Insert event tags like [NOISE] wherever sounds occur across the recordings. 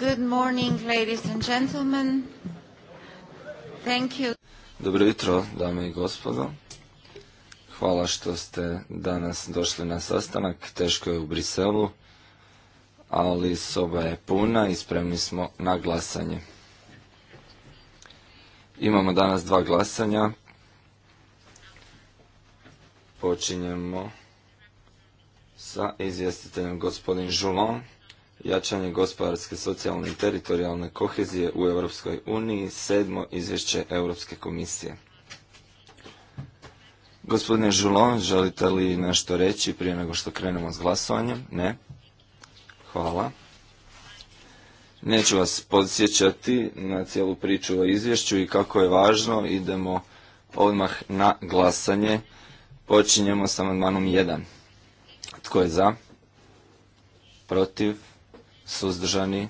Good morning, ladies and gentlemen. Dobro jutro, dame i gospodo. Hvala što ste danas došli na sastanak. Teško je u Briselu, ali soba je puna i spremni smo na glasanje. Imamo danas dva glasanja. Počinjemo sa izvjestiteljem gospodin Žulon jačanje gospodarske, socijalne i teritorijalne kohezije u Europskoj uniji, sedmo izvješće Europske komisije. Gospodine Žulon, želite li nešto reći prije nego što krenemo s glasovanjem? Ne? Hvala. Neću vas podsjećati na cijelu priču o izvješću i kako je važno. Idemo odmah na glasanje. Počinjemo s amandmanom jedan. Tko je za? Protiv? suzdržani,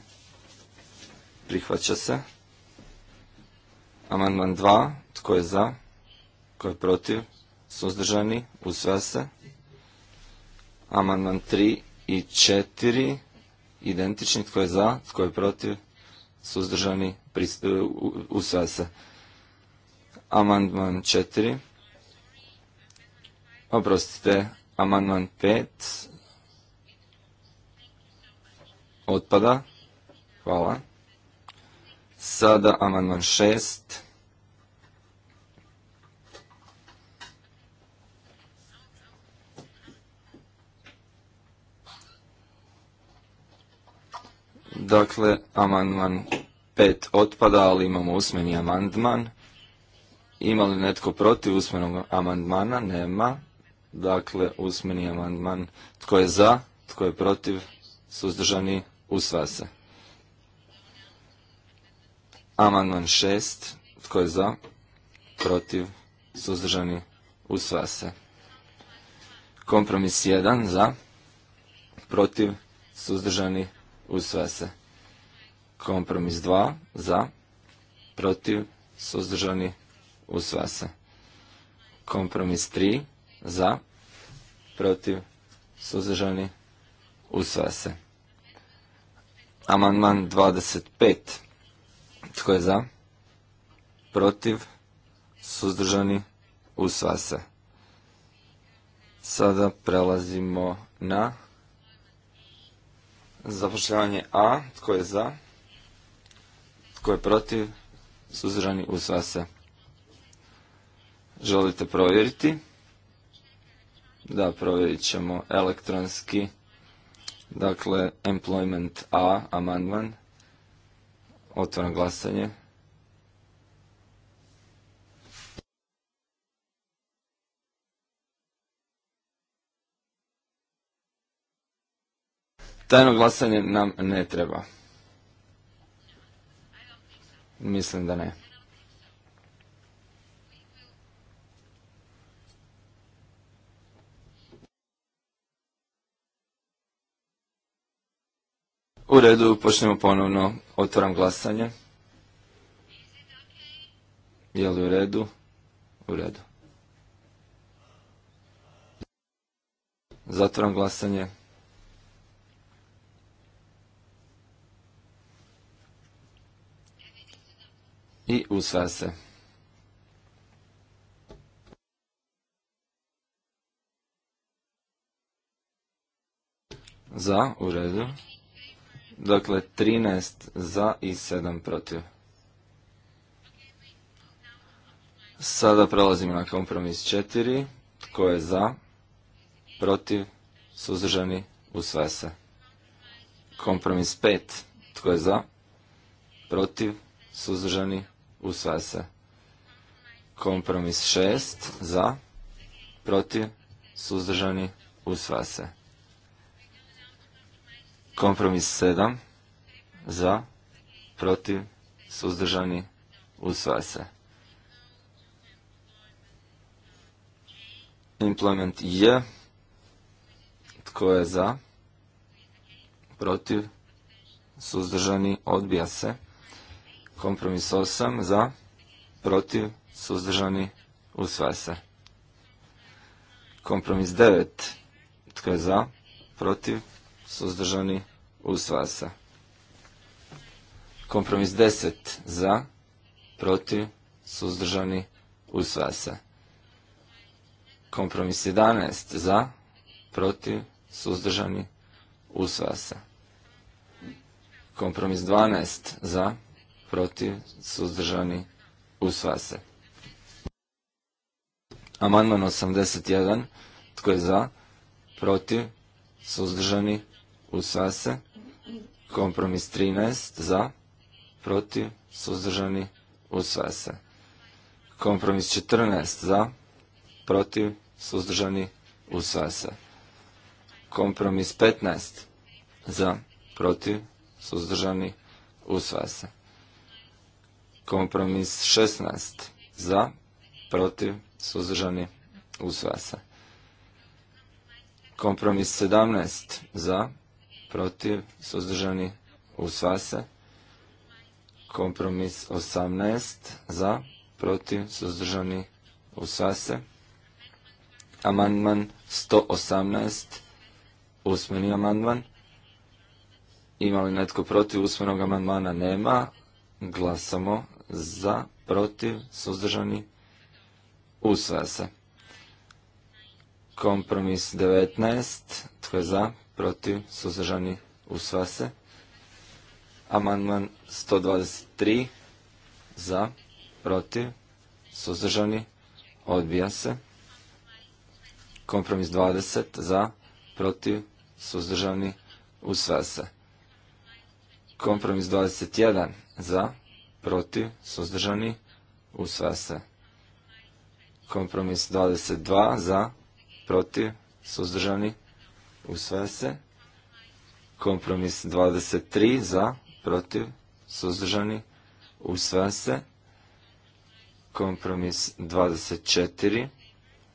prihvaća se. Amandman 2, tko je za, tko je protiv, suzdržani, usvaja se. Amandman 3 i 4, identični, tko je za, tko je protiv, suzdržani, e, usvaja se. Amandman 4, oprostite, amandman 5, Otpada. Hvala. Sada amandman šest. Dakle, amandman pet otpada, ali imamo usmeni amandman. Ima li netko protiv usmenog amandmana? Nema. Dakle, usmeni amandman. Tko je za? Tko je protiv? Suzdržani? Usvaja se. Amandman 6. Tko je za? Protiv. Suzdržani. usvase. Kompromis 1. Za. Protiv. Suzdržani. Usvaja se. Kompromis 2. Za. Protiv. Suzdržani. Usvaja se. Kompromis 3. Za. Protiv. Suzdržani. usvase. Amandman 25. Tko je za? Protiv? Suzdržani? Usva se. Sada prelazimo na zapošljavanje A. Tko je za? Tko je protiv? Suzdržani? Usva se. Želite provjeriti? Da, provjerit ćemo elektronski. Dakle, employment A, amandman. Otvoram glasanje. Tajno glasanje nam ne treba. Mislim da ne. U redu, počnemo ponovno. Otvaram glasanje. Je li u redu? U redu. Zatvoram glasanje. I usvaja se. Za, u redu. Dakle, 13 za i 7 protiv. Sada prelazimo na kompromis 4. Tko je za? Protiv? Suzdržani? Usvaja se. Kompromis 5. Tko je za? Protiv? Suzdržani? Usvaja se. Kompromis 6. Za? Protiv? Suzdržani? Usvaja se. Kompromis 7. Za. Protiv. Suzdržani. Usvaja se. Implement je. Tko je za? Protiv. Suzdržani. Odbija se. Kompromis 8. Za. Protiv. Suzdržani. Usvaja se. Kompromis 9. Tko je za? Protiv. Suzdržani usvasa. Kompromis 10 za, protiv, suzdržani, usvaja se. Kompromis 11 za, protiv, suzdržani, usvaja se. Kompromis 12 za, protiv, suzdržani, usvaja se. Amandman 81, tko je za, protiv, suzdržani, usvaja Kompromis 13 za, protiv, suzdržani, usvaja se. Kompromis 14 za, protiv, suzdržani, usvaja se. Kompromis 15 za, protiv, suzdržani, usvaja se. Kompromis 16 za, protiv, suzdržani, usvaja se. Kompromis 17 za, protiv, suzdržani, u se. Kompromis 18 za, protiv, suzdržani, u se. Amandman 118, usmeni amandman. Ima li netko protiv usmenog amandmana? Nema. Glasamo za, protiv, suzdržani, u se. Kompromis 19. Tko je za? protiv, suzdržani, usva se. Amandman 123 za, protiv, suzdržani, odbija se. Kompromis 20 za, protiv, suzdržani, u se. Kompromis 21 za, protiv, suzdržani, u se. Kompromis 22 za, protiv, suzdržani, Usvaja se. Kompromis 23 za, protiv, suzdržani. Usvaja se. Kompromis 24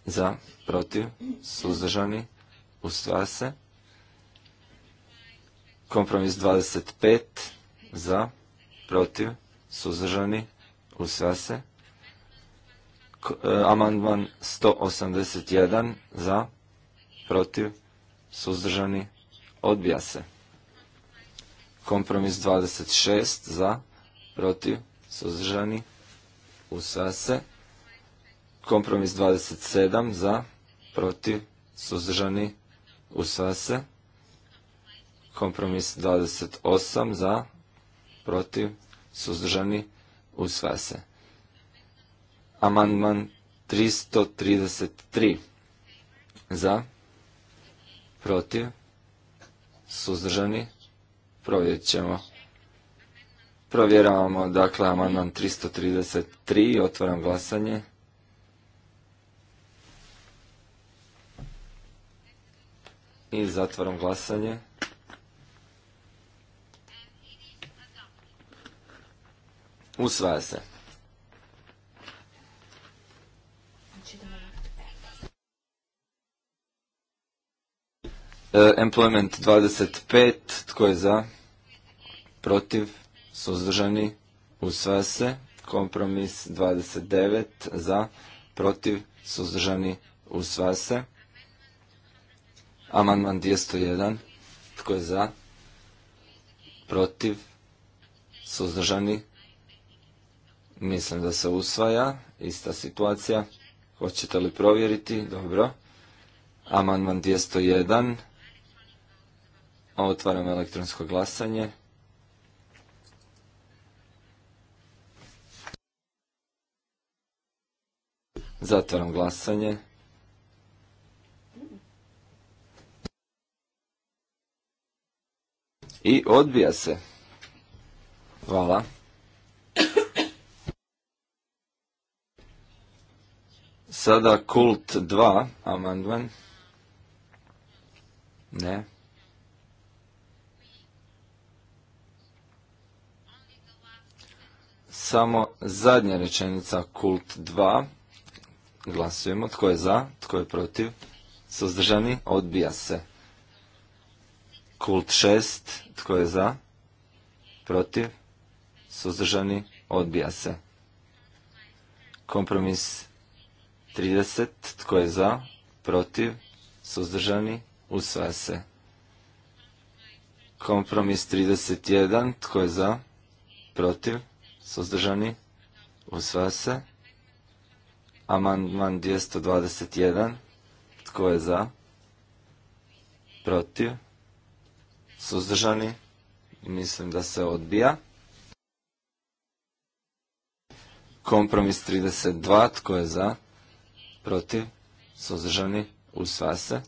za, protiv, suzdržani. Usvaja se. Kompromis 25 za, protiv, suzdržani. Usvaja se. E, amandman 181 za, protiv, suzdržani, odbija se. Kompromis 26 za, protiv, suzdržani, usvaja se. Kompromis 27 za, protiv, suzdržani, usvaja se. Kompromis 28 za, protiv, suzdržani, usvaja se. Amandman 333 za, protiv, suzdržani, provjerit ćemo. Provjeravamo, dakle, amandman 333, otvaram glasanje. I zatvaram glasanje. Usvaja se. E, Employment 25, tko je za? Protiv? Suzdržani? Usvaja se. Kompromis 29, za? Protiv? Suzdržani? Usvaja se. Amandman 201, tko je za? Protiv? Suzdržani? Mislim da se usvaja. Ista situacija. Hoćete li provjeriti? Dobro. Amandman 201. Otvaram elektronsko glasanje. Zatvaram glasanje. I odbija se. Hvala. Sada kult 2, amandman. Ne. Samo zadnja rečenica kult 2. Glasujemo. Tko je za? Tko je protiv? Suzdržani? Odbija se. Kult 6. Tko je za? Protiv? Suzdržani? Odbija se. Kompromis 30. Tko je za? Protiv? Suzdržani? Usvaja se. Kompromis 31. Tko je za? Protiv? Suzdržani? Usvaja se. Amandman 221. Tko je za? Protiv? Suzdržani? Mislim da se odbija. Kompromis 32. Tko je za? Protiv? Suzdržani? u se.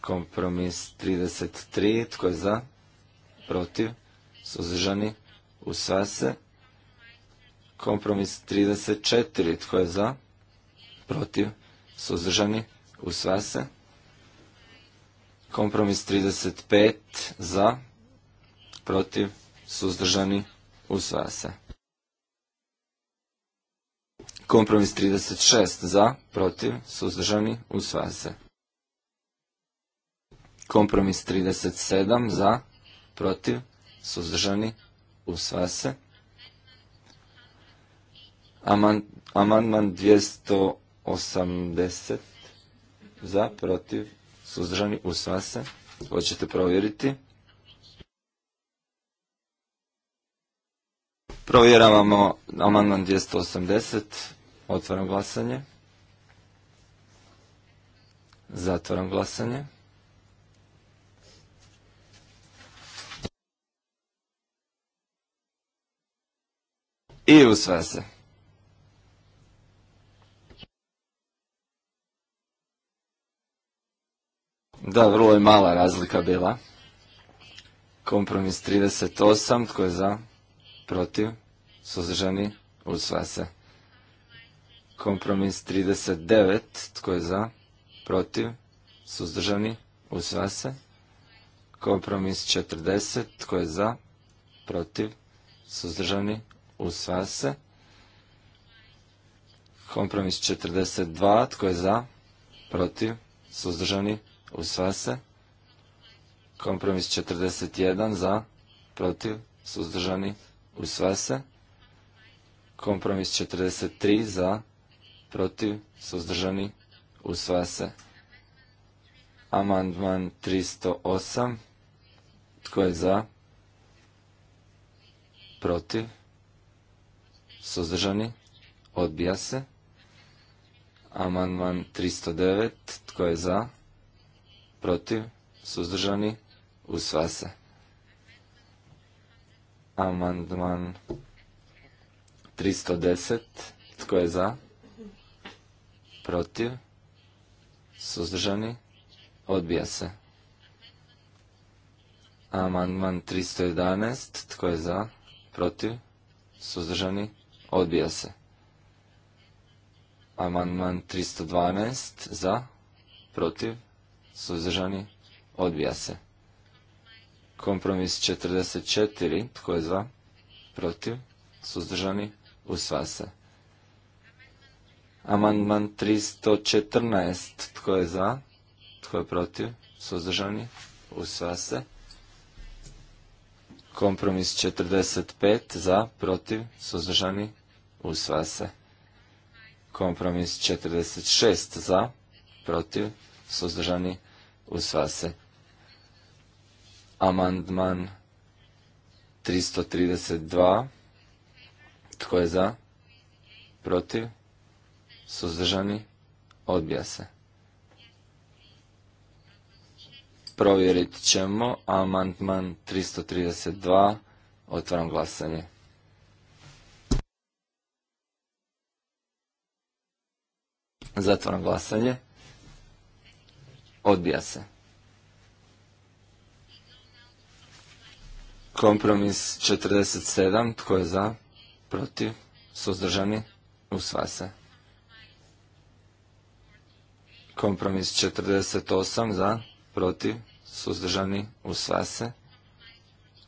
Kompromis 33. Tko je za? Protiv? Suzdržani? Usvaja se. Kompromis 34. Tko je za? Protiv. Suzdržani. Usvaja se. Kompromis 35. Za. Protiv. Suzdržani. Usvaja se. Kompromis 36. Za. Protiv. Suzdržani. Usvaja se. Kompromis 37. Za. Protiv. Suzdržani usvaja se. Amandman 280 za, protiv, suzdržani, usvaja se. Hoćete provjeriti? Provjeravamo amandman 280. Otvaram glasanje. Zatvaram glasanje. I sve se. Da, vrlo je mala razlika bila. Kompromis 38, tko je za, protiv, suzdržani, sve se. Kompromis 39, tko je za, protiv, suzdržani, sve se. Kompromis 40, tko je za, protiv, suzdržani, u se. Kompromis 42, tko je za, protiv, suzdržani, Usvase. se. Kompromis 41, za, protiv, suzdržani, Usvase. se. Kompromis 43, za, protiv, suzdržani, U se. Amandman 308, tko je za, protiv, suzdržani, odbija se. Amandman 309, tko je za, protiv, suzdržani, usva se. Amandman 310, tko je za, protiv, suzdržani, odbija se. Amandman 311, tko je za, protiv, suzdržani, Odbija se. Amandman 312 za, protiv, suzdržani, odbija se. Kompromis 44, tko je za, protiv, suzdržani, usva se. Amandman 314, tko je za, tko je protiv, suzdržani, usva se. Kompromis 45, za, protiv, suzdržani, usvaja se. Kompromis 46 za, protiv, suzdržani, usvaja se. Amandman 332, tko je za, protiv, suzdržani, odbija se. Provjerit ćemo amandman 332, otvaram glasanje. Zatvoram glasanje. Odbija se. Kompromis 47. Tko je za? Protiv? Suzdržani? Usvase. se. Kompromis 48. Za? Protiv? Suzdržani? Usvase. se.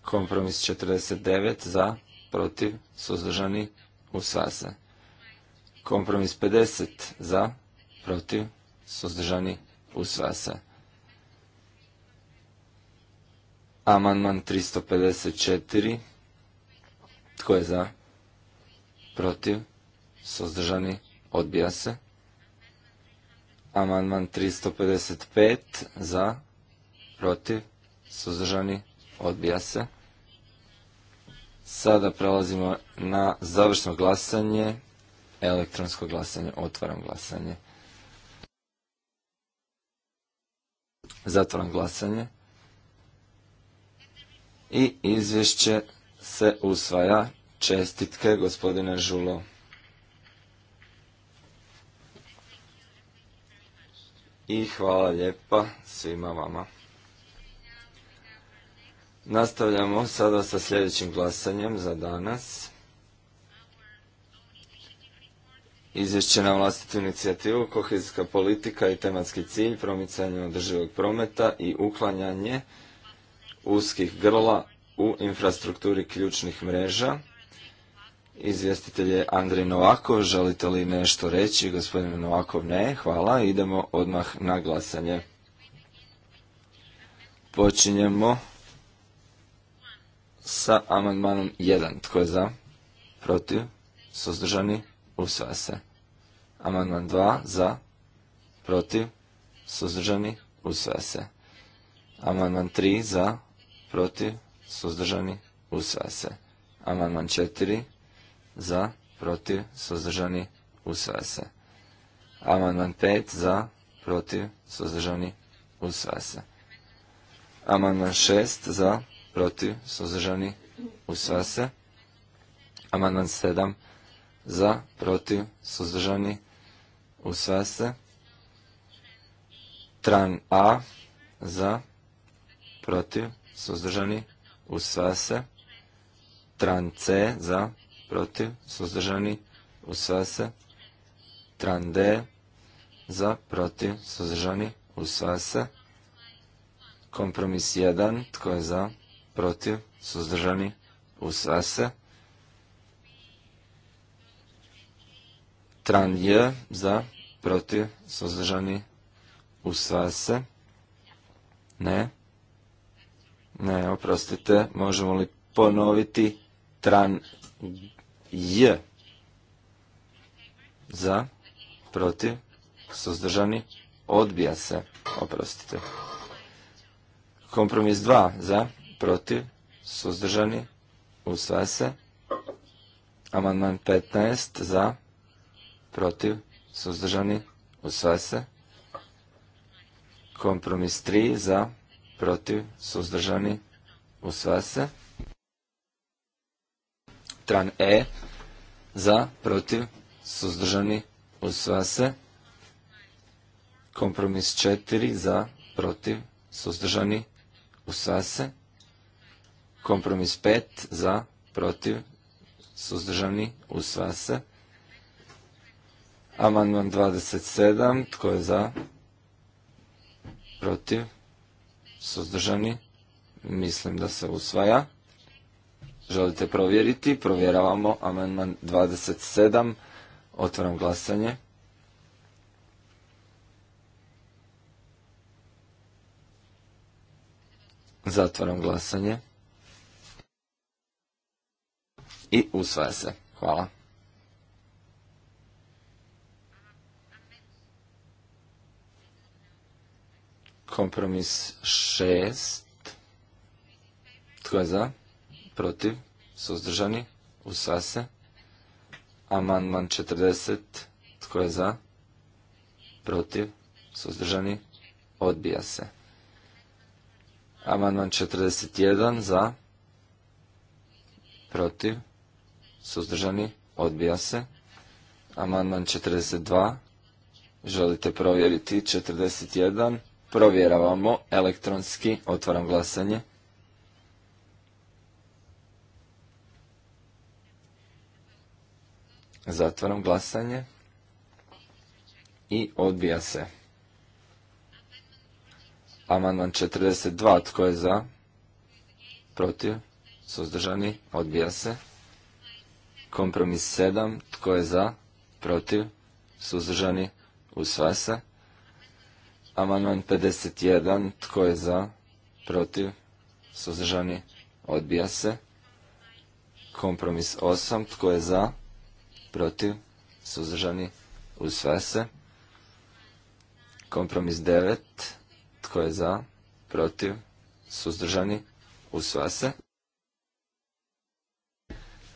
Kompromis 49. Za? Protiv? Suzdržani? Usvase. se. Kompromis 50 za, protiv, suzdržani, usvaja se. Amandman 354. Tko je za? Protiv? Suzdržani? Odbija se. Amandman 355. Za? Protiv? Suzdržani? Odbija se. Sada prelazimo na završno glasanje elektronsko glasanje, otvaram glasanje. Zatvaram glasanje. I izvješće se usvaja. Čestitke gospodine Žulo. I hvala lijepa svima vama. Nastavljamo sada sa sljedećim glasanjem za danas. izvješće na vlastitu inicijativu, kohezijska politika i tematski cilj, promicanje održivog prometa i uklanjanje uskih grla u infrastrukturi ključnih mreža. Izvjestitelj je Andrej Novakov, želite li nešto reći? Gospodin Novakov ne, hvala. Idemo odmah na glasanje. Počinjemo sa amandmanom 1. Tko je za? Protiv? Suzdržani? usvaja se. Amandman 2 za, protiv, suzdržani, usvaja se. Amandman 3 za, protiv, suzdržani, usvaja se. Amandman 4 za, protiv, suzdržani, usvaja se. Amandman 5 za, protiv, suzdržani, usvaja se. Amandman 6 za, protiv, suzdržani, usvaja se. Amandman 7 za, protiv, suzdržani, usvaja se. Tran A, za, protiv, suzdržani, usvaja se. Tran C, za, protiv, suzdržani, usvaja se. Tran D, za, protiv, suzdržani, usvaja se. Kompromis 1, tko je za, protiv, suzdržani, usvaja se. Tran J za, protiv, suzdržani, usvaja se. Ne. Ne, oprostite, možemo li ponoviti Tran J za, protiv, suzdržani, odbija se, oprostite. Kompromis 2 za, protiv, suzdržani, usvaja se. Amandman 15 za, protiv, suzdržani, usvaja se. Kompromis 3 za, protiv, suzdržani, usvaja se. Tran E za, protiv, suzdržani, usvaja se. Kompromis 4 za, protiv, suzdržani, usvaja se. Kompromis 5 za, protiv, suzdržani, usvaja se. Amandman 27. Tko je za? Protiv? Suzdržani? Mislim da se usvaja. Želite provjeriti? Provjeravamo amandman 27. Otvaram glasanje. Zatvaram glasanje. I usvaja se. Hvala. Kompromis šest. Tko je za? Protiv? Suzdržani? Usva se. Amandman četrdeset Tko je za? Protiv? Suzdržani? Odbija se. Amandman jedan. Za? Protiv? Suzdržani? Odbija se. Amandman četrdeset dva. Želite provjeriti Četrdeset jedan. Provjeravamo elektronski, otvaram glasanje. Zatvaram glasanje i odbija se. Amandman 42, tko je za? Protiv? Suzdržani? Odbija se. Kompromis 7, tko je za? Protiv? Suzdržani? Usvaja se. Amandman 51. Tko je za? Protiv? Suzdržani? Odbija se. Kompromis 8. Tko je za? Protiv? Suzdržani? Usvaja se. Kompromis 9. Tko je za? Protiv? Suzdržani? Usvaja se.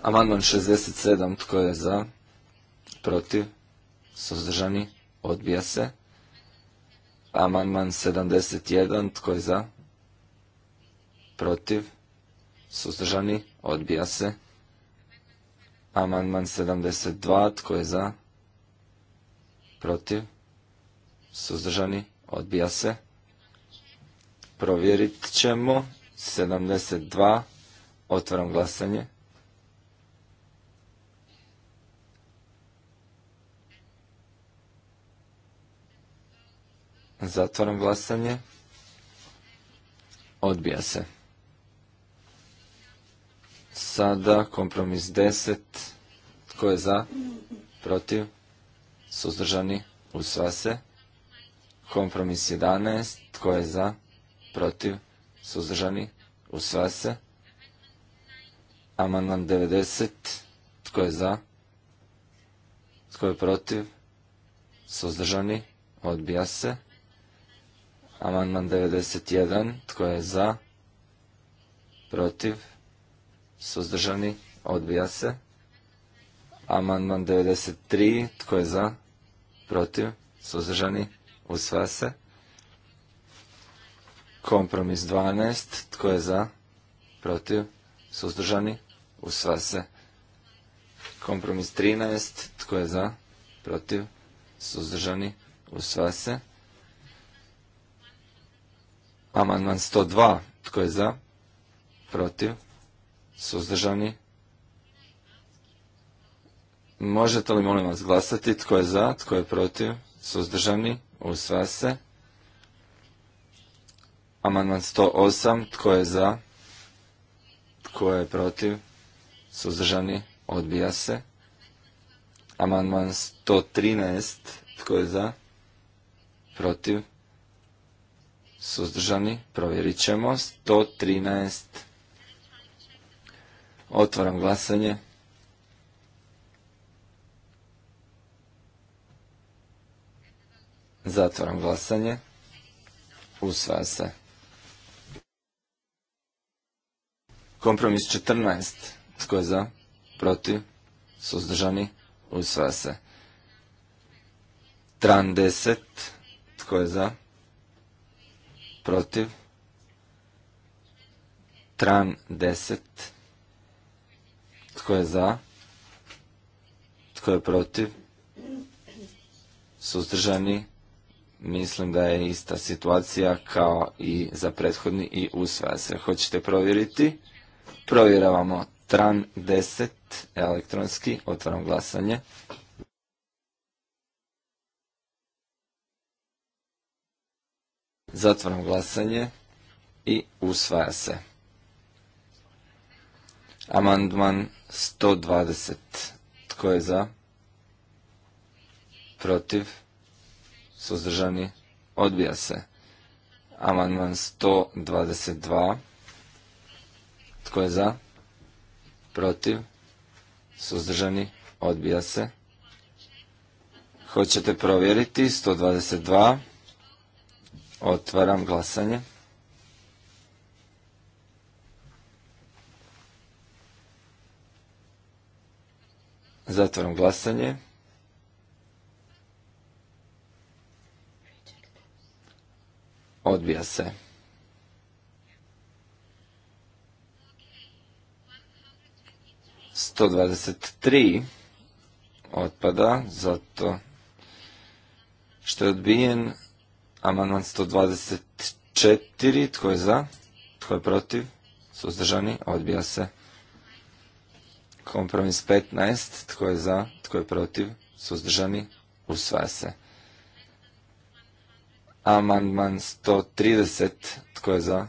Amandman 67. Tko je za? Protiv? Suzdržani? Odbija se. Amandman 71. Tko je za? Protiv? Suzdržani? Odbija se. Amandman 72. Tko je za? Protiv? Suzdržani? Odbija se. Provjerit ćemo. 72. Otvaram glasanje. Zatvaram glasanje. Odbija se. Sada kompromis 10. Tko je za? Protiv? Suzdržani? Usva se. Kompromis 11. Tko je za? Protiv? Suzdržani? Usva se. Amandman 90. Tko je za? Tko je protiv? Suzdržani? Odbija se. Amandman 91. Tko je za? Protiv? Suzdržani? Odbija se. Amandman 93. Tko je za? Protiv? Suzdržani? Usvaja se. Kompromis 12. Tko je za? Protiv? Suzdržani? Usvaja se. Kompromis 13. Tko je za? Protiv? Suzdržani? Usvaja se. Amandman 102. Tko je za? Protiv? Suzdržani? Možete li molim vas glasati? Tko je za? Tko je protiv? Suzdržani? Usvaja se. Amandman 108. Tko je za? Tko je protiv? Suzdržani? Odbija se. Amandman 113. Tko je za? Protiv? Suzdržani? Provjerit ćemo. 113. Otvaram glasanje. Zatvaram glasanje. Usvaja se. Kompromis 14. Tko je za? Protiv? Suzdržani? Usvaja se. Tran 10. Tko je za? protiv, tran 10, tko je za, tko je protiv, suzdržani, mislim da je ista situacija kao i za prethodni i usvaja se. Hoćete provjeriti? Provjeravamo tran 10 elektronski, otvaram glasanje. Zatvaram glasanje i usvaja se. Amandman 120. Tko je za? Protiv? Suzdržani? Odbija se. Amandman 122. Tko je za? Protiv? Suzdržani? Odbija se. Hoćete provjeriti 122. Otvaram glasanje. Zatvaram glasanje. Odbija se. tri otpada, zato što je odbijen Amandman 124. Tko je za? Tko je protiv? Suzdržani? Odbija se. Kompromis 15. Tko je za? Tko je protiv? Suzdržani? Usvaja se. Amandman 130. Tko je za?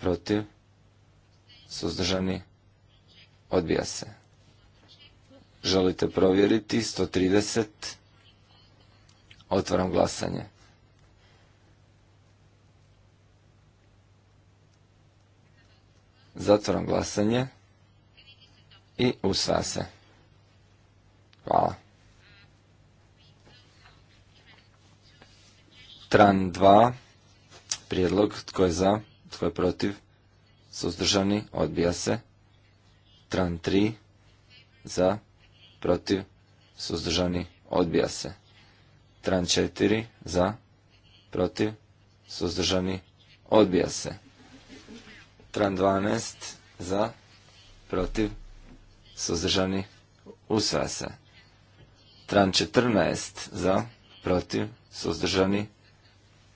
Protiv? Suzdržani? Odbija se. Želite provjeriti? 130. Otvaram glasanje. Zatvoram glasanje i usva se. Hvala. Tran 2. Prijedlog. Tko je za? Tko je protiv? Suzdržani. Odbija se. Tran 3. Za. Protiv. Suzdržani. Odbija se. Tran 4. Za. Protiv. Suzdržani. Odbija se. Tran 12 za, protiv, suzdržani, usvaja se. Tran 14 za, protiv, suzdržani,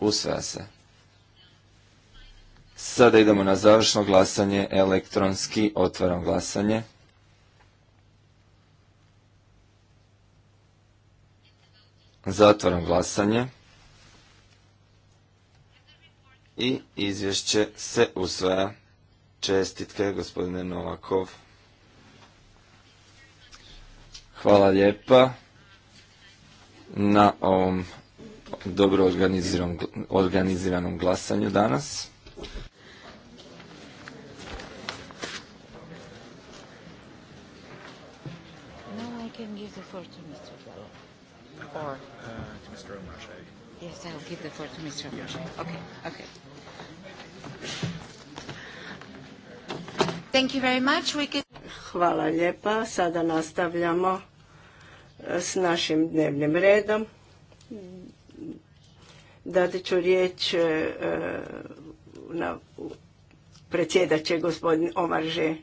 usvaja se. Sada idemo na završno glasanje, elektronski otvaram glasanje. Zatvaram glasanje. I izvješće se usvaja. Čestitke, gospodine Novakov. Hvala lijepa na ovom dobro organiziranom, glasanju danas. Thank Hvala lijepa. Sada nastavljamo e, s našim dnevnim redom. Dati ću riječ e, e, na predsjedat će gospodin Omarže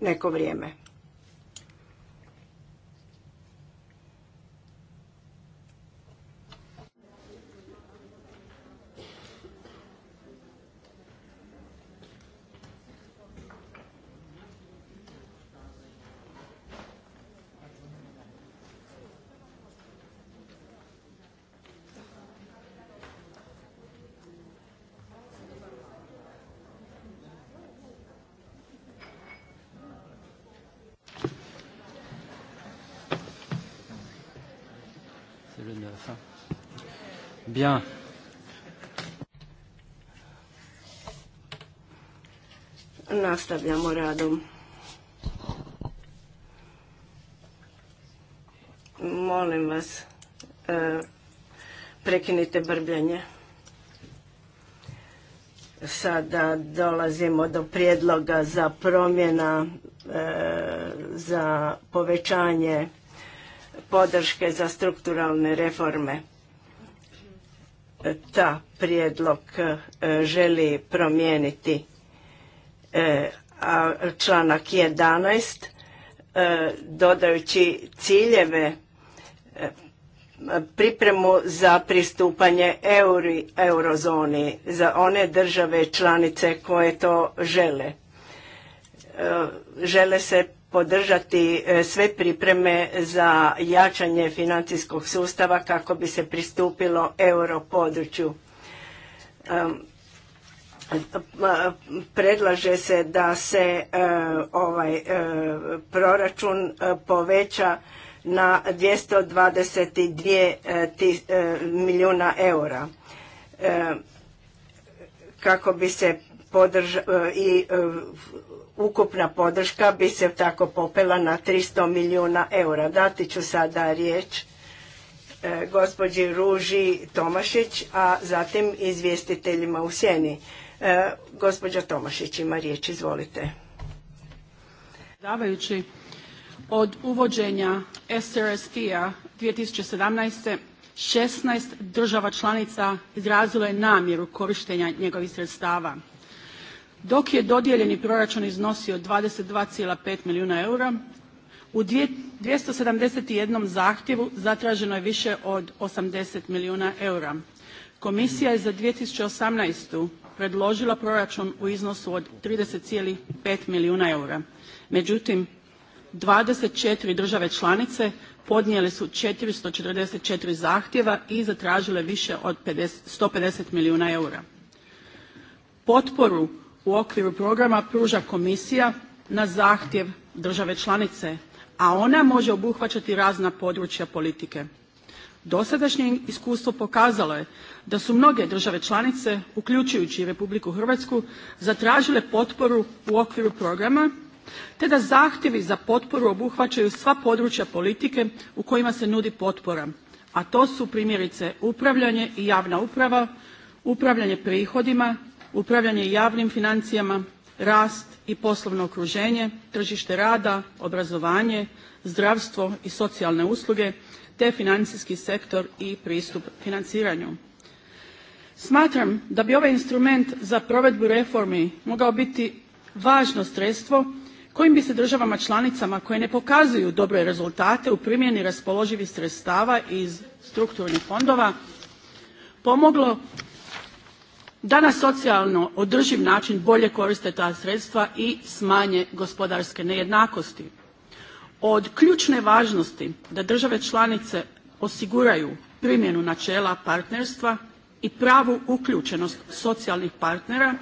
neko vrijeme. Nastavljamo radom. Molim vas, e, prekinite brbljanje. Sada dolazimo do prijedloga za promjena e, za povećanje podrške za strukturalne reforme ta prijedlog e, želi promijeniti e, članak 11 e, dodajući ciljeve pripremu za pristupanje eurozoni za one države članice koje to žele. Žele se podržati e, sve pripreme za jačanje financijskog sustava kako bi se pristupilo europodručju. Predlaže se da se e, ovaj e, proračun poveća na 222 milijuna eura kako bi se E, i e, ukupna podrška bi se tako popela na 300 milijuna eura. Dati ću sada riječ e, gospođi Ruži Tomašić, a zatim izvjestiteljima u sjeni. gospođa Tomašić ima riječ, izvolite. Davajući, od uvođenja SRSP-a 2017. 16 država članica izrazilo je namjeru korištenja njegovih sredstava dok je dodijeljeni proračun iznosio twenty two milijuna eura u dvjesto sedamdeset jedan zahtjevu zatraženo je više od osamdeset milijuna eura komisija je za. two thousand predložila proračun u iznosu od thirty milijuna eura međutim twenty države članice podnijele su 444 hundred zahtjeva i zatražile više od one milijuna eura potporu u okviru programa pruža komisija na zahtjev države članice, a ona može obuhvaćati razna područja politike. Dosadašnje iskustvo pokazalo je da su mnoge države članice, uključujući i Republiku Hrvatsku, zatražile potporu u okviru programa, te da zahtjevi za potporu obuhvaćaju sva područja politike u kojima se nudi potpora, a to su primjerice upravljanje i javna uprava, upravljanje prihodima, upravljanje javnim financijama, rast i poslovno okruženje, tržište rada, obrazovanje, zdravstvo i socijalne usluge, te financijski sektor i pristup financiranju. Smatram da bi ovaj instrument za provedbu reformi mogao biti važno sredstvo kojim bi se državama članicama koje ne pokazuju dobre rezultate u primjeni raspoloživih sredstava iz strukturnih fondova pomoglo da na socijalno održiv način bolje koriste ta sredstva i smanje gospodarske nejednakosti. Od ključne važnosti da države članice osiguraju primjenu načela partnerstva i pravu uključenost socijalnih partnera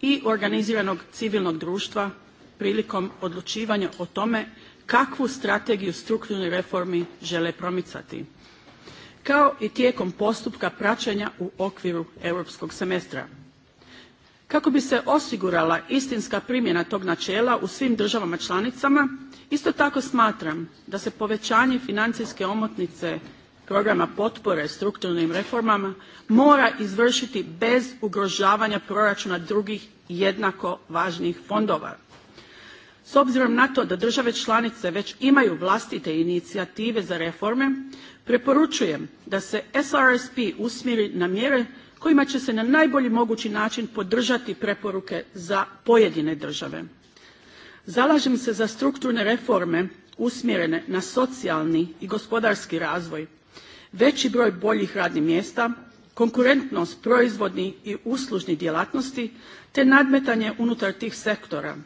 i organiziranog civilnog društva prilikom odlučivanja o tome kakvu strategiju strukturnih reformi žele promicati kao i tijekom postupka praćenja u okviru europskog semestra. Kako bi se osigurala istinska primjena tog načela u svim državama članicama, isto tako smatram da se povećanje financijske omotnice programa potpore strukturnim reformama mora izvršiti bez ugrožavanja proračuna drugih jednako važnih fondova s obzirom na to da države članice već imaju vlastite inicijative za reforme, preporučujem da se SRSP usmjeri na mjere kojima će se na najbolji mogući način podržati preporuke za pojedine države. Zalažem se za strukturne reforme usmjerene na socijalni i gospodarski razvoj, veći broj boljih radnih mjesta, konkurentnost proizvodnih i uslužnih djelatnosti te nadmetanje unutar tih sektora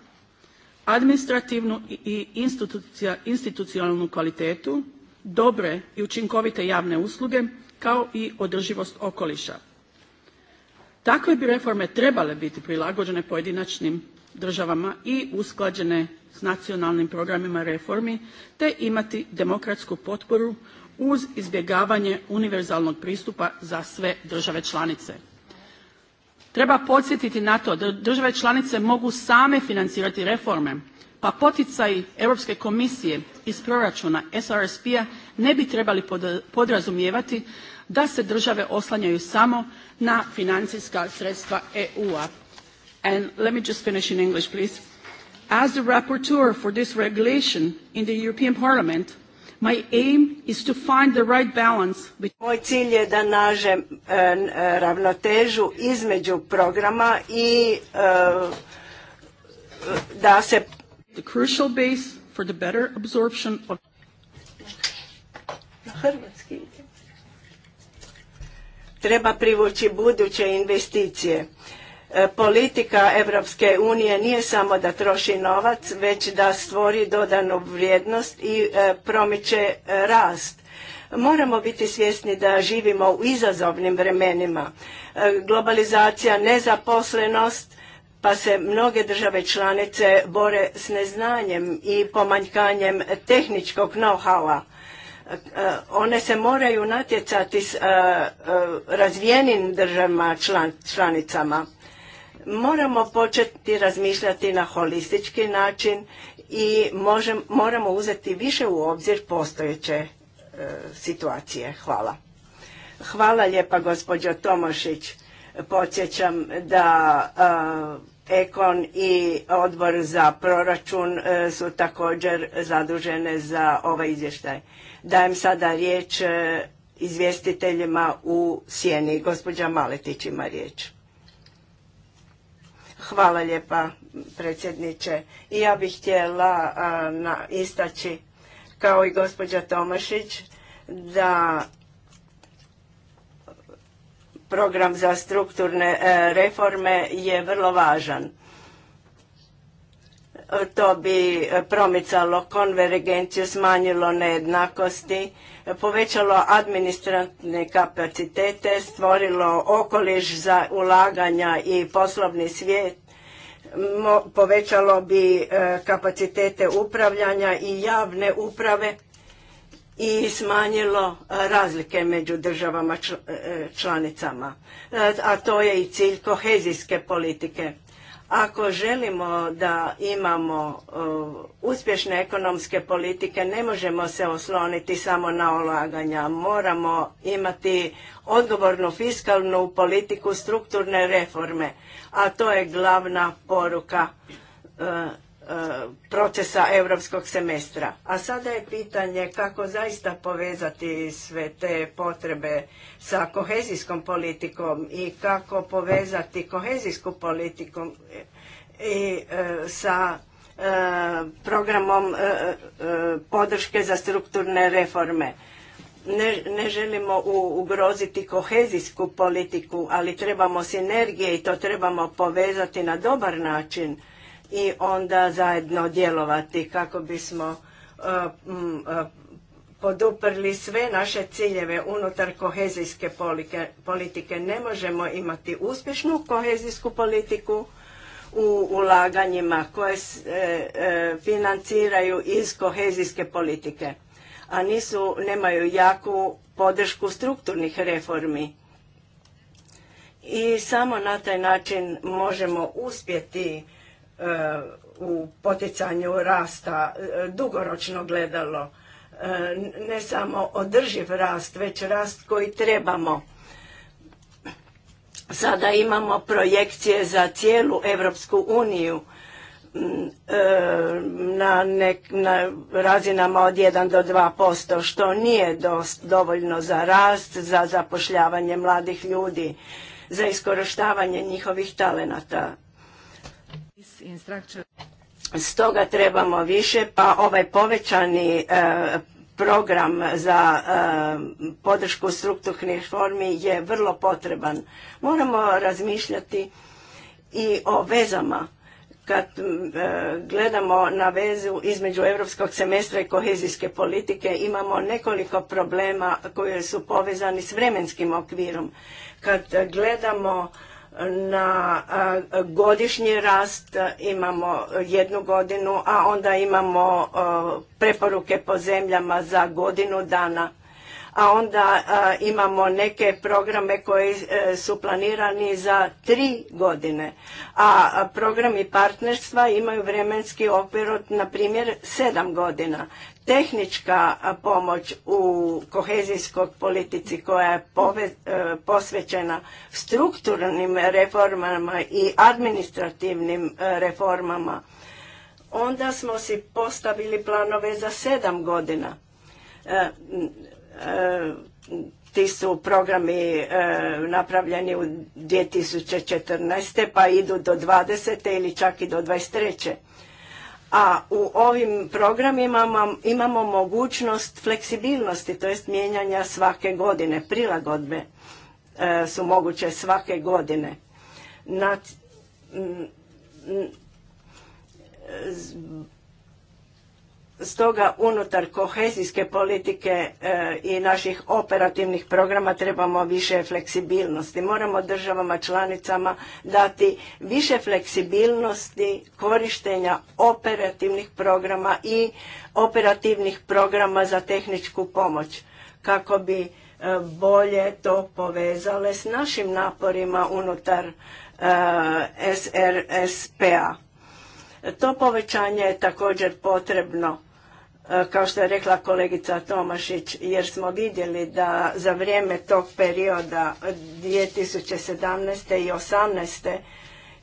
administrativnu i institucionalnu kvalitetu, dobre i učinkovite javne usluge kao i održivost okoliša. Takve bi reforme trebale biti prilagođene pojedinačnim državama i usklađene s nacionalnim programima reformi te imati demokratsku potporu uz izbjegavanje univerzalnog pristupa za sve države članice. Treba podsjetiti na to da države članice mogu same financirati reforme, pa poticaji Europske komisije iz proračuna SRSP-a ne bi trebali podrazumijevati da se države oslanjaju samo na financijska sredstva EU-a. And let me just finish in English, please. As the rapporteur for this regulation in the European Parliament, My aim is to find the right balance. Moj cilj je da nažem e, e, ravnotežu između programa i e, da se the crucial base for the better absorption of Treba privući buduće investicije E, politika Europske unije nije samo da troši novac, već da stvori dodanu vrijednost i e, promiče e, rast. Moramo biti svjesni da živimo u izazovnim vremenima. Globalizacija, nezaposlenost, pa se mnoge države članice bore s neznanjem i pomanjkanjem tehničkog know one se moraju natjecati s razvijenim državama članicama. Moramo početi razmišljati na holistički način i moramo uzeti više u obzir postojeće e, situacije. Hvala. Hvala lijepa gospođo Tomošić. Podsjećam da e, Ekon i odbor za proračun e, su također zadužene za ovaj izvještaj. Dajem sada riječ izvjestiteljima u sjeni. Gospođa Maletić ima riječ. Hvala lijepa predsjedniče. I ja bih htjela na, istaći kao i gospođa Tomašić da program za strukturne e, reforme je vrlo važan to bi promicalo konvergenciju, smanjilo nejednakosti, povećalo administrativne kapacitete, stvorilo okoliš za ulaganja i poslovni svijet, povećalo bi e, kapacitete upravljanja i javne uprave i smanjilo e, razlike među državama e, članicama, a to je i cilj kohezijske politike ako želimo da imamo e, uspješne ekonomske politike, ne možemo se osloniti samo na ulaganja. Moramo imati odgovornu fiskalnu politiku strukturne reforme, a to je glavna poruka e, E, procesa europskog semestra. A sada je pitanje kako zaista povezati sve te potrebe sa kohezijskom politikom i kako povezati kohezijsku politiku i e, sa e, programom podrške za strukturne reforme. Ne, ne želimo ugroziti kohezijsku politiku, ali trebamo sinergije i to trebamo povezati na dobar način i onda zajedno djelovati kako bismo e, e, poduprli sve naše ciljeve unutar kohezijske politike. Ne možemo imati uspješnu kohezijsku politiku u ulaganjima koje e, financiraju iz kohezijske politike, a nisu, nemaju jaku podršku strukturnih reformi. I samo na taj način možemo uspjeti u poticanju rasta e, dugoročno gledalo e, ne samo održiv rast, već rast koji trebamo. Sada imamo projekcije za cijelu Europsku uniju e, na, razinama od 1 do 2%, što nije dovoljno za rast, za zapošljavanje mladih ljudi, za iskorištavanje njihovih talenata Stoga trebamo više, pa ovaj povećani e, program za e, podršku strukturnih reformi je vrlo potreban. Moramo razmišljati i o vezama. Kad e, gledamo na vezu između europskog semestra i kohezijske politike, imamo nekoliko problema koji su povezani s vremenskim okvirom. Kad gledamo na godišnji rast imamo jednu godinu, a onda imamo preporuke po zemljama za godinu dana. A onda imamo neke programe koji e, su planirani za tri godine. A programi partnerstva imaju vremenski okvir od, na primjer, sedam godina tehnička pomoć u kohezijskoj politici koja je e, posvećena strukturnim reformama i administrativnim e, reformama, onda smo si postavili planove za sedam godina. E, ti su programi napravljeni u 2014. pa idu do 20. ili čak i do 23 a u ovim programima imamo mogućnost fleksibilnosti, to jest mijenjanja svake godine, prilagodbe e, su moguće svake godine. Na, Stoga unutar kohezijske politike e, i naših operativnih programa trebamo više fleksibilnosti. Moramo državama članicama dati više fleksibilnosti korištenja operativnih programa i operativnih programa za tehničku pomoć kako bi e, bolje to povezale s našim naporima unutar e, To povećanje je također potrebno E, kao što je rekla kolegica Tomašić, jer smo vidjeli da za vrijeme tog perioda 2017. E, i 2018.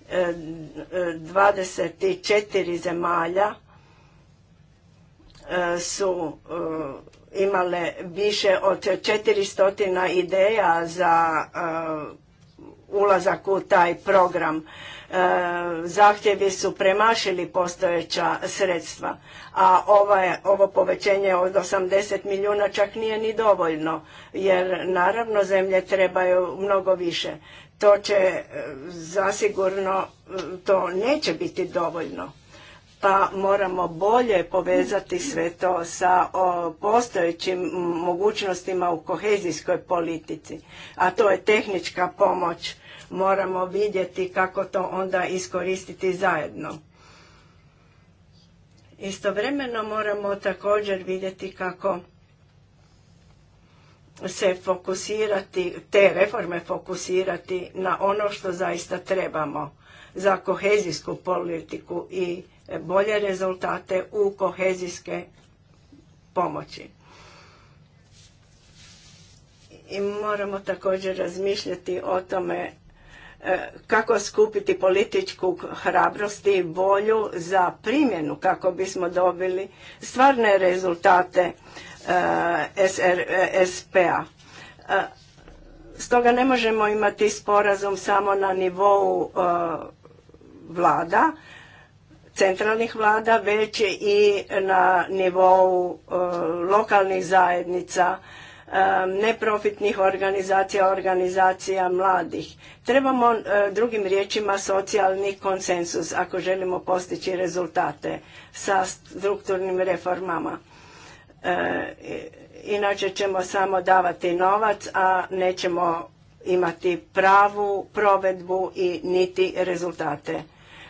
24 e, zemalja su imale više od 400 ideja za ulazak u taj program E, zahtjevi su premašili postojeća sredstva, a ovo povećenje od 80 milijuna čak nije ni dovoljno, jer naravno zemlje trebaju mnogo više. To će e, zasigurno, e, to neće biti dovoljno. Pa moramo bolje povezati sve to sa postojećim mogućnostima u kohezijskoj politici, a to je tehnička pomoć moramo vidjeti kako to onda iskoristiti zajedno. Istovremeno moramo također vidjeti kako se fokusirati, te reforme fokusirati na ono što zaista trebamo za kohezijsku politiku i bolje rezultate u kohezijske pomoći. I moramo također razmišljati o tome E, kako skupiti političku hrabrost i volju za primjenu kako bismo dobili stvarne rezultate e, sp e, a Stoga ne možemo imati sporazum samo na nivou vlada, centralnih vlada, već i na nivou lokalnih zajednica, neprofitnih organizacija, organizacija mladih. Trebamo drugim riječima socijalni konsensus ako želimo postići rezultate sa strukturnim reformama. E, inače ćemo samo davati novac, a nećemo imati pravu provedbu i niti rezultate.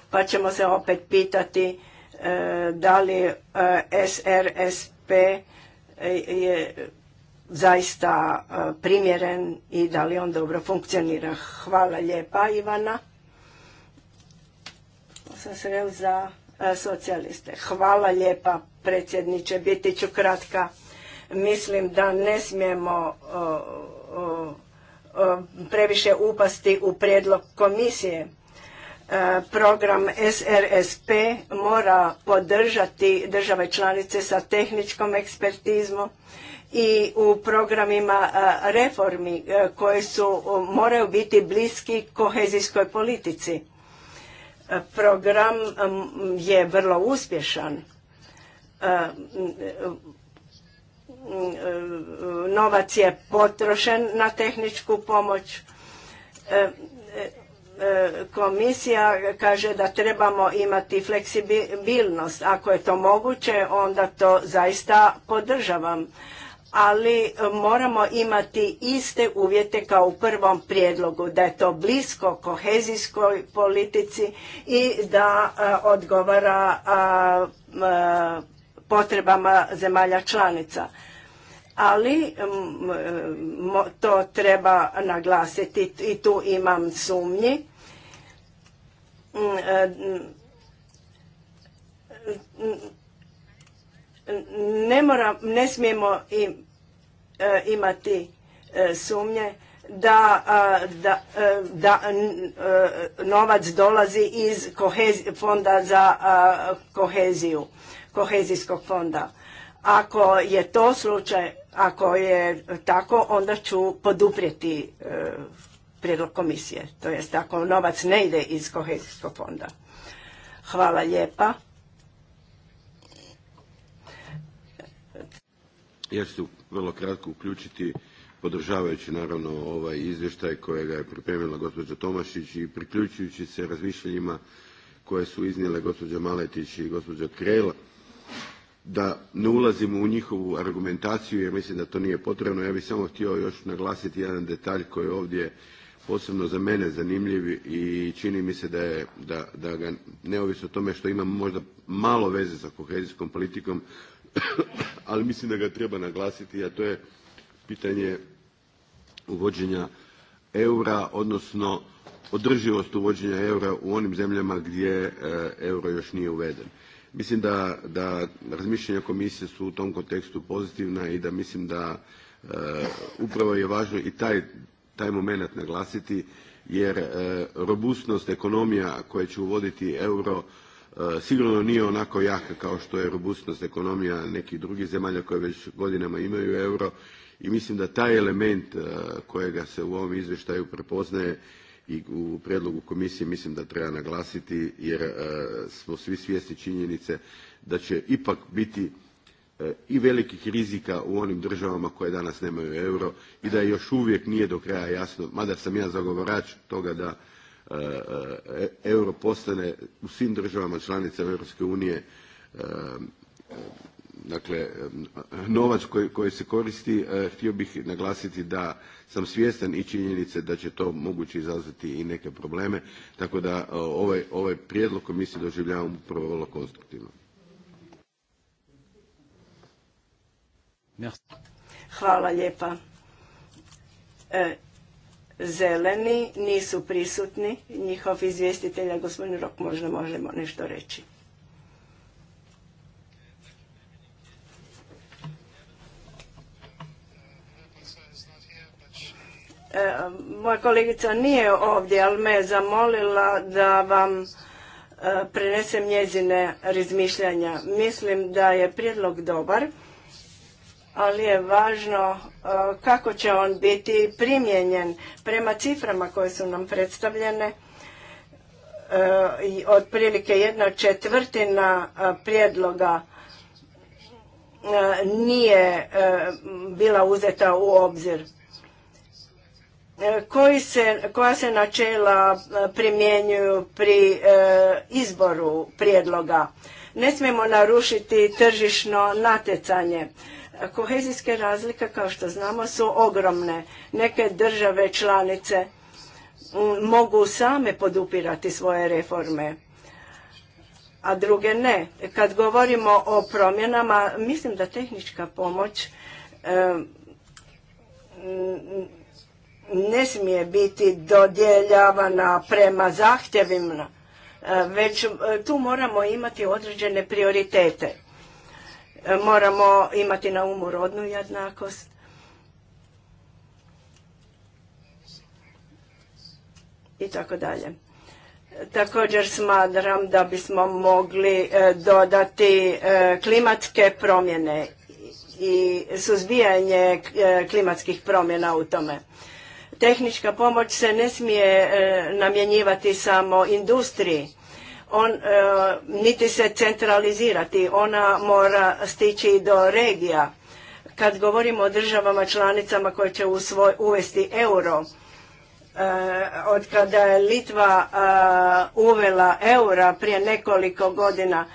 Pa ćemo se opet pitati e, da li e, SRSP je zaista e, primjeren i da li on dobro funkcionira. Hvala lijepa Ivana. za e, socijaliste. Hvala lijepa predsjedniče, biti ću kratka. Mislim da ne smijemo previše upasti u prijedlog komisije. E, program SRSP mora podržati države članice sa tehničkom ekspertizmom i u programima e, reformi e, koje su, moraju biti bliski kohezijskoj politici. E, program je vrlo uspješan. Novac je potrošen na tehničku pomoć. Komisija kaže da trebamo imati fleksibilnost. Ako je to moguće, onda to zaista podržavam ali moramo imati iste uvjete kao u prvom prijedlogu, da je to blisko kohezijskoj politici i da odgovara potrebama zemalja članica. Ali to treba naglasiti i tu imam sumnji. Ne, ne smijemo i E, imati e, sumnje da, da, e, novac dolazi iz fonda za koheziju, kohezijskog fonda. Ako je to slučaj, ako je tako, onda ću poduprijeti prijedlog komisije. To jest, ako novac ne ide iz kohezijskog fonda. Hvala lijepa vrlo kratko uključiti podržavajući naravno ovaj izvještaj kojega je pripremila gospođa Tomašić i priključujući se razmišljanjima koje su iznijele gospođa Maletić i gospođa krela da ne ulazimo u njihovu argumentaciju jer mislim da to nije potrebno. Ja bih samo htio još naglasiti jedan detalj koji je ovdje posebno za mene zanimljiv i čini mi se da, je, da, da ga neovisno o tome što ima možda malo veze sa kohezijskom politikom ali mislim da ga treba naglasiti, a to je pitanje uvođenja eura, odnosno održivost uvođenja eura u onim zemljama gdje eh, euro još nije uveden. Mislim da, da razmišljanja komisije su u tom kontekstu pozitivna i da mislim da eh, upravo je važno i taj, taj moment naglasiti jer eh, robustnost ekonomija koje će uvoditi euro E, sigurno nije onako jaka kao što je robustnost ekonomija nekih drugih zemalja koje već godinama imaju euro i mislim da taj element e, kojega se u ovom izvještaju prepoznaje i u prijedlogu komisije mislim da treba naglasiti jer e, smo svi svjesni činjenice da će ipak biti i velikih rizika u onim državama koje danas nemaju euro i da još uvijek nije do kraja jasno mada sam ja zagovarač toga da E, e, euro postane u svim državama članicama Europske unije e, dakle novac koji, se koristi htio bih naglasiti da sam svjestan i činjenice da će to moguće izazvati i neke probleme tako da ovaj, ovaj prijedlog komisije doživljavam upravo vrlo konstruktivno. Hvala lijepa. Zeleni nisu prisutni, njihov izvjestitelj, gospodin Rok, možda možemo nešto reći. E, moja kolegica nije ovdje, ali me je zamolila da vam e, prenesem njezine razmišljanja. Mislim da je prijedlog dobar ali je važno e, kako će on biti primijenjen prema ciframa koje su nam predstavljene e, otprilike jedna četvrtina e, prijedloga nije bila uzeta u obzir. Koji se, koja se načela primjenjuju pri izboru prijedloga? Ne smijemo narušiti tržišno natjecanje. Kohezijske razlike, kao što znamo, su ogromne. Neke države članice mm, mogu same podupirati svoje reforme, a druge ne. Kad govorimo o promjenama, mislim da tehnička pomoć ne smije biti dodjeljavana prema zahtjevima, eh, već eh, tu moramo imati određene prioritete. Moramo imati na umu rodnu jednakost. I tako dalje. Također smatram da bismo mogli e, dodati e, klimatske promjene i suzbijanje e, klimatskih promjena u tome. Tehnička pomoć se ne smije namjenjivati samo industriji on, e, niti se centralizirati, ona mora stići do regija. Kad govorimo o državama članicama koje će uvesti euro, e, od kada je Litva e, uvela eura prije nekoliko godina,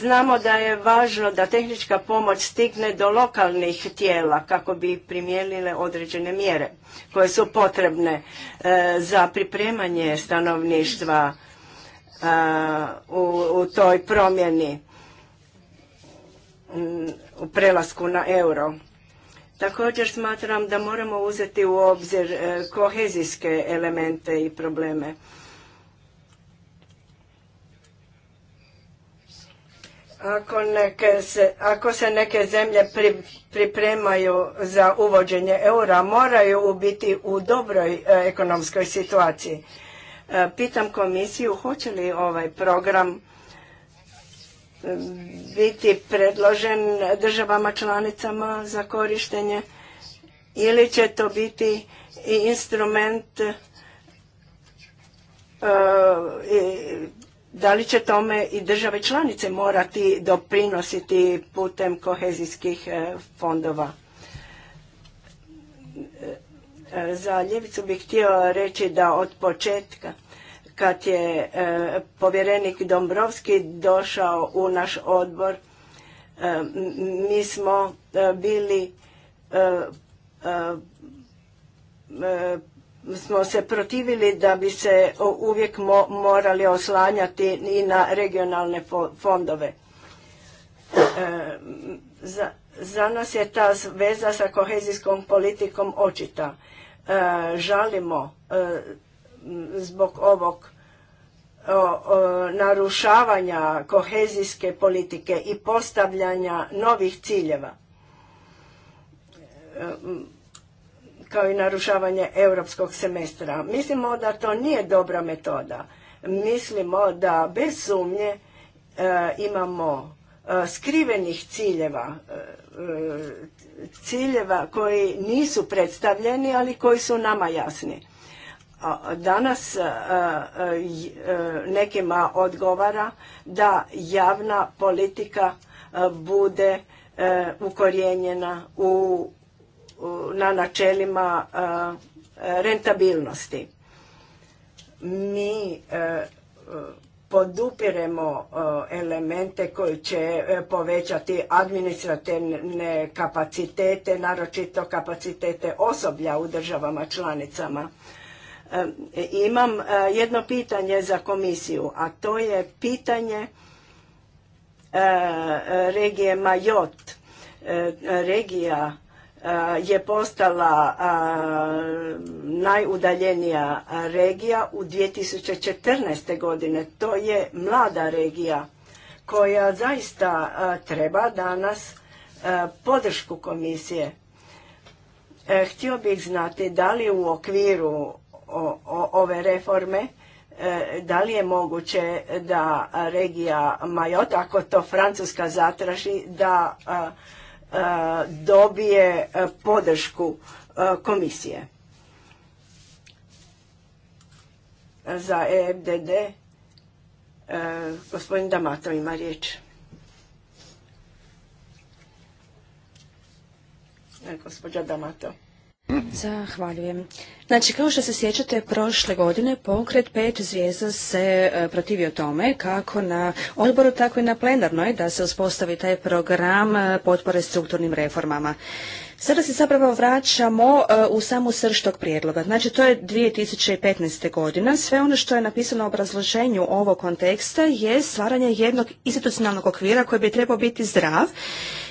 znamo da je važno da tehnička pomoć stigne do lokalnih tijela kako bi primijenile određene mjere koje su potrebne za pripremanje stanovništva u, toj promjeni mm, u prelasku na euro. Također smatram da moramo uzeti u obzir e, kohezijske elemente i probleme. Ako, se, neke zemlje pripremaju za uvođenje eura, moraju biti u dobroj e, ekonomskoj situaciji. E, pitam komisiju hoće li ovaj program e, biti predložen državama članicama za korištenje ili će to biti i instrument e, da li će tome i države članice morati doprinositi putem kohezijskih fondova E, za ljevicu bih htio reći da od početka kad je e, povjerenik Dombrovski došao u naš odbor, e, mi smo bili smo se protivili da bi se uvijek morali oslanjati i na regionalne fondove. za, za nas je ta veza sa kohezijskom politikom očita. E, žalimo e, zbog ovog narušavanja kohezijske politike i postavljanja novih ciljeva e, kao i narušavanje europskog semestra. Mislimo da to nije dobra metoda. Mislimo da bez sumnje imamo skrivenih ciljeva ciljeva koji nisu predstavljeni, ali koji su nama jasni. Danas nekima odgovara da javna politika bude e, ukorijenjena na načelima rentabilnosti. Mi e, podupiremo e, elemente koji će e, povećati administrativne kapacitete, naročito kapacitete osoblja u državama članicama. E, imam jedno pitanje za komisiju, a to je pitanje regije Majot. Regija je postala najudaljenija regija u 2014. godine. To je mlada regija koja zaista treba danas podršku komisije. E, htio bih znati da li u okviru ove reforme e, da li je moguće da regija Majota ako to Francuska zatraži, da E, dobije e, podršku e, komisije. Za EFDD gospodin Damato ima riječ. Gospođa Damato. Zahvaljujem. Znači, kao što se sjećate, prošle godine pokret pet zvijezda se e, protivio tome kako na odboru, tako i na plenarnoj da se uspostavi taj program e, potpore strukturnim reformama. Sada se zapravo vraćamo e, u samu srž tog prijedloga. Znači, to je 2015. godina. Sve ono što je napisano u obrazloženju ovog konteksta je stvaranje jednog institucionalnog okvira koji bi trebao biti zdrav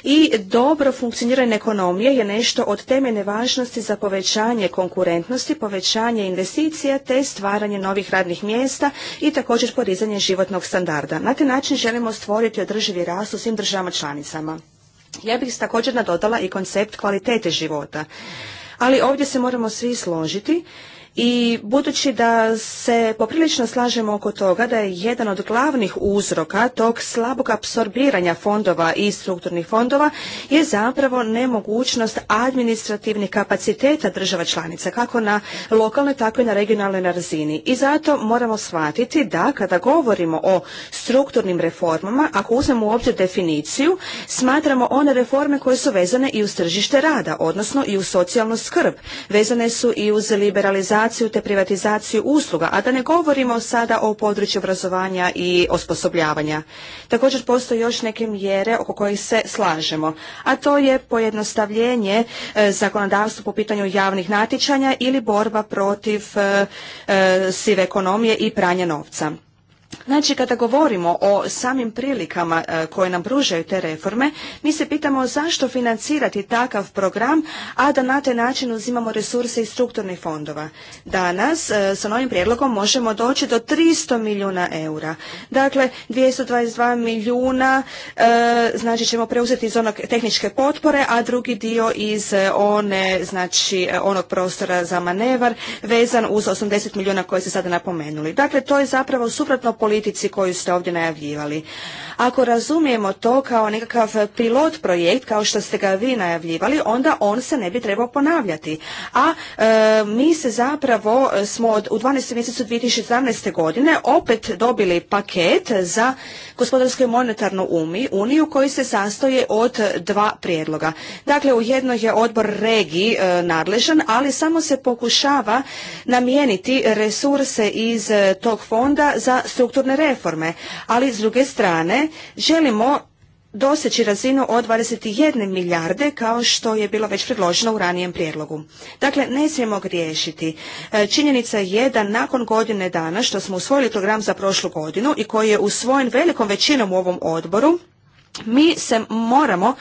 i dobro funkcioniranje ekonomije je nešto od temeljne važnosti za povećanje konkurentnosti, povećanje investicija te stvaranje novih radnih mjesta i također podizanje životnog standarda. Na taj način želimo stvoriti održivi rast u svim državama članicama. Ja bih također nadodala i koncept kvalitete života. Ali ovdje se moramo svi složiti i budući da se poprilično slažemo oko toga da je jedan od glavnih uzroka tog slabog apsorbiranja fondova i strukturnih fondova je zapravo nemogućnost administrativnih kapaciteta država članica, kako na lokalnoj, tako i na regionalnoj razini. I zato moramo shvatiti da kada govorimo o strukturnim reformama, ako uzmemo u obzir definiciju, smatramo one reforme koje su vezane i uz tržište rada, odnosno i uz socijalnu skrb. Vezane su i uz liberalizaciju privatizaciju te privatizaciju usluga, a da ne govorimo sada o području obrazovanja i osposobljavanja. Također postoje još neke mjere oko kojih se slažemo, a to je pojednostavljenje e, zakonodavstva po pitanju javnih natječanja ili borba protiv e, e, sive ekonomije i pranja novca. Znači, kada govorimo o samim prilikama e, koje nam pružaju te reforme, mi se pitamo zašto financirati takav program, a da na taj način uzimamo resurse iz strukturnih fondova. Danas e, sa novim prijedlogom možemo doći do 300 milijuna eura. Dakle, 222 milijuna e, znači ćemo preuzeti iz onog tehničke potpore, a drugi dio iz one, znači, onog prostora za manevar vezan uz 80 milijuna koje ste sada napomenuli. Dakle, to je zapravo suprotno politici koju ste ovdje najavljivali. Ako razumijemo to kao nekakav pilot projekt, kao što ste ga vi najavljivali, onda on se ne bi trebao ponavljati. A e, mi se zapravo smo od, u 12. mjesecu 2017. godine opet dobili paket za gospodarsku i monetarnu umi, uniju koji se sastoje od dva prijedloga. Dakle, u jednoj je odbor regiji e, nadležan, ali samo se pokušava namijeniti resurse iz e, tog fonda za strukturu strukturne reforme, ali s druge strane želimo doseći razinu od 21 milijarde kao što je bilo već predloženo u ranijem prijedlogu. Dakle, ne smijemo griješiti. E, činjenica je da nakon godine dana što smo usvojili program za prošlu godinu i koji je usvojen velikom većinom u ovom odboru, mi se moramo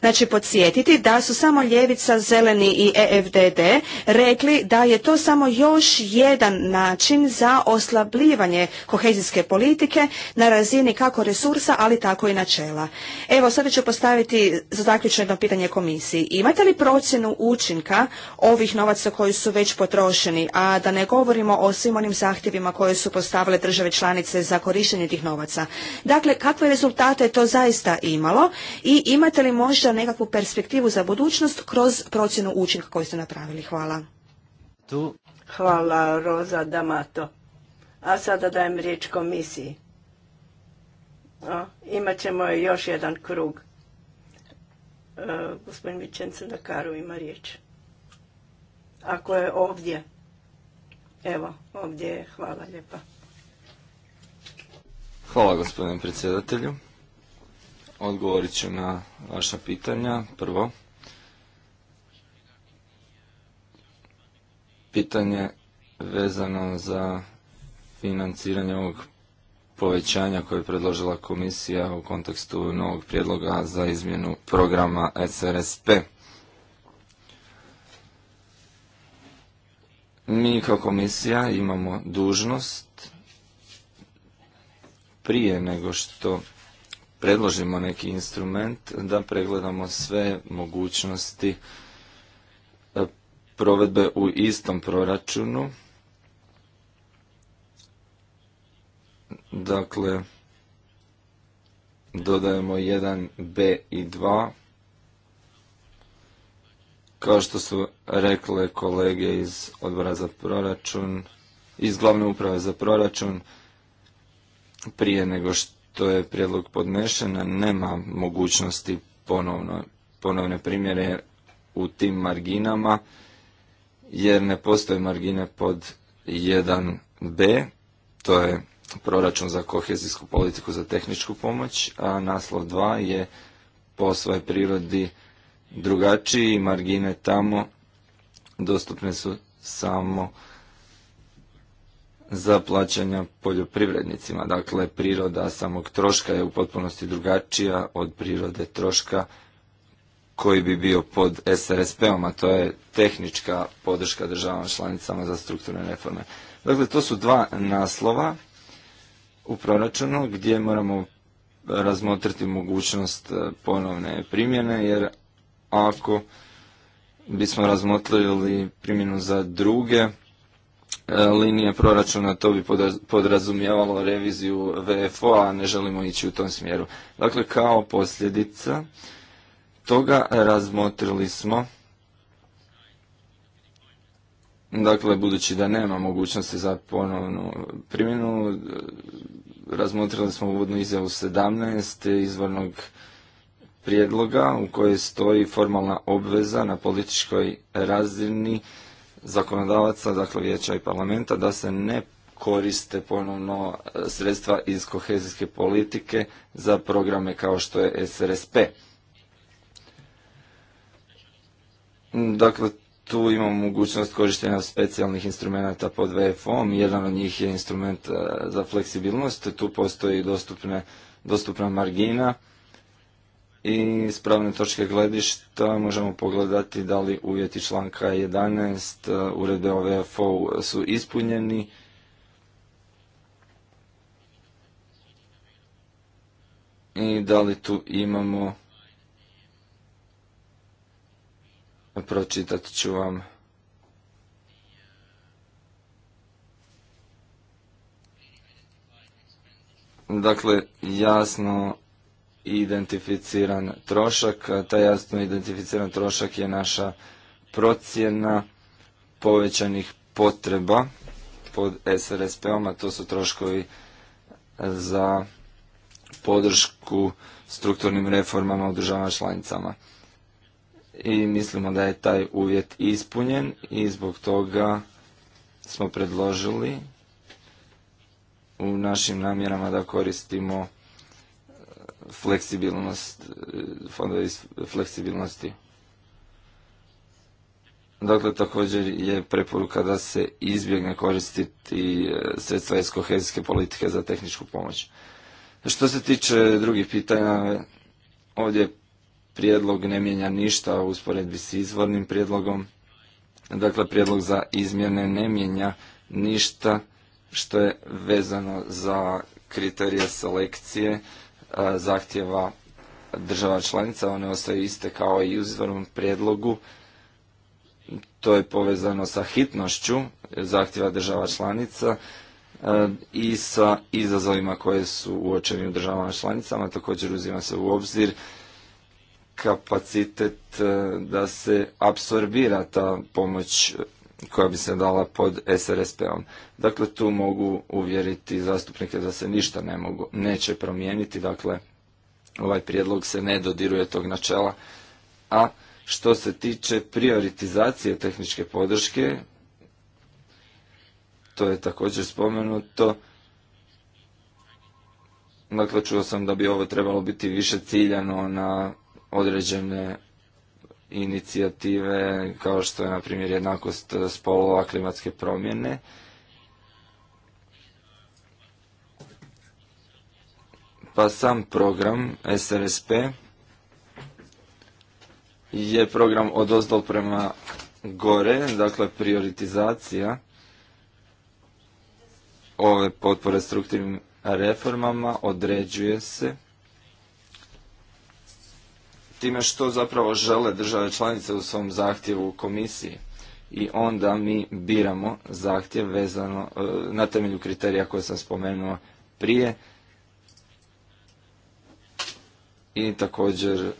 Znači, podsjetiti da su samo Ljevica, Zeleni i EFDD rekli da je to samo još jedan način za oslabljivanje kohezijske politike na razini kako resursa, ali tako i načela. Evo, sada ću postaviti za zaključno jedno pitanje komisiji. Imate li procjenu učinka ovih novaca koji su već potrošeni, a da ne govorimo o svim onim zahtjevima koje su postavile države članice za korištenje tih novaca? Dakle, kakve rezultate je to zaista imalo i imate li možda pruža nekakvu perspektivu za budućnost kroz procjenu učinka koju ste napravili. Hvala. Tu. Hvala Roza D'Amato. A sada dajem riječ komisiji. O, imat ćemo još jedan krug. E, gospodin Vičenca Dakaru ima riječ. Ako je ovdje. Evo, ovdje je. Hvala lijepa. Hvala gospodine predsjedatelju. Odgovorit ću na vaša pitanja. Prvo, pitanje vezano za financiranje ovog povećanja koje je predložila komisija u kontekstu novog prijedloga za izmjenu programa SRSP. Mi kao komisija imamo dužnost prije nego što predložimo neki instrument, da pregledamo sve mogućnosti e, provedbe u istom proračunu. Dakle, dodajemo 1b i 2. Kao što su rekle kolege iz odbora za proračun, iz glavne uprave za proračun, prije nego što to je prijedlog podnešen, nema mogućnosti ponovne primjere u tim marginama, jer ne postoje margine pod 1b, to je proračun za kohezijsku politiku za tehničku pomoć, a naslov 2 je po svojoj prirodi drugačiji, margine tamo dostupne su samo za plaćanja poljoprivrednicima. Dakle, priroda samog troška je u potpunosti drugačija od prirode troška koji bi bio pod SRSP-om, a to je tehnička podrška državama članicama za strukturne reforme. Dakle, to su dva naslova u proračunu gdje moramo razmotriti mogućnost e, ponovne primjene, jer ako bismo razmotrili primjenu za druge E, linije proračuna, to bi podrazumijevalo reviziju VFO-a, ne želimo ići u tom smjeru. Dakle, kao posljedica toga razmotrili smo Dakle, budući da nema mogućnosti za ponovnu primjenu, e, razmotrili smo uvodnu izjavu 17 izvornog prijedloga u kojoj stoji formalna obveza na političkoj razini zakonodavaca, dakle vijeća i parlamenta, da se ne koriste ponovno e, sredstva iz kohezijske politike za programe kao što je SRSP. Dakle, tu imamo mogućnost korištenja specijalnih instrumenta pod VFO-om. Jedan od njih je instrument e, za fleksibilnost. Tu postoji dostupne, dostupna margina i s pravne točke gledišta možemo pogledati da li uvjeti članka 11 e, urede o FO su ispunjeni. I da li tu imamo pročitat ću vam Dakle, jasno identificiran trošak. Taj jasno identificiran trošak je naša procjena povećanih potreba pod SRSP-om, a to su troškovi e, za podršku strukturnim reformama u državama članicama. I mislimo da je taj uvjet ispunjen i zbog toga smo predložili u našim namjerama da koristimo fleksibilnost, e, fondove iz fleksibilnosti. Dakle, također je preporuka da se izbjegne koristiti e, sredstva iz kohezijske politike za tehničku pomoć. Što se tiče drugih pitanja, ovdje prijedlog ne mijenja ništa u usporedbi s izvornim prijedlogom. Dakle, prijedlog za izmjene ne mijenja ništa što je vezano za kriterije selekcije zahtjeva država članica, one ostaju iste kao i u izvornom prijedlogu. To je povezano sa hitnošću zahtjeva država članica i sa izazovima koje su uočeni u državama članicama. Također uzima se u obzir kapacitet da se apsorbira ta pomoć koja bi se dala pod SRSP-om. Dakle, tu mogu uvjeriti zastupnike da se ništa ne mogu, neće promijeniti, dakle, ovaj prijedlog se ne dodiruje tog načela, a što se tiče prioritizacije tehničke podrške, to je također spomenuto, dakle, čuo sam da bi ovo trebalo biti više ciljano na određene inicijative kao što je na primjer jednakost spolova klimatske promjene. Pa sam program SRSP je program od prema gore, dakle prioritizacija ove potpore strukturnim reformama određuje se time što zapravo žele države članice u svom zahtjevu u komisiji i onda mi biramo zahtjev vezano e, na temelju kriterija koje sam spomenuo prije i također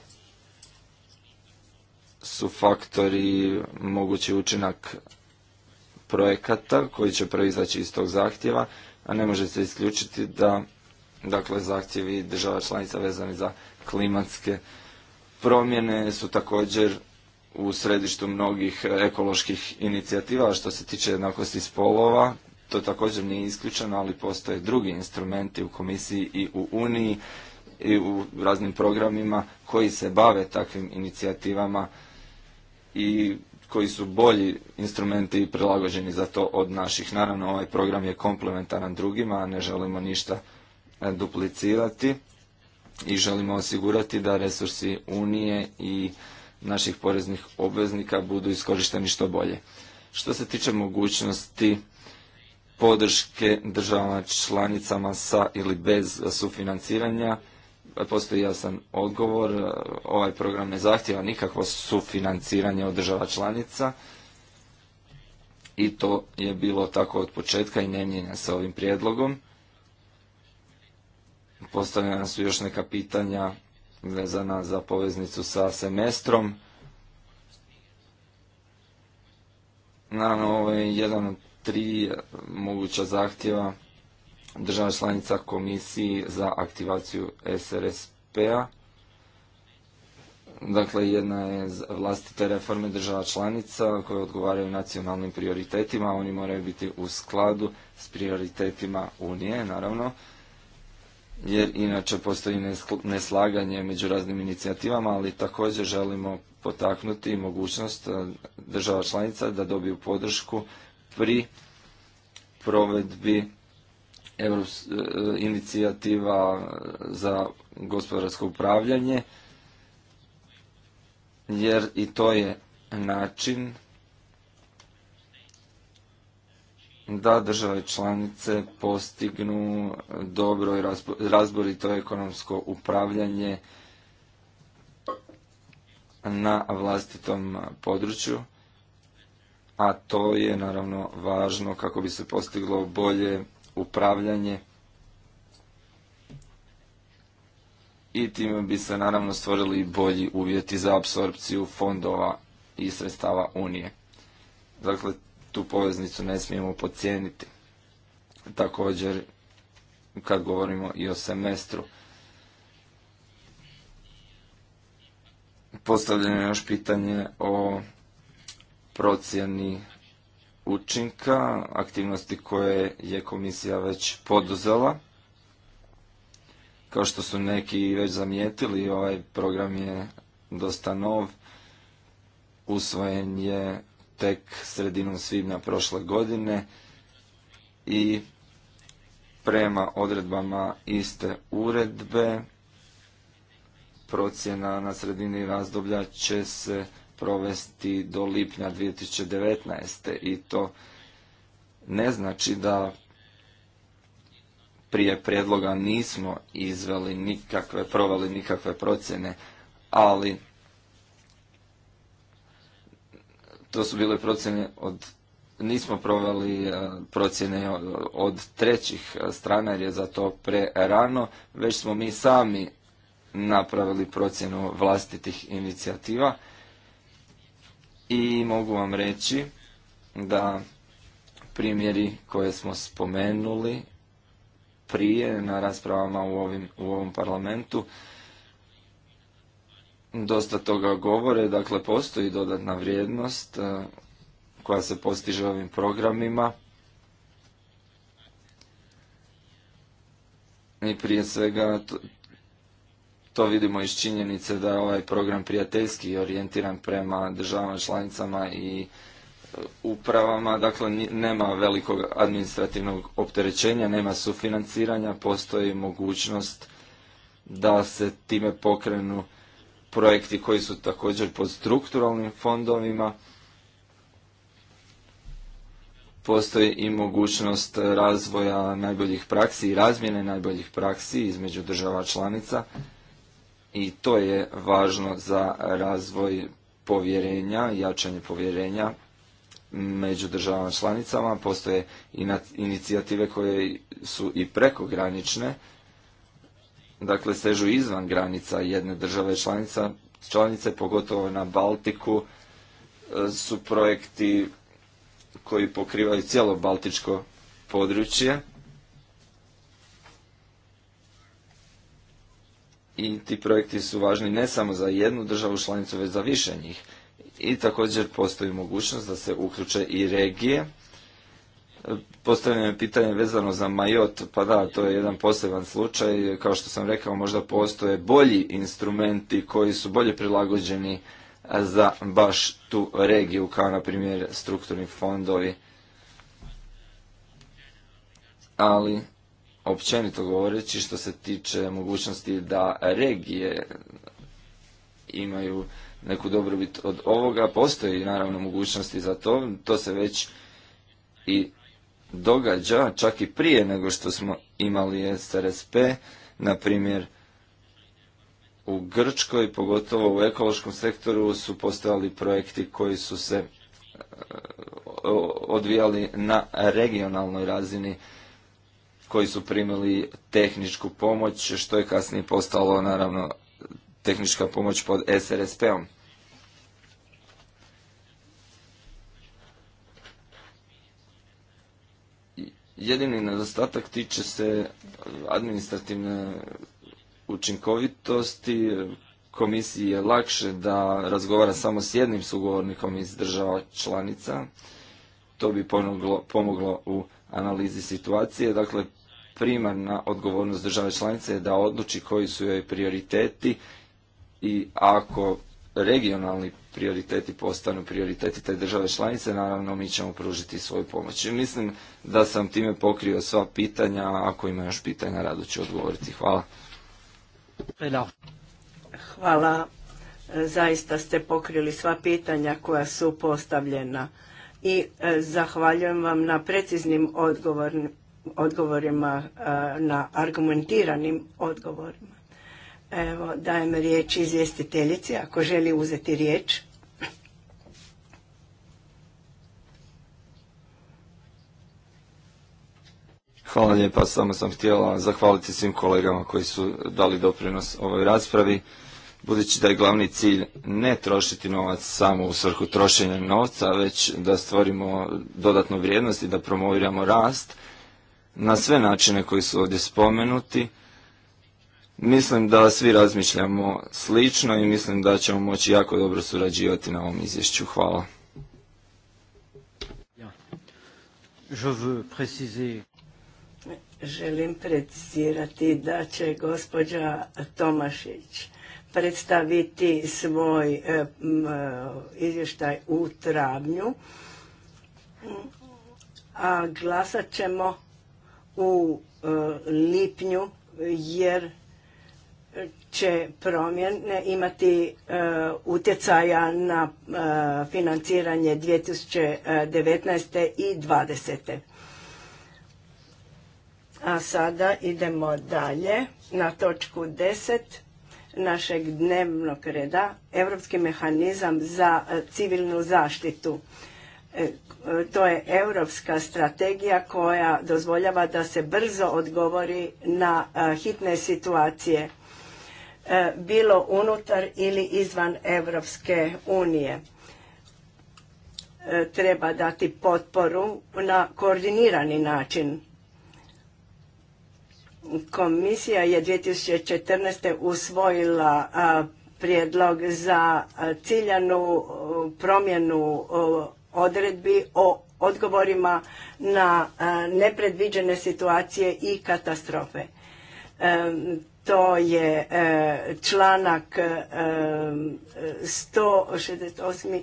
su faktori mogući učinak projekata koji će proizaći iz tog zahtjeva, a ne može se isključiti da dakle zahtjevi država članica vezani za klimatske promjene su također u središtu mnogih e, ekoloških inicijativa, što se tiče jednakosti spolova, to također nije isključeno, ali postoje drugi instrumenti u komisiji i u Uniji i u raznim programima koji se bave takvim inicijativama i koji su bolji instrumenti prilagođeni za to od naših. Naravno, ovaj program je komplementaran drugima, ne želimo ništa e, duplicirati i želimo osigurati da resursi Unije i naših poreznih obveznika budu iskorišteni što bolje. Što se tiče mogućnosti podrške državama članicama sa ili bez sufinanciranja, postoji jasan odgovor. Ovaj program ne zahtjeva nikakvo sufinanciranje od država članica i to je bilo tako od početka i ne mijenja se ovim prijedlogom. Postavljena su još neka pitanja vezana za poveznicu sa semestrom. Naravno, ovo je jedan od tri moguća zahtjeva država članica komisiji za aktivaciju SRSP-a. Dakle, jedna je vlastite reforme država članica koje odgovaraju nacionalnim prioritetima, oni moraju biti u skladu s prioritetima Unije, naravno jer inače postoji neslaganje među raznim inicijativama, ali također želimo potaknuti mogućnost e, država članica da dobiju podršku pri provedbi e, inicijativa za gospodarsko upravljanje, jer i to je način da države članice postignu dobro i razborito ekonomsko upravljanje na vlastitom području, a to je naravno važno kako bi se postiglo bolje upravljanje i time bi se naravno stvorili bolji uvjeti za apsorpciju fondova i sredstava Unije. Dakle, u poveznicu ne smijemo podcijeniti. Također, kad govorimo i o semestru, postavljeno je još pitanje o procjeni učinka, aktivnosti koje je komisija već poduzela. Kao što su neki već zamijetili, ovaj program je dosta nov. Usvojen je tek sredinom svibnja prošle godine i prema odredbama iste uredbe procjena na sredini razdoblja će se provesti do lipnja 2019. i to ne znači da prije prijedloga nismo izveli nikakve, provali nikakve procjene, ali to su bile procjene od nismo proveli e, procjene od trećih e, strana jer je za to pre rano, već smo mi sami napravili procjenu vlastitih inicijativa i mogu vam reći da primjeri koje smo spomenuli prije na raspravama u ovom parlamentu dosta toga govore, dakle postoji dodatna vrijednost e, koja se postiže ovim programima. I prije svega to, vidimo iz činjenice da je ovaj program prijateljski orijentiran prema državama članicama i e, upravama, dakle nema velikog administrativnog opterećenja, nema sufinanciranja, postoji mogućnost da se time pokrenu projekti koji su također pod strukturalnim fondovima. Postoji i mogućnost razvoja najboljih praksi i razmjene najboljih praksi između država članica i to je važno za razvoj povjerenja, jačanje povjerenja među državama članicama. Postoje inicijative koje su i prekogranične dakle sežu izvan granica jedne države članica, članice, pogotovo na Baltiku, e, su projekti koji pokrivaju cijelo baltičko područje. I ti projekti su važni ne samo za jednu državu članicu, već za više njih. I također postoji mogućnost da se uključe i regije Postavljeno je pitanje vezano za Majot, pa da, to je jedan poseban slučaj. Kao što sam rekao, možda postoje bolji instrumenti koji su bolje prilagođeni za baš tu regiju, kao na primjer strukturni fondovi. Ali, općenito govoreći, što se tiče mogućnosti da regije imaju neku dobrobit od ovoga, postoji naravno mogućnosti za to, to se već i događa, čak i prije nego što smo imali SRSP, na primjer u Grčkoj, pogotovo u ekološkom sektoru, su postojali projekti koji su se e, odvijali na regionalnoj razini koji su primili tehničku pomoć, što je kasnije postalo naravno tehnička pomoć pod SRSP-om. Jedini nedostatak tiče se administrativne učinkovitosti. Komisiji je lakše da razgovara samo s jednim sugovornikom iz država članica. To bi pomoglo, pomoglo u analizi situacije. Dakle, primarna odgovornost države članice je da odluči koji su joj prioriteti i ako regionalni prioriteti postanu prioriteti te države članice, naravno mi ćemo pružiti svoju pomoć. I mislim da sam time pokrio sva pitanja, ako ima još pitanja rado ću odgovoriti. Hvala. Hvala. Zaista ste pokrili sva pitanja koja su postavljena i e, zahvaljujem vam na preciznim odgovorima e, na argumentiranim odgovorima. Evo, dajem riječ izvjestiteljici, ako želi uzeti riječ. Hvala lijepa, samo sam htjela zahvaliti svim kolegama koji su dali doprinos ovoj raspravi. Budući da je glavni cilj ne trošiti novac samo u svrhu trošenja novca, već da stvorimo dodatnu vrijednost i da promoviramo rast na sve načine koji su ovdje spomenuti, Mislim da svi razmišljamo slično i mislim da ćemo moći jako dobro surađivati na ovom izvješću. Hvala. Želim precizirati da će gospođa Tomašić predstaviti svoj e, e, izvještaj u travnju, a glasat ćemo u e, lipnju jer će promjene imati e, utjecaja na e, financiranje 2019. i 2020. A sada idemo dalje na točku 10 našeg dnevnog reda, Europski mehanizam za e, civilnu zaštitu. To je europska strategija koja dozvoljava da se brzo odgovori na hitne situacije E, bilo unutar ili izvan Europske unije. E, treba dati potporu na koordinirani način. Komisija je 2014. usvojila prijedlog za ciljanu promjenu odredbi o odgovorima na nepredviđene situacije i katastrofe. E, to je e, članak 168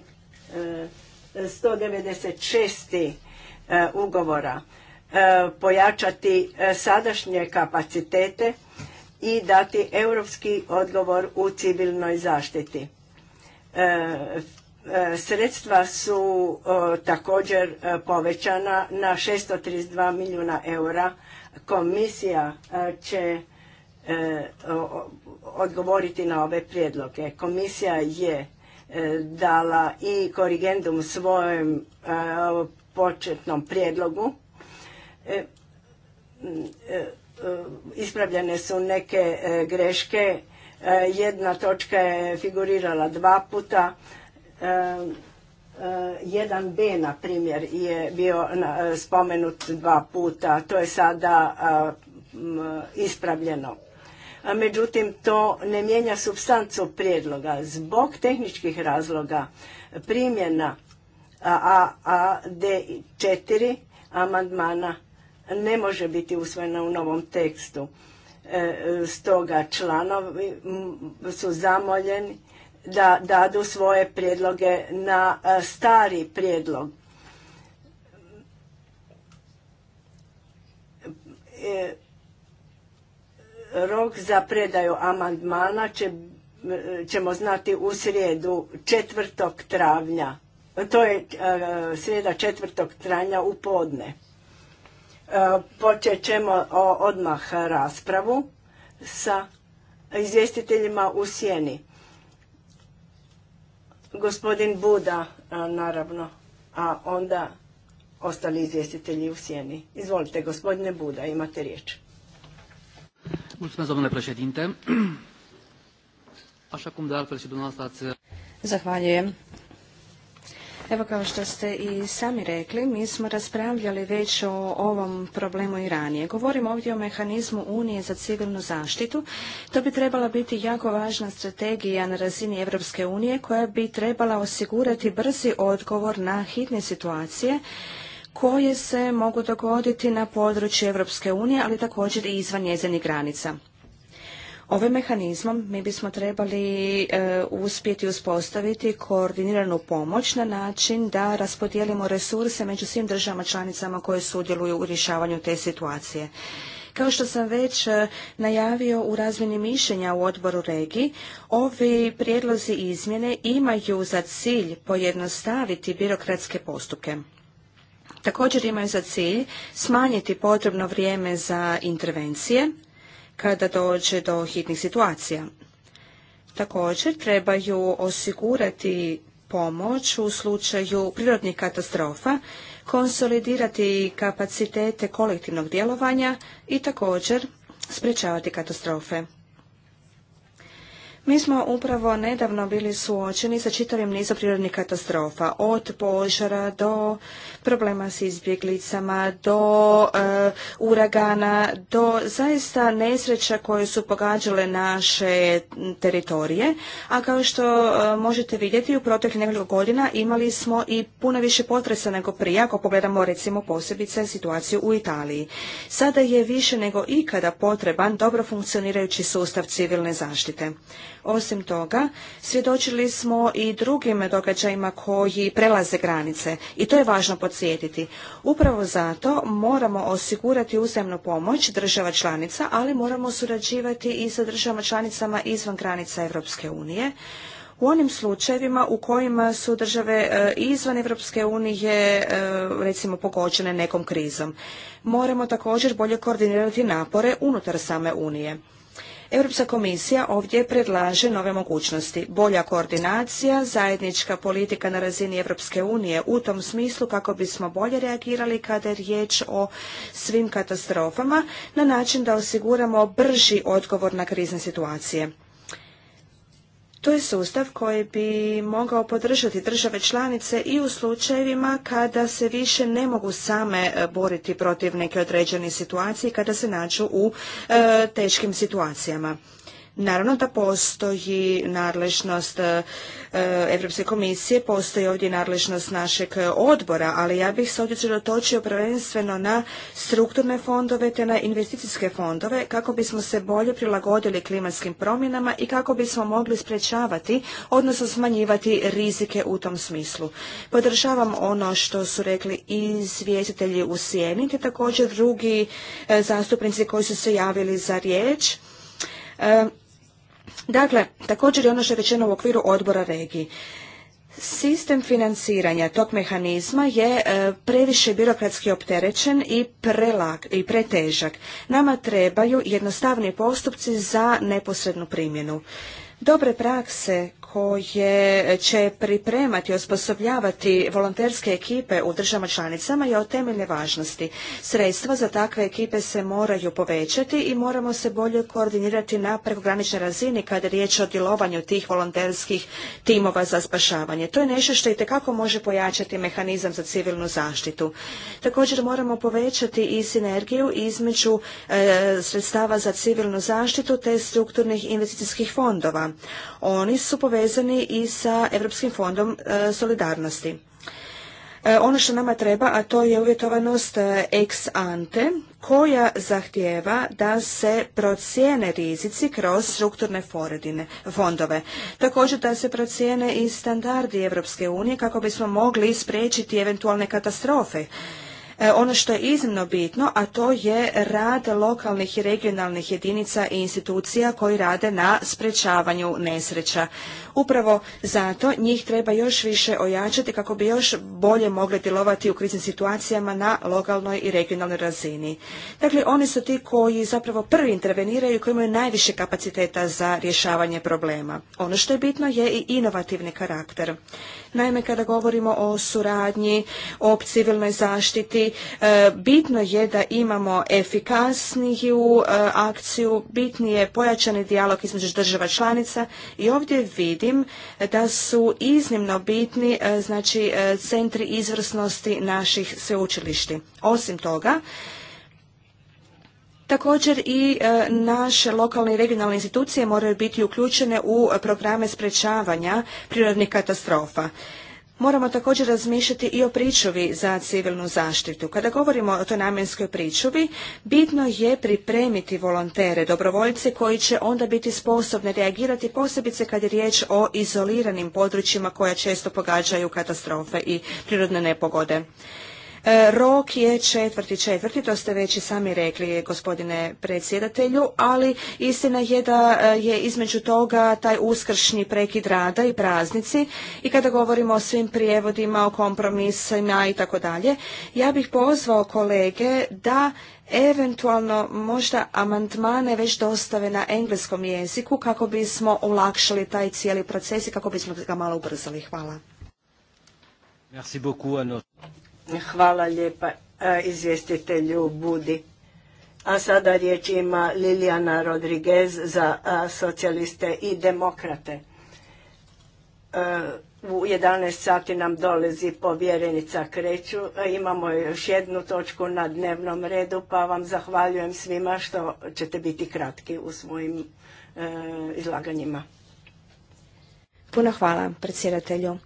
e, 196 e, ugovora pojačati sadašnje kapacitete i dati europski odgovor u civilnoj zaštiti sredstva su također povećana na 632 milijuna eura komisija će E, odgovoriti na ove prijedloge. Komisija je e, dala i korigendum svojem e, početnom prijedlogu. Ispravljene su neke greške. Jedna točka je figurirala dva puta. Jedan B, na primjer, je bio spomenut dva puta. To je sada ispravljeno međutim to ne mijenja substancu prijedloga. Zbog tehničkih razloga primjena AAD4 amandmana ne može biti usvojena u novom tekstu. E, stoga članovi su zamoljeni da dadu svoje prijedloge na e, stari prijedlog. E, Rok za predaju amandmana ćemo znati u srijedu 4. travnja. To je e, srijeda 4. travnja u podne. E, počet ćemo odmah raspravu sa izvjestiteljima u sjeni. Gospodin Buda, naravno, a onda ostali izvjestitelji u sjeni. Izvolite, gospodine Buda, imate riječ. [CLEARS THROAT] Uh, Zahvaljujem. Evo kao što ste i sami rekli, mi smo raspravljali već o ovom problemu i ranije. Govorimo ovdje o mehanizmu Unije za civilnu zaštitu. To bi trebala biti jako važna strategija na razini Europske unije koja bi trebala osigurati brzi odgovor na hitne situacije koje se mogu dogoditi na području Europske unije, ali također i izvan njezinih granica. Ovim mehanizmom mi bismo trebali e, uspjeti uspostaviti koordiniranu pomoć na način da raspodijelimo resurse među svim državama članicama koje sudjeluju u rješavanju te situacije. Kao što sam već e, najavio u razmjeni mišljenja u odboru regiji, ovi prijedlozi izmjene imaju za cilj pojednostaviti birokratske postupke također imaju za cilj smanjiti potrebno vrijeme za intervencije kada dođe do hitnih situacija. Također trebaju osigurati pomoć u slučaju prirodnih katastrofa, konsolidirati kapacitete kolektivnog djelovanja i također sprečavati katastrofe. Mi smo upravo nedavno bili suočeni sa čitavim nizom prirodnih katastrofa, od požara do problema s izbjeglicama, do e, uragana, do zaista nesreća koje su pogađale naše teritorije, a kao što e, možete vidjeti u proteklih nekoliko godina imali smo i puno više potresa nego prije, ako pogledamo recimo posebice situaciju u Italiji. Sada je više nego ikada potreban dobro funkcionirajući sustav civilne zaštite. Osim toga, svjedočili smo i drugim događajima koji prelaze granice i to je važno podsjetiti. Upravo zato moramo osigurati uzemnu pomoć država članica, ali moramo surađivati i sa državama članicama izvan granica Europske unije u onim slučajevima u kojima su države e, izvan Europske unije e, recimo pogođene nekom krizom. Moramo također bolje koordinirati napore unutar same unije. Europska komisija ovdje predlaže nove mogućnosti. Bolja koordinacija, zajednička politika na razini Europske unije u tom smislu kako bismo bolje reagirali kada je riječ o svim katastrofama na način da osiguramo brži odgovor na krizne situacije. To je sustav koji bi mogao podržati države članice i u slučajevima kada se više ne mogu same e, boriti protiv neke određene situacije, kada se nađu u e, teškim situacijama. Naravno da postoji nadležnost Europske komisije, postoji ovdje nadležnost našeg odbora, ali ja bih se ovdje sredotočio prvenstveno na strukturne fondove te na investicijske fondove kako bismo se bolje prilagodili klimatskim promjenama i kako bismo mogli sprečavati, odnosno smanjivati rizike u tom smislu. Podržavam ono što su rekli i izvjestitelji u Sjeni, te također drugi e, zastupnici koji su se javili za riječ. E, Dakle, također je ono što je rečeno u okviru odbora regiji. Sistem financiranja tog mehanizma je e, previše birokratski opterećen i, prelag, i pretežak. Nama trebaju jednostavni postupci za neposrednu primjenu. Dobre prakse koje će pripremati i osposobljavati volonterske ekipe u državama članicama je od temeljne važnosti. Sredstva za takve ekipe se moraju povećati i moramo se bolje koordinirati na prekograničnoj razini kada je riječ o djelovanju tih volonterskih timova za spašavanje. To je nešto što i tekako može pojačati mehanizam za civilnu zaštitu. Također moramo povećati i sinergiju između e, sredstava za civilnu zaštitu te strukturnih investicijskih fondova. Oni su povećani povezani i sa Europskim fondom e, solidarnosti. E, ono što nama treba, a to je uvjetovanost e, ex ante, koja zahtjeva da se procijene rizici kroz strukturne foredine, fondove. Također da se procijene i standardi Evropske unije kako bismo mogli spriječiti eventualne katastrofe E, ono što je iznimno bitno, a to je rad lokalnih i regionalnih jedinica i institucija koji rade na sprečavanju nesreća. Upravo zato njih treba još više ojačati kako bi još bolje mogli djelovati u kriznim situacijama na lokalnoj i regionalnoj razini. Dakle, oni su ti koji zapravo prvi interveniraju i koji imaju najviše kapaciteta za rješavanje problema. Ono što je bitno je i inovativni karakter. Naime, kada govorimo o suradnji, o civilnoj zaštiti, e, bitno je da imamo efikasniju e, akciju, bitni je pojačani dijalog između država članica i ovdje vidim da su iznimno bitni e, znači centri izvrsnosti naših sveučilišti. Osim toga, Također i e, naše lokalne i regionalne institucije moraju biti uključene u programe sprečavanja prirodnih katastrofa. Moramo također razmišljati i o pričuvi za civilnu zaštitu. Kada govorimo o toj namjenskoj pričuvi, bitno je pripremiti volontere, dobrovoljce koji će onda biti sposobni reagirati posebice kad je riječ o izoliranim područjima koja često pogađaju katastrofe i prirodne nepogode. E, rok je četvrti četvrti, to ste već i sami rekli gospodine predsjedatelju, ali istina je da e, je između toga taj uskršnji prekid rada i praznici i kada govorimo o svim prijevodima, o kompromisima i tako dalje, ja bih pozvao kolege da eventualno možda amandmane već dostave na engleskom jeziku kako bismo olakšali taj cijeli proces i kako bismo ga malo ubrzali. Hvala. Hvala lijepa e, izvjestitelju Budi. A sada riječ ima Liliana Rodriguez za e, socijaliste i demokrate. E, u 11 sati nam dolazi povjerenica Kreću. Imamo još jednu točku na dnevnom redu, pa vam zahvaljujem svima što ćete biti kratki u svojim izlaganjima. Puno hvala predsjedatelju.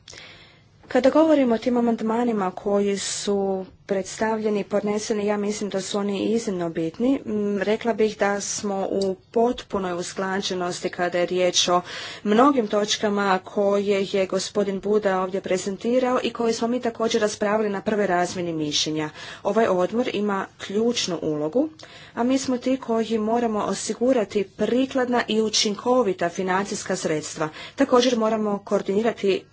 Kada govorimo o tim amandmanima koji su predstavljeni i podneseni, ja mislim da su oni iznimno bitni. Mm, rekla bih da smo u potpunoj usklađenosti kada je riječ o mnogim točkama koje je gospodin Buda ovdje prezentirao i koje smo mi također raspravili na prve razmjeni mišljenja. Ovaj odmor ima ključnu ulogu, a mi smo ti koji moramo osigurati prikladna i učinkovita financijska sredstva. Također moramo koordinirati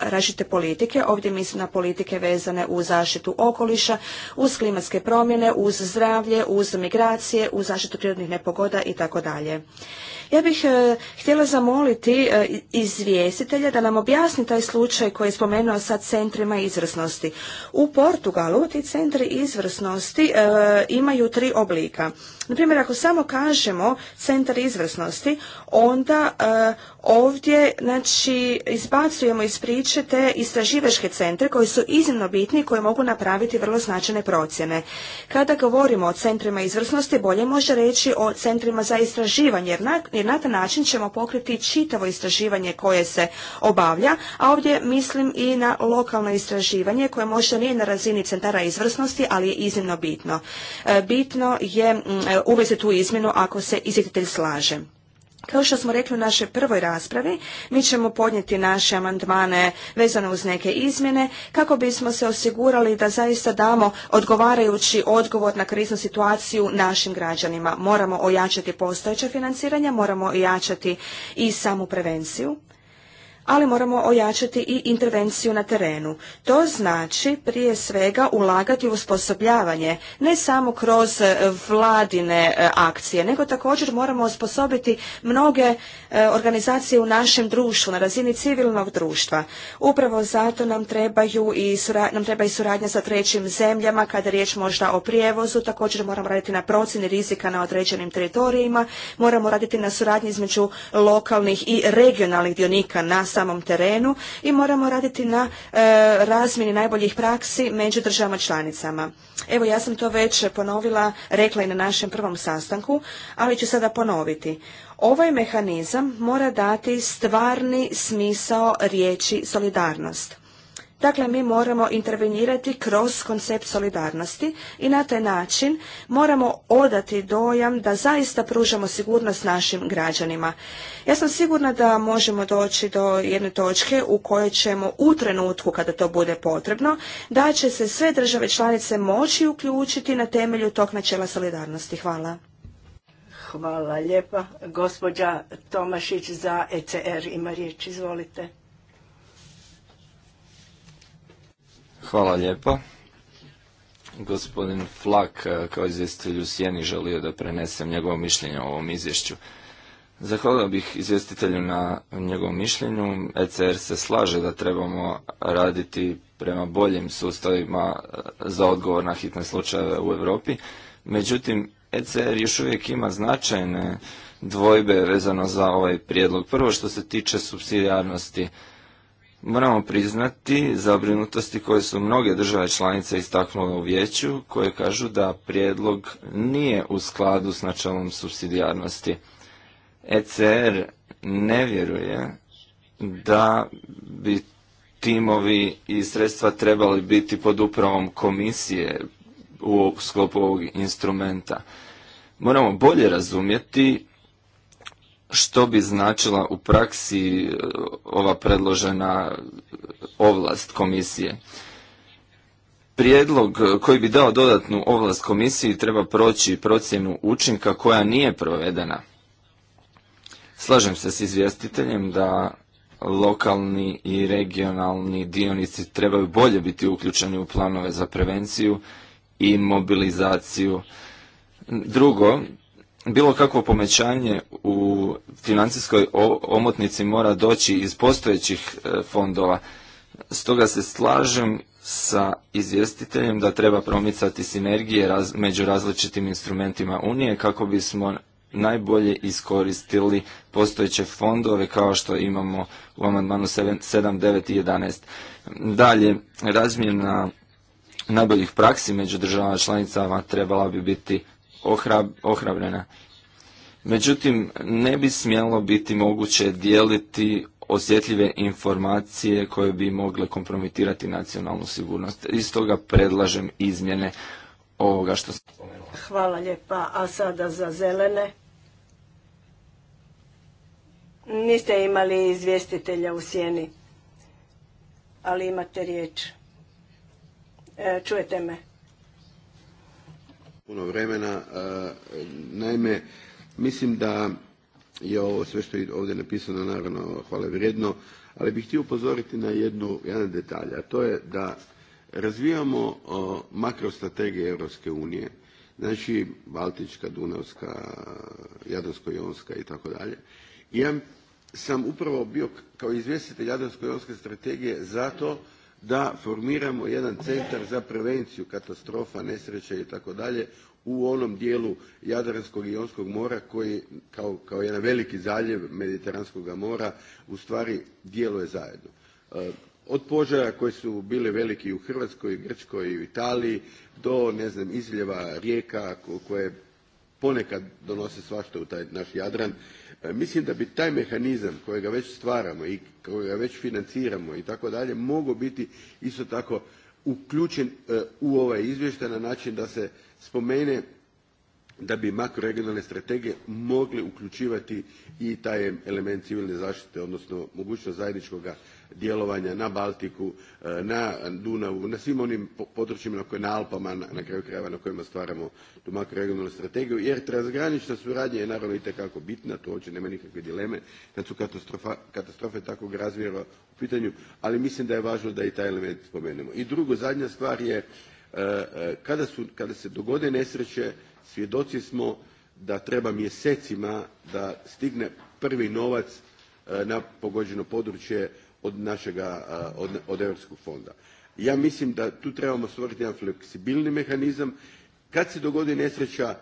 različite politike. Ovdje mislim na politike vezane uz zaštitu okoliša, uz klimatske promjene, uz zdravlje, uz migracije, uz zaštitu prirodnih nepogoda i tako dalje. Ja bih e, htjela zamoliti e, izvjestitelja da nam objasni taj slučaj koji je spomenuo sa centrima izvrsnosti. U Portugalu ti centri izvrsnosti e, imaju tri oblika. Naprimjer, ako samo kažemo centar izvrsnosti, onda ovdje znači, izbacujemo iz priče te istraživačke centre koji su iznimno bitni i koji mogu napraviti vrlo značajne procjene. Kada govorimo o centrima izvrsnosti, bolje može reći o centrima za istraživanje, jer, jer na taj način ćemo pokriti čitavo istraživanje koje se obavlja, a ovdje mislim i na lokalno istraživanje koje možda nije na razini centara izvrsnosti, ali je iznimno bitno. E, bitno je mm, e, uvesti tu izmjenu ako se izvjetitelj slaže. Kao što smo rekli u našoj prvoj raspravi, mi ćemo podnijeti naše amandmane vezano uz neke izmjene kako bismo se osigurali da zaista damo odgovarajući odgovor na kriznu situaciju našim građanima. Moramo ojačati postojeće financiranja, moramo ojačati i samu prevenciju ali moramo ojačati i intervenciju na terenu. To znači prije svega ulagati u osposobljavanje, ne samo kroz e, vladine e, akcije, nego također moramo osposobiti mnoge e, organizacije u našem društvu, na razini civilnog društva. Upravo zato nam, trebaju i treba i suradnja sa trećim zemljama, kada je riječ možda o prijevozu, također moramo raditi na procjeni rizika na određenim teritorijima, moramo raditi na suradnji između lokalnih i regionalnih dionika na samom terenu i moramo raditi na e, razmjeni najboljih praksi među državama članicama. Evo ja sam to već ponovila, rekla i na našem prvom sastanku, ali ću sada ponoviti. Ovaj mehanizam mora dati stvarni smisao riječi solidarnost. Dakle, mi moramo intervenirati kroz koncept solidarnosti i na taj način moramo odati dojam da zaista pružamo sigurnost našim građanima. Ja sam sigurna da možemo doći do jedne točke u kojoj ćemo u trenutku kada to bude potrebno, da će se sve države članice moći uključiti na temelju tog načela solidarnosti. Hvala. Hvala lijepa. Gospođa Tomašić za ECR ima riječ. Izvolite. Hvala lijepa. Gospodin Flak, eh, kao izvjestitelj u Sjeni, želio da prenesem njegovo mišljenje o ovom izvješću. Zahvalio bih izvjestitelju na njegovom mišljenju. ECR se slaže da trebamo raditi prema boljim sustavima eh, za odgovor na hitne slučajeve u Europi. Međutim, ECR još uvijek ima značajne dvojbe vezano za ovaj prijedlog. Prvo što se tiče subsidijarnosti, Moramo priznati zabrinutosti koje su mnoge države članice istaknule u vijeću, koje kažu da prijedlog nije u skladu s načelom subsidijarnosti. ECR ne vjeruje da bi timovi i sredstva trebali biti pod upravom komisije u sklopu ovog instrumenta. Moramo bolje razumjeti što bi značila u praksi e, ova predložena e, ovlast komisije. Prijedlog koji bi dao dodatnu ovlast komisiji treba proći procjenu učinka koja nije provedena. Slažem se s izvjestiteljem da lokalni i regionalni dionici trebaju bolje biti uključeni u planove za prevenciju i mobilizaciju. Drugo, bilo kakvo pomećanje u financijskoj omotnici mora doći iz postojećih e, fondova. Stoga se slažem sa izvjestiteljem da treba promicati sinergije među različitim instrumentima Unije kako bismo najbolje iskoristili postojeće fondove kao što imamo u amandmanu 7, i 11. Dalje, razmjena najboljih praksi među državama članicama trebala bi biti ohrab, ohrabrena. Međutim, ne bi smjelo biti moguće dijeliti osjetljive informacije koje bi mogle kompromitirati nacionalnu sigurnost. Iz toga predlažem izmjene ovoga što sam spomenula. Hvala lijepa. A sada za zelene. Niste imali izvjestitelja u sjeni, ali imate riječ. E, čujete me? puno vremena. E, naime, mislim da je ovo sve što je ovdje napisano naravno hvale vrijedno, ali bih htio upozoriti na jednu, jedan detalj, a to je da razvijamo makrostrategije Europske unije, znači Baltička, Dunavska, Jadransko-Jonska i tako dalje. Ja sam upravo bio kao izvjestitelj Jadransko-Jonske strategije zato da formiramo jedan centar za prevenciju katastrofa, nesreća i tako dalje u onom dijelu Jadranskog i Jonskog mora koji kao, jedan veliki zaljev Mediteranskog mora ustvari djeluje zajedno. E, od požara koji su bili veliki u Hrvatskoj, Grčkoj i Italiji do ne znam, izljeva rijeka koje ponekad donose svašta u taj naš Jadran E, mislim da bi taj mehanizam kojega već stvaramo i kojega već financiramo i tako dalje mogao biti isto tako uključen e, u ovaj izvještaj na način da se spomene da bi makroregionalne strategije mogle uključivati i taj element civilne zaštite odnosno mogućnost zajedničkog djelovanja na Baltiku, e, na Dunavu, na svim onim područjima kojima na Alpama, na kraju krajeva na kojima stvaramo tu makroregionalnu strategiju, jer transgranična suradnja je naravno itekako bitna, tu uopće nema nikakve dileme, kad su katastrofe takvog razmjera u pitanju, ali mislim da je važno da i taj element spomenemo. I drugo, zadnja stvar je, e, e, kada, su, kada se dogode nesreće, svjedoci smo da treba mjesecima da stigne prvi novac na pogođeno područje od našega, od, Europskog fonda. Ja mislim da tu trebamo stvoriti jedan fleksibilni mehanizam. Kad se dogodi nesreća,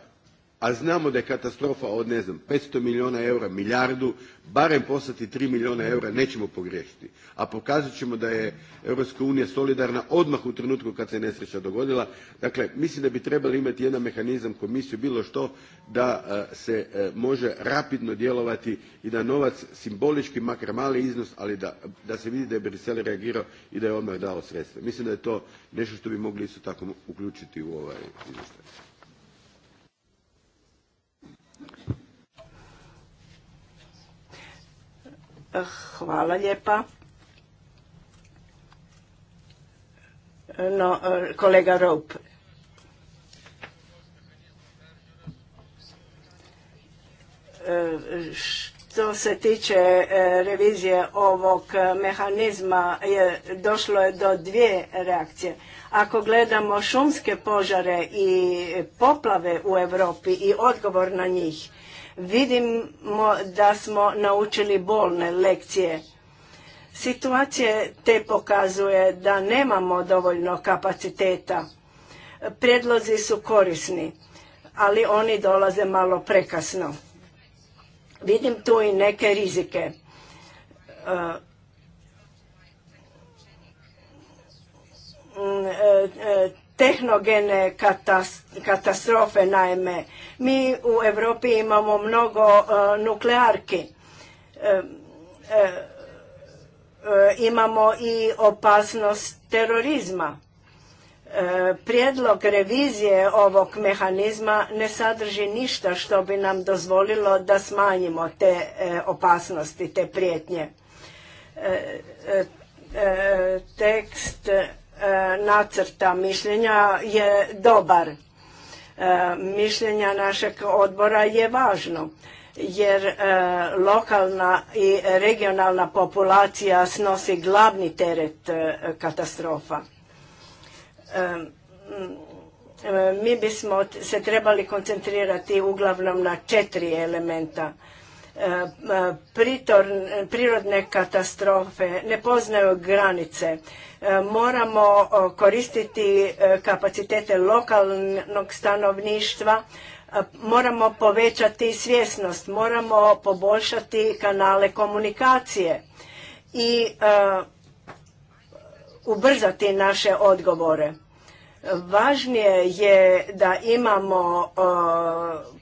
a znamo da je katastrofa od ne znam five milijuna eura milijardu barem poslati three milijuna eura nećemo pogriješiti a pokazat ćemo da je europska unija solidarna odmah u trenutku kad se nesreća dogodila dakle mislim da bi trebali imati jedan mehanizam komisiju bilo što da e, se e, može rapidno djelovati i da novac simbolički makar mali iznos ali da, se vidi da je bruxelles reagirao i da je odmah dao sredstva mislim da je to nešto što bi mogli isto tako uključiti u ovaj Hvala lijepa. No, e, kolega Rope. Što se tiče e, revizije ovog mehanizma, je, došlo je do dvije reakcije. Ako gledamo šumske požare i poplave u Europi i odgovor na njih, Vidimo da smo naučili bolne lekcije. Situacije te pokazuje da nemamo dovoljno kapaciteta. Predlozi su korisni, ali oni dolaze malo prekasno. Vidim tu i neke rizike. E, e, tehnogene katastrofe naime. Mi u Europi imamo mnogo e, nuklearki. E, e, imamo i opasnost terorizma. Prijedlog revizije ovog mehanizma ne sadrži ništa što bi nam dozvolilo da smanjimo te opasnosti, te prijetnje. Tekst E, nacrta mišljenja je dobar. E, mišljenja našeg odbora je važno jer e, lokalna i regionalna populacija snosi glavni teret katastrofa. Mi bismo se trebali koncentrirati uglavnom na četiri elementa E, e, prirodne katastrofe ne poznaju granice. E, moramo koristiti kapacitete lokalnog stanovništva, moramo povećati svjesnost, moramo poboljšati kanale komunikacije i ubrzati naše odgovore Važnije je da imamo e,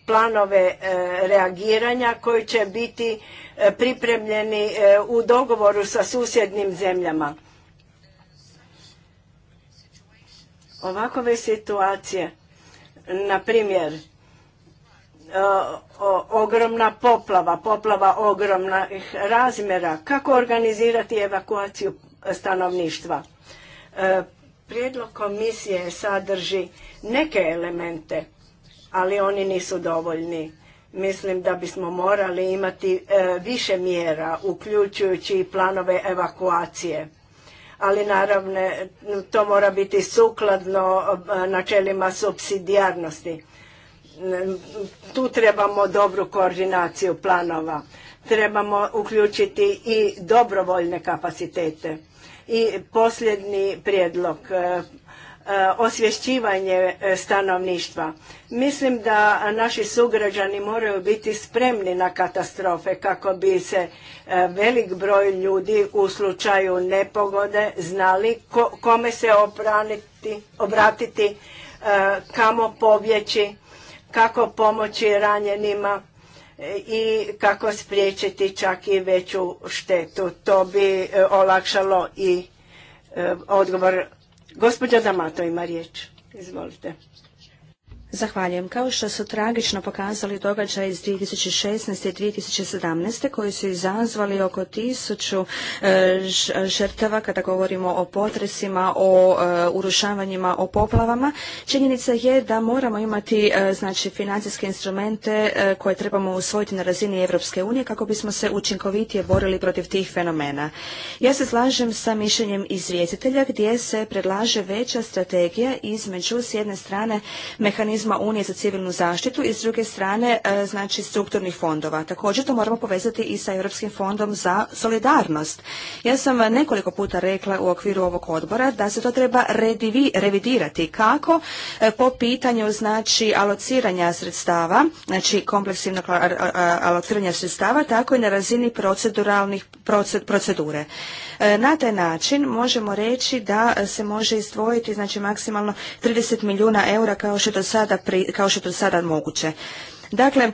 planove e, reagiranja koji će biti e, pripremljeni u dogovoru sa susjednim zemljama. Ovakove situacije, na primjer, ogromna poplava, poplava ogromnih razmjera, kako organizirati evakuaciju stanovništva. Prijedlog komisije sadrži neke elemente, ali oni nisu dovoljni. Mislim da bismo morali imati e, više mjera, uključujući i planove evakuacije. Ali naravno, to mora biti sukladno e, načelima supsidijarnosti. Tu trebamo dobru koordinaciju planova. Trebamo uključiti i dobrovoljne kapacitete i posljednji prijedlog e, e, osvješćivanje e, stanovništva. Mislim da naši sugrađani moraju biti spremni na katastrofe kako bi se velik broj ljudi u slučaju nepogode znali kome se opraniti obratiti, kamo pobjeći, kako pomoći ranjenima E, i kako spriječiti čak i veću štetu. To bi e, olakšalo i e, odgovor. Gospođa Damato ima riječ. Izvolite. Zahvaljujem. Kao što su tragično pokazali događaj iz 2016. i 2017. koji su izazvali oko tisuću e, žrtava kada govorimo o potresima, o e, urušavanjima, o poplavama, činjenica je da moramo imati e, znači financijske instrumente koje trebamo usvojiti na razini Europske unije kako bismo se učinkovitije borili protiv tih fenomena. Ja se slažem sa mišljenjem izvjestitelja gdje se predlaže veća strategija između s jedne strane mehanizma mehanizma Unije za civilnu zaštitu i s druge strane e, znači strukturnih fondova. Također to moramo povezati i sa Europskim fondom za solidarnost. Ja sam nekoliko puta rekla u okviru ovog odbora da se to treba redivi, revidirati. Kako? E, po pitanju znači alociranja sredstava, znači kompleksivnog alociranja sredstava, tako i na razini proceduralnih procedure. E, na taj način možemo reći da se može izdvojiti znači maksimalno 30 milijuna eura kao što je do sada kao što je to sada moguće. Dakle,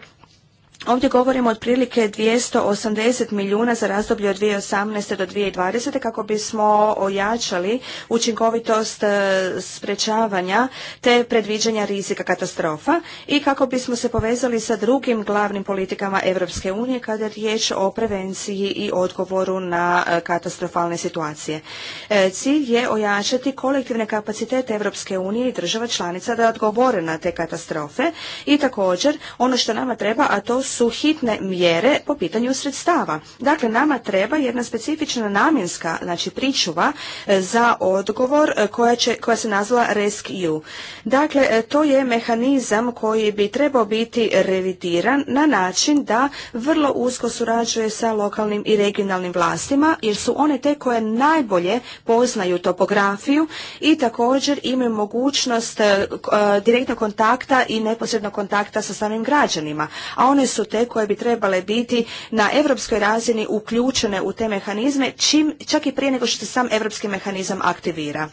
Ovdje govorimo otprilike 280 milijuna za razdoblje od 2018. do 2020. kako bismo ojačali učinkovitost e, sprečavanja te predviđanja rizika katastrofa i kako bismo se povezali sa drugim glavnim politikama Europske unije kada je riječ o prevenciji i odgovoru na e, katastrofalne situacije. E, cilj je ojačati kolektivne kapacitete Europske unije i država članica da odgovore na te katastrofe i također ono što nama treba, a to su hitne mjere po pitanju sredstava. Dakle, nama treba jedna specifična namjenska znači pričuva e, za odgovor e, koja, će, koja se nazvala Rescue. Dakle, e, to je mehanizam koji bi trebao biti revidiran na način da vrlo usko surađuje sa lokalnim i regionalnim vlastima jer su one te koje najbolje poznaju topografiju i također imaju mogućnost direktnog kontakta i neposrednog kontakta sa samim građanima. A one su su te koje bi trebale biti na europskoj razini uključene u te mehanizme, čim, čak i prije nego što se sam europski mehanizam aktivira.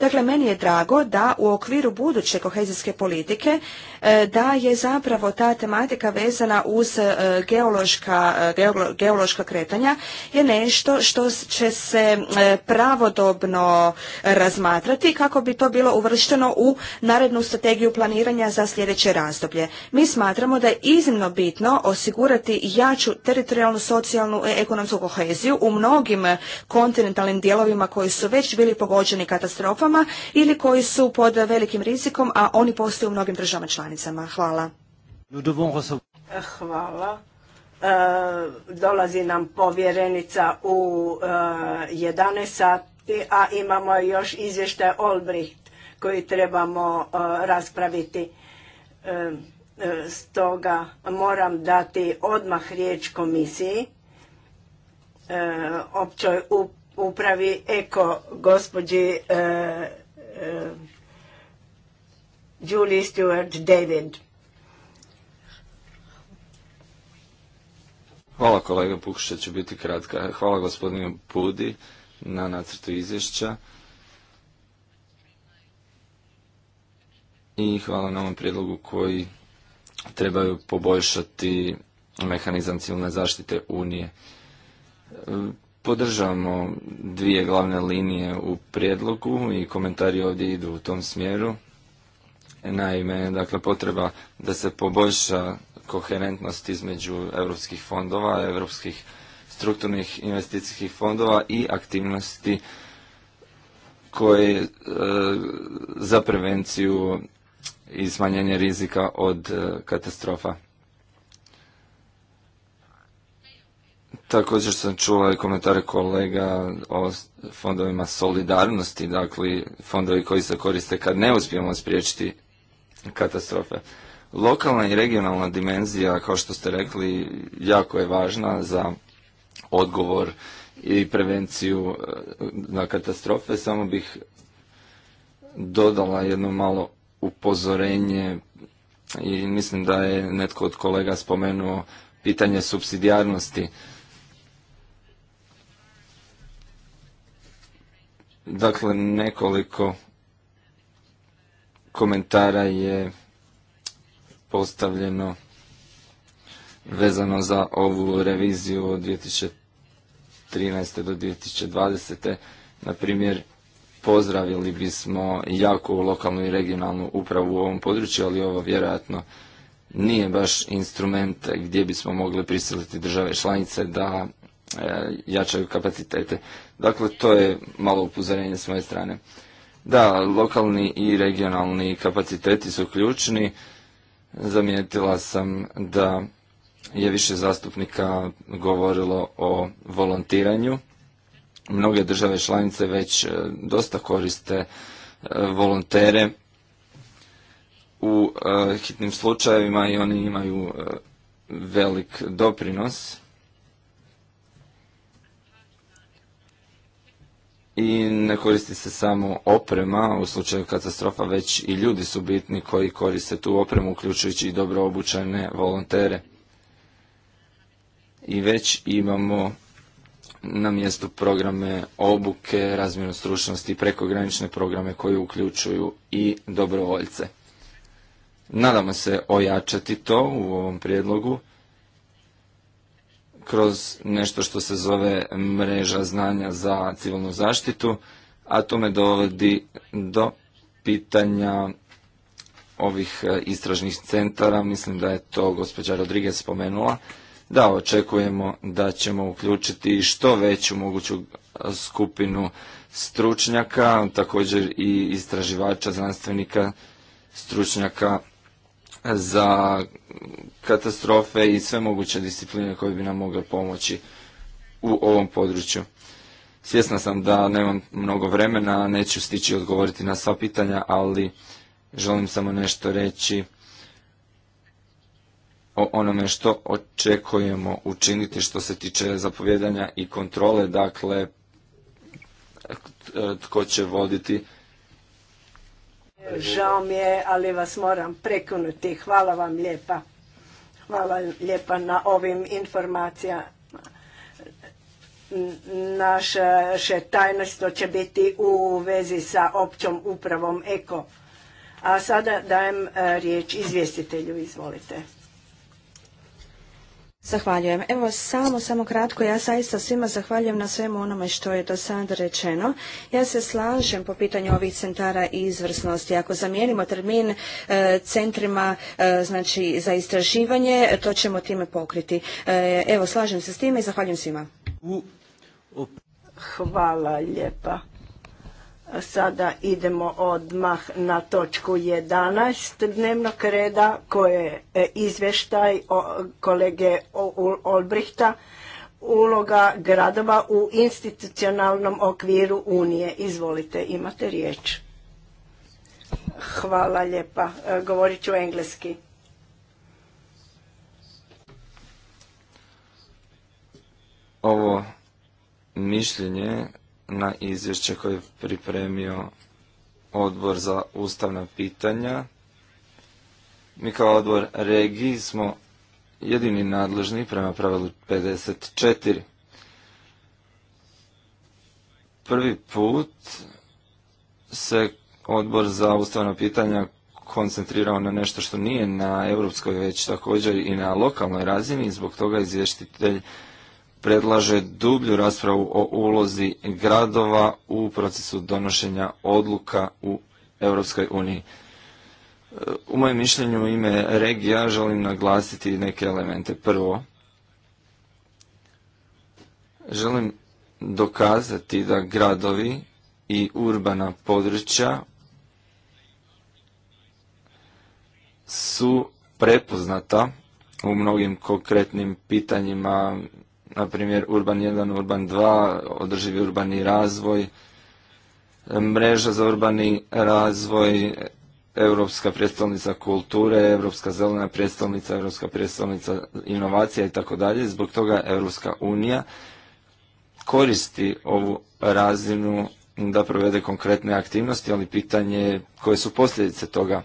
Dakle, meni je drago da u okviru buduće kohezijske politike E, da je zapravo ta tematika vezana uz e, geološka, e, geološka kretanja je nešto što će se pravodobno razmatrati kako bi to bilo uvršteno u narednu strategiju planiranja za sljedeće razdoblje. Mi smatramo da je iznimno bitno osigurati jaču teritorijalnu, socijalnu i ekonomsku koheziju u mnogim kontinentalnim dijelovima koji su već bili pogođeni katastrofama ili koji su pod velikim rizikom, a oni postoje u mnogim državama članicama. Hvala. Hvala. E, dolazi nam povjerenica u 11 e, sati, a imamo još izvještaj Olbricht koji trebamo e, raspraviti. Stoga moram dati odmah riječ komisiji općoj upravi Eko gospođi Julie Stewart David. Hvala kolega, pokušat ću biti kratka. Hvala gospodinu Pudi na nacrtu izvješća. I hvala na ovom prijedlogu koji trebaju poboljšati mehanizam civilne zaštite Unije. Podržavamo dvije glavne linije u prijedlogu i komentari ovdje idu u tom smjeru. Naime, dakle, potreba da se poboljša koherentnost između europskih fondova, europskih strukturnih investicijskih fondova i aktivnosti koje e, za prevenciju i smanjenje rizika od e, katastrofa. Također sam čula i komentare kolega o fondovima solidarnosti, dakle fondovi koji se koriste kad ne uspijemo spriječiti katastrofe. Lokalna i regionalna dimenzija, kao što ste rekli, jako je važna za odgovor i prevenciju e, na katastrofe. Samo bih dodala jedno malo upozorenje i mislim da je netko od kolega spomenuo pitanje subsidijarnosti. Dakle, nekoliko komentara je postavljeno vezano za ovu reviziju od 2013. do 2020. Na primjer, pozdravili bismo jako lokalnu i regionalnu upravu u ovom području, ali ovo vjerojatno nije baš instrument gdje bismo mogli prisiliti države članice da e, jačaju kapacitete. Dakle, to je malo upozorenje s moje strane. Da, lokalni i regionalni kapaciteti su ključni. Zamijetila sam da je više zastupnika govorilo o volontiranju. Mnoge države članice već e, dosta koriste e, volontere u e, hitnim slučajevima i oni imaju velik doprinos i ne koristi se samo oprema u slučaju katastrofa, već i ljudi su bitni koji koriste tu opremu, uključujući i dobro obučene volontere. I već imamo na mjestu programe obuke, razmjenu stručnosti i prekogranične programe koji uključuju i dobrovoljce. Nadamo se ojačati to u ovom prijedlogu kroz nešto što se zove mreža znanja za civilnu zaštitu, a to me dovodi do pitanja ovih e, istražnih centara, mislim da je to gospođa Rodriguez spomenula, da očekujemo da ćemo uključiti što veću moguću e, skupinu stručnjaka, također i istraživača, znanstvenika, stručnjaka za katastrofe i sve moguće discipline koje bi nam mogle pomoći u ovom području. Svjesna sam da nemam mnogo vremena, neću stići odgovoriti na sva pitanja, ali želim samo nešto reći o onome što očekujemo učiniti što se tiče zapovjedanja i kontrole, dakle tko će voditi Žao mi je, ali vas moram prekonuti Hvala vam lijepa. Hvala lijepa na ovim informacijama. Naše tajnostno će biti u vezi sa općom upravom EKO. A sada dajem e, riječ izvjestitelju, izvolite. Zahvaljujem. Evo samo, samo kratko, ja zaista svima zahvaljujem na svemu onome što je do sada rečeno. Ja se slažem po pitanju ovih centara i izvrsnosti. Ako zamijenimo termin e, centrima e, znači za istraživanje, to ćemo time pokriti. E, evo, slažem se s time i zahvaljujem svima. Hvala lijepa. Sada idemo odmah na točku 11 dnevnog reda koje je izvještaj kolege Olbrihta uloga gradova u institucionalnom okviru Unije. Izvolite, imate riječ. Hvala lijepa. E, govorit ću engleski. Ovo mišljenje na izvješće koje je pripremio odbor za ustavna pitanja. Mi kao odbor regiji smo jedini nadležni prema pravilu 54. Prvi put se odbor za ustavna pitanja koncentrirao na nešto što nije na europskoj već također i na lokalnoj razini i zbog toga izvještitelj predlaže dublju raspravu o ulozi gradova u procesu donošenja odluka u Europskoj uniji. E, u mojem mišljenju u ime regija želim naglasiti neke elemente. Prvo, želim dokazati da gradovi i urbana područja su prepoznata u mnogim konkretnim pitanjima na primjer Urban 1, Urban 2, održivi urbani razvoj, mreža za urbani razvoj, Europska predstavnica kulture, Europska zelena predstavnica, Europska predstavnica inovacija i tako dalje. Zbog toga Europska unija koristi ovu razinu da provede konkretne aktivnosti, ali pitanje je koje su posljedice toga.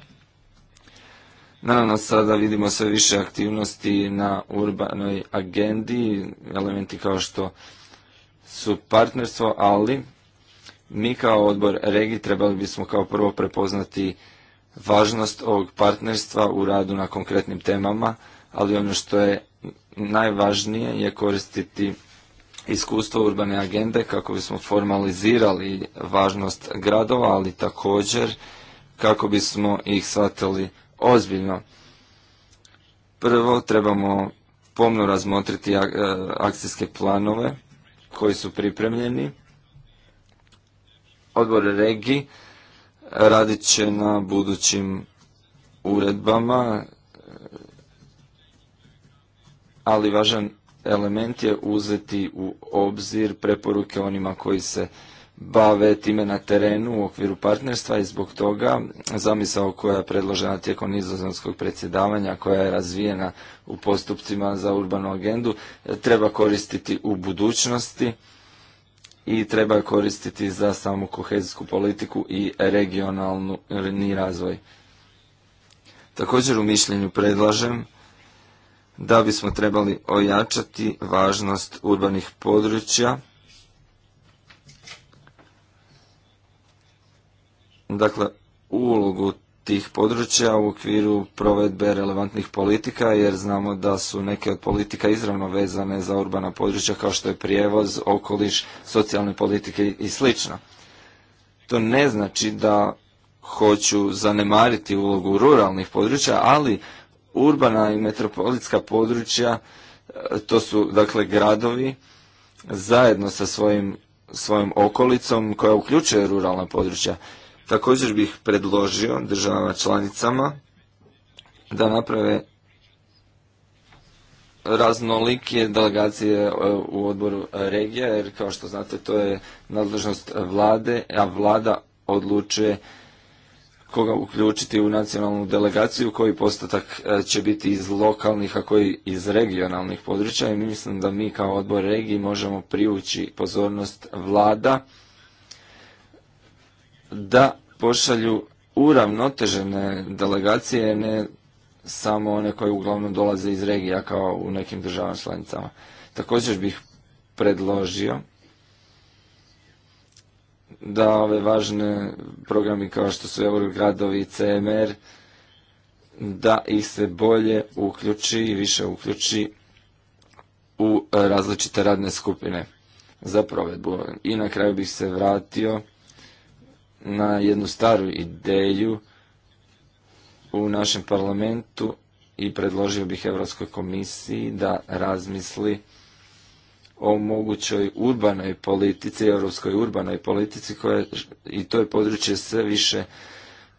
Naravno, sada vidimo sve više aktivnosti na urbanoj agendi, elementi kao što su partnerstvo, ali mi kao odbor regi trebali bismo kao prvo prepoznati važnost ovog partnerstva u radu na konkretnim temama, ali ono što je najvažnije je koristiti iskustvo urbane agende kako bismo formalizirali važnost gradova, ali također kako bismo ih shvatili ozbiljno. Prvo trebamo pomno razmotriti e, akcijske planove koji su pripremljeni. Odbor regi radit će na budućim uredbama, e, ali važan element je uzeti u obzir preporuke onima koji se bave time na terenu u okviru partnerstva i zbog toga zamisao koja je predložena tijekom nizozemskog predsjedavanja koja je razvijena u postupcima za urbanu agendu treba koristiti u budućnosti i treba koristiti za samu kohezijsku politiku i regionalni razvoj. Također u mišljenju predlažem da bismo trebali ojačati važnost urbanih područja dakle, ulogu tih područja u okviru provedbe relevantnih politika, jer znamo da su neke od politika izravno vezane za urbana područja, kao što je prijevoz, okoliš, socijalne politike i sl. To ne znači da hoću zanemariti ulogu ruralnih područja, ali urbana i metropolitska područja, to su dakle gradovi, zajedno sa svojim, svojom okolicom koja uključuje ruralna područja Također bih predložio državama članicama da naprave raznolike delegacije e, u odboru regija, jer kao što znate to je nadležnost vlade, a vlada odlučuje koga uključiti u nacionalnu delegaciju, koji postatak e, će biti iz lokalnih, a koji iz regionalnih područja i mislim da mi kao odbor regiji možemo privući pozornost vlada da pošalju uravnotežene delegacije, ne samo one koje uglavnom dolaze iz regija kao u nekim državama članicama. Također bih predložio da ove važne programi kao što su Eurogradovi i CMR, da ih se bolje uključi i više uključi u različite radne skupine za provedbu. I na kraju bih se vratio na jednu staru ideju u našem parlamentu i predložio bih Europskoj komisiji da razmisli o mogućoj urbanoj politici, europskoj urbanoj politici koja i to je područje sve više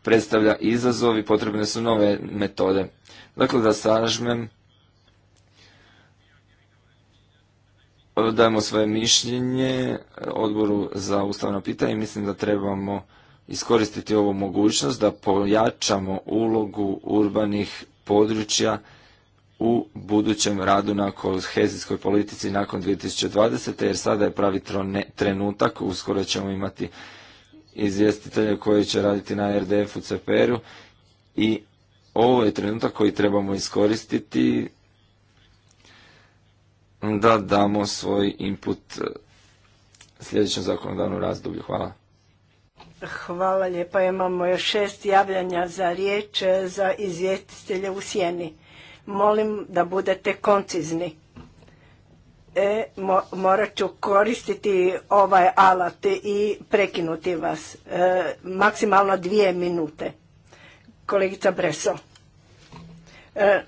predstavlja izazov i potrebne su nove metode. Dakle, da sažmem, dajemo svoje mišljenje e, odboru za ustavno pitanje i mislim da trebamo iskoristiti ovu mogućnost da pojačamo ulogu urbanih područja u budućem radu na kohezijskoj politici nakon 2020. jer sada je pravi trenutak, uskoro ćemo imati izvjestitelje koji će raditi na RDF u CPR-u i ovo je trenutak koji trebamo iskoristiti da damo svoj input e, sljedećem zakonodavnom razdoblju. Hvala. Hvala lijepa. Imamo još šest javljanja za riječ e, za izvjestitelje u sjeni. Molim da budete koncizni. E, morat ću koristiti ovaj alat i prekinuti vas. E, maksimalno dvije minute. Kolegica Breso. E,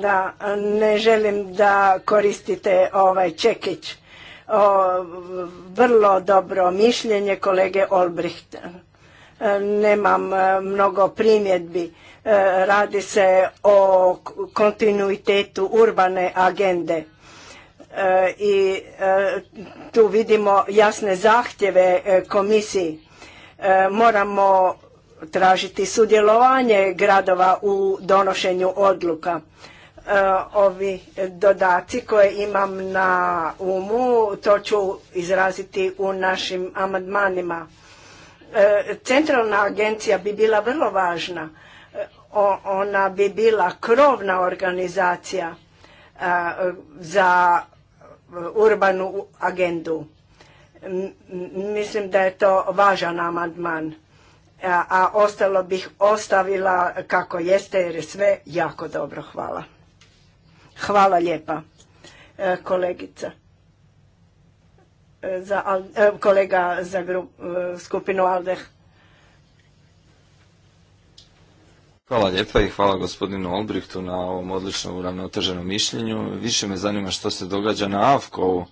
da ne želim da koristite ovaj čekić. O, vrlo dobro mišljenje kolege Olbricht. E, nemam e, mnogo primjedbi. Radi se o kontinuitetu urbane agende i tu vidimo jasne zahtjeve komisiji. Moramo tražiti sudjelovanje gradova u donošenju odluka. E, ovi dodaci koje imam na umu, to ću izraziti u našim amandmanima. E, centralna agencija bi bila vrlo važna. E, ona bi bila krovna organizacija za urbanu agendu. Mislim da je to važan amandman a, ostalo bih ostavila kako jeste jer je sve jako dobro. Hvala. Hvala lijepa e, kolegica. E, za, e, kolega za skupinu Aldeh. Hvala lijepa i hvala gospodinu Olbrihtu na ovom odličnom uravnoteženom mišljenju. Više me zanima što se događa na Avkovu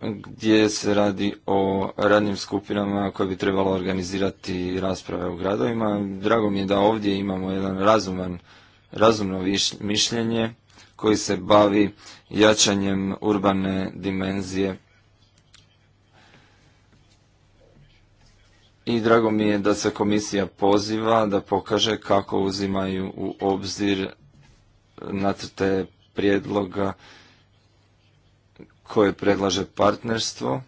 gdje se radi o radnim skupinama koje bi trebalo organizirati rasprave u gradovima. Drago mi je da ovdje imamo jedan razuman, razumno mišljenje koji se bavi jačanjem urbane dimenzije. I drago mi je da se komisija poziva da pokaže kako uzimaju u obzir nacrte prijedloga koje predlaže partnerstvo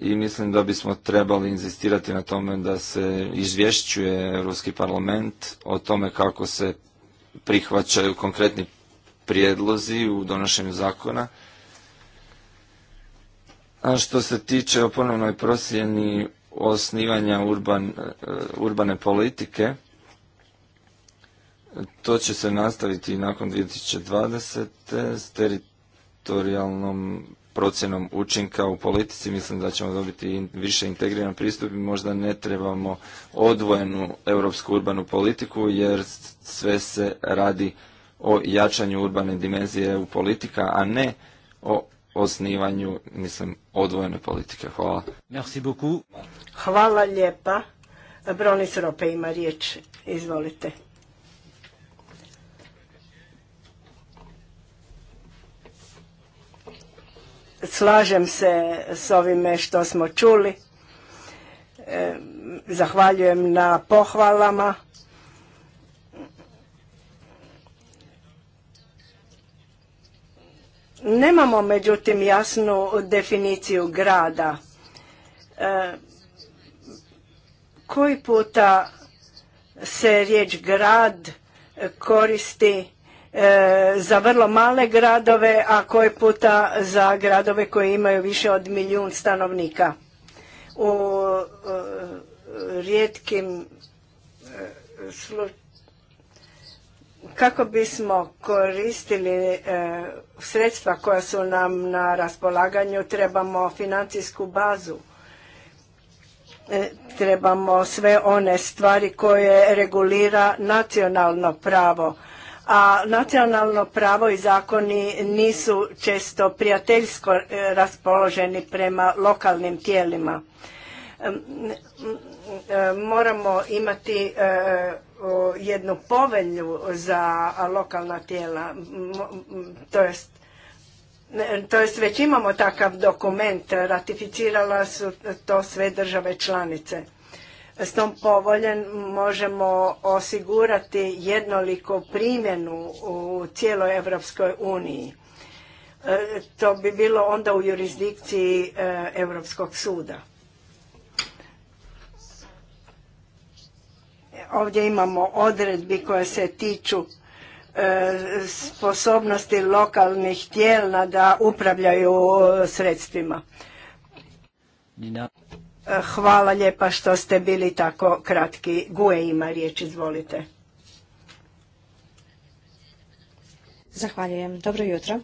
i mislim da bismo trebali inzistirati na tome da se izvješćuje Europski parlament o tome kako se prihvaćaju konkretni prijedlozi u donošenju zakona. A što se tiče o ponovnoj prosjeni osnivanja urban, e, urbane politike, to će se nastaviti nakon 2020. s teritorijalnom procjenom učinka u politici. Mislim da ćemo dobiti više integriran pristup i možda ne trebamo odvojenu europsku urbanu politiku jer sve se radi o jačanju urbane dimenzije u politika, a ne o osnivanju, mislim, odvojene politike. Hvala. Merci Hvala lijepa. Bronis Rope ima riječ. Izvolite. slažem se s ovime što smo čuli. E, zahvaljujem na pohvalama. Nemamo međutim jasnu definiciju grada. E, koji puta se riječ grad koristi E, za vrlo male gradove, a koje puta za gradove koji imaju više od milijun stanovnika. U e, rijetkim e, kako bismo koristili sredstva koja su nam na raspolaganju, trebamo financijsku bazu, trebamo sve one stvari koje regulira nacionalno pravo, a nacionalno pravo i zakoni nisu često prijateljsko e, raspoloženi prema lokalnim tijelima. E, moramo imati e, jednu povelju za lokalna tijela, to jest to jest već imamo takav dokument, ratificirala su to sve države članice. S tom povoljen možemo osigurati jednoliko primjenu u cijeloj Europskoj uniji. E, to bi bilo onda u jurisdikciji Europskog suda. Ovdje imamo odredbi koje se tiču e, sposobnosti lokalnih tijela da upravljaju e, sredstvima. Hvala lijepa što ste bili tako kratki. Guje ima riječ, izvolite. Zahvaljujem. Dobro jutro.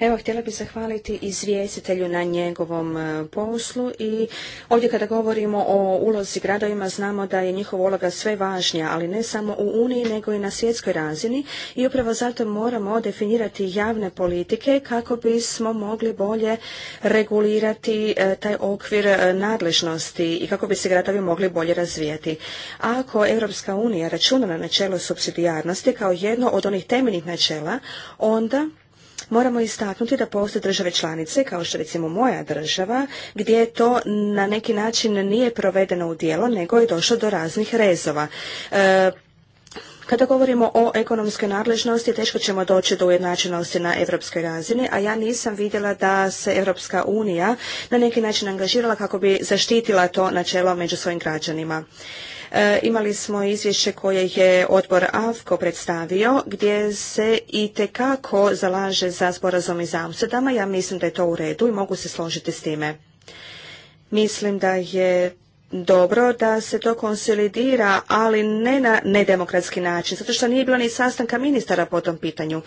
Evo, htjela bih zahvaliti izvjestitelju na njegovom e, poslu i ovdje kada govorimo o ulozi gradovima znamo da je njihova uloga sve važnija, ali ne samo u Uniji nego i na svjetskoj razini i upravo zato moramo definirati javne politike kako bismo mogli bolje regulirati e, taj okvir e, nadležnosti i kako bi se gradovi mogli bolje razvijati. Ako Europska unija računa na načelo subsidijarnosti kao jedno od onih temeljnih načela, onda moramo istaknuti da postoje države članice, kao što recimo moja država, gdje to na neki način nije provedeno u dijelo, nego je došlo do raznih rezova. E, kada govorimo o ekonomskoj nadležnosti, teško ćemo doći do ujednačenosti na evropskoj razini, a ja nisam vidjela da se Europska unija na neki način angažirala kako bi zaštitila to načelo među svojim građanima. E, imali smo izvješće koje je odbor AVKO predstavio gdje se i tekako zalaže za sporazum iz Amsterdama. Ja mislim da je to u redu i mogu se složiti s time. Mislim da je dobro da se to konsolidira, ali ne na nedemokratski način, zato što nije bilo ni sastanka ministara po tom pitanju.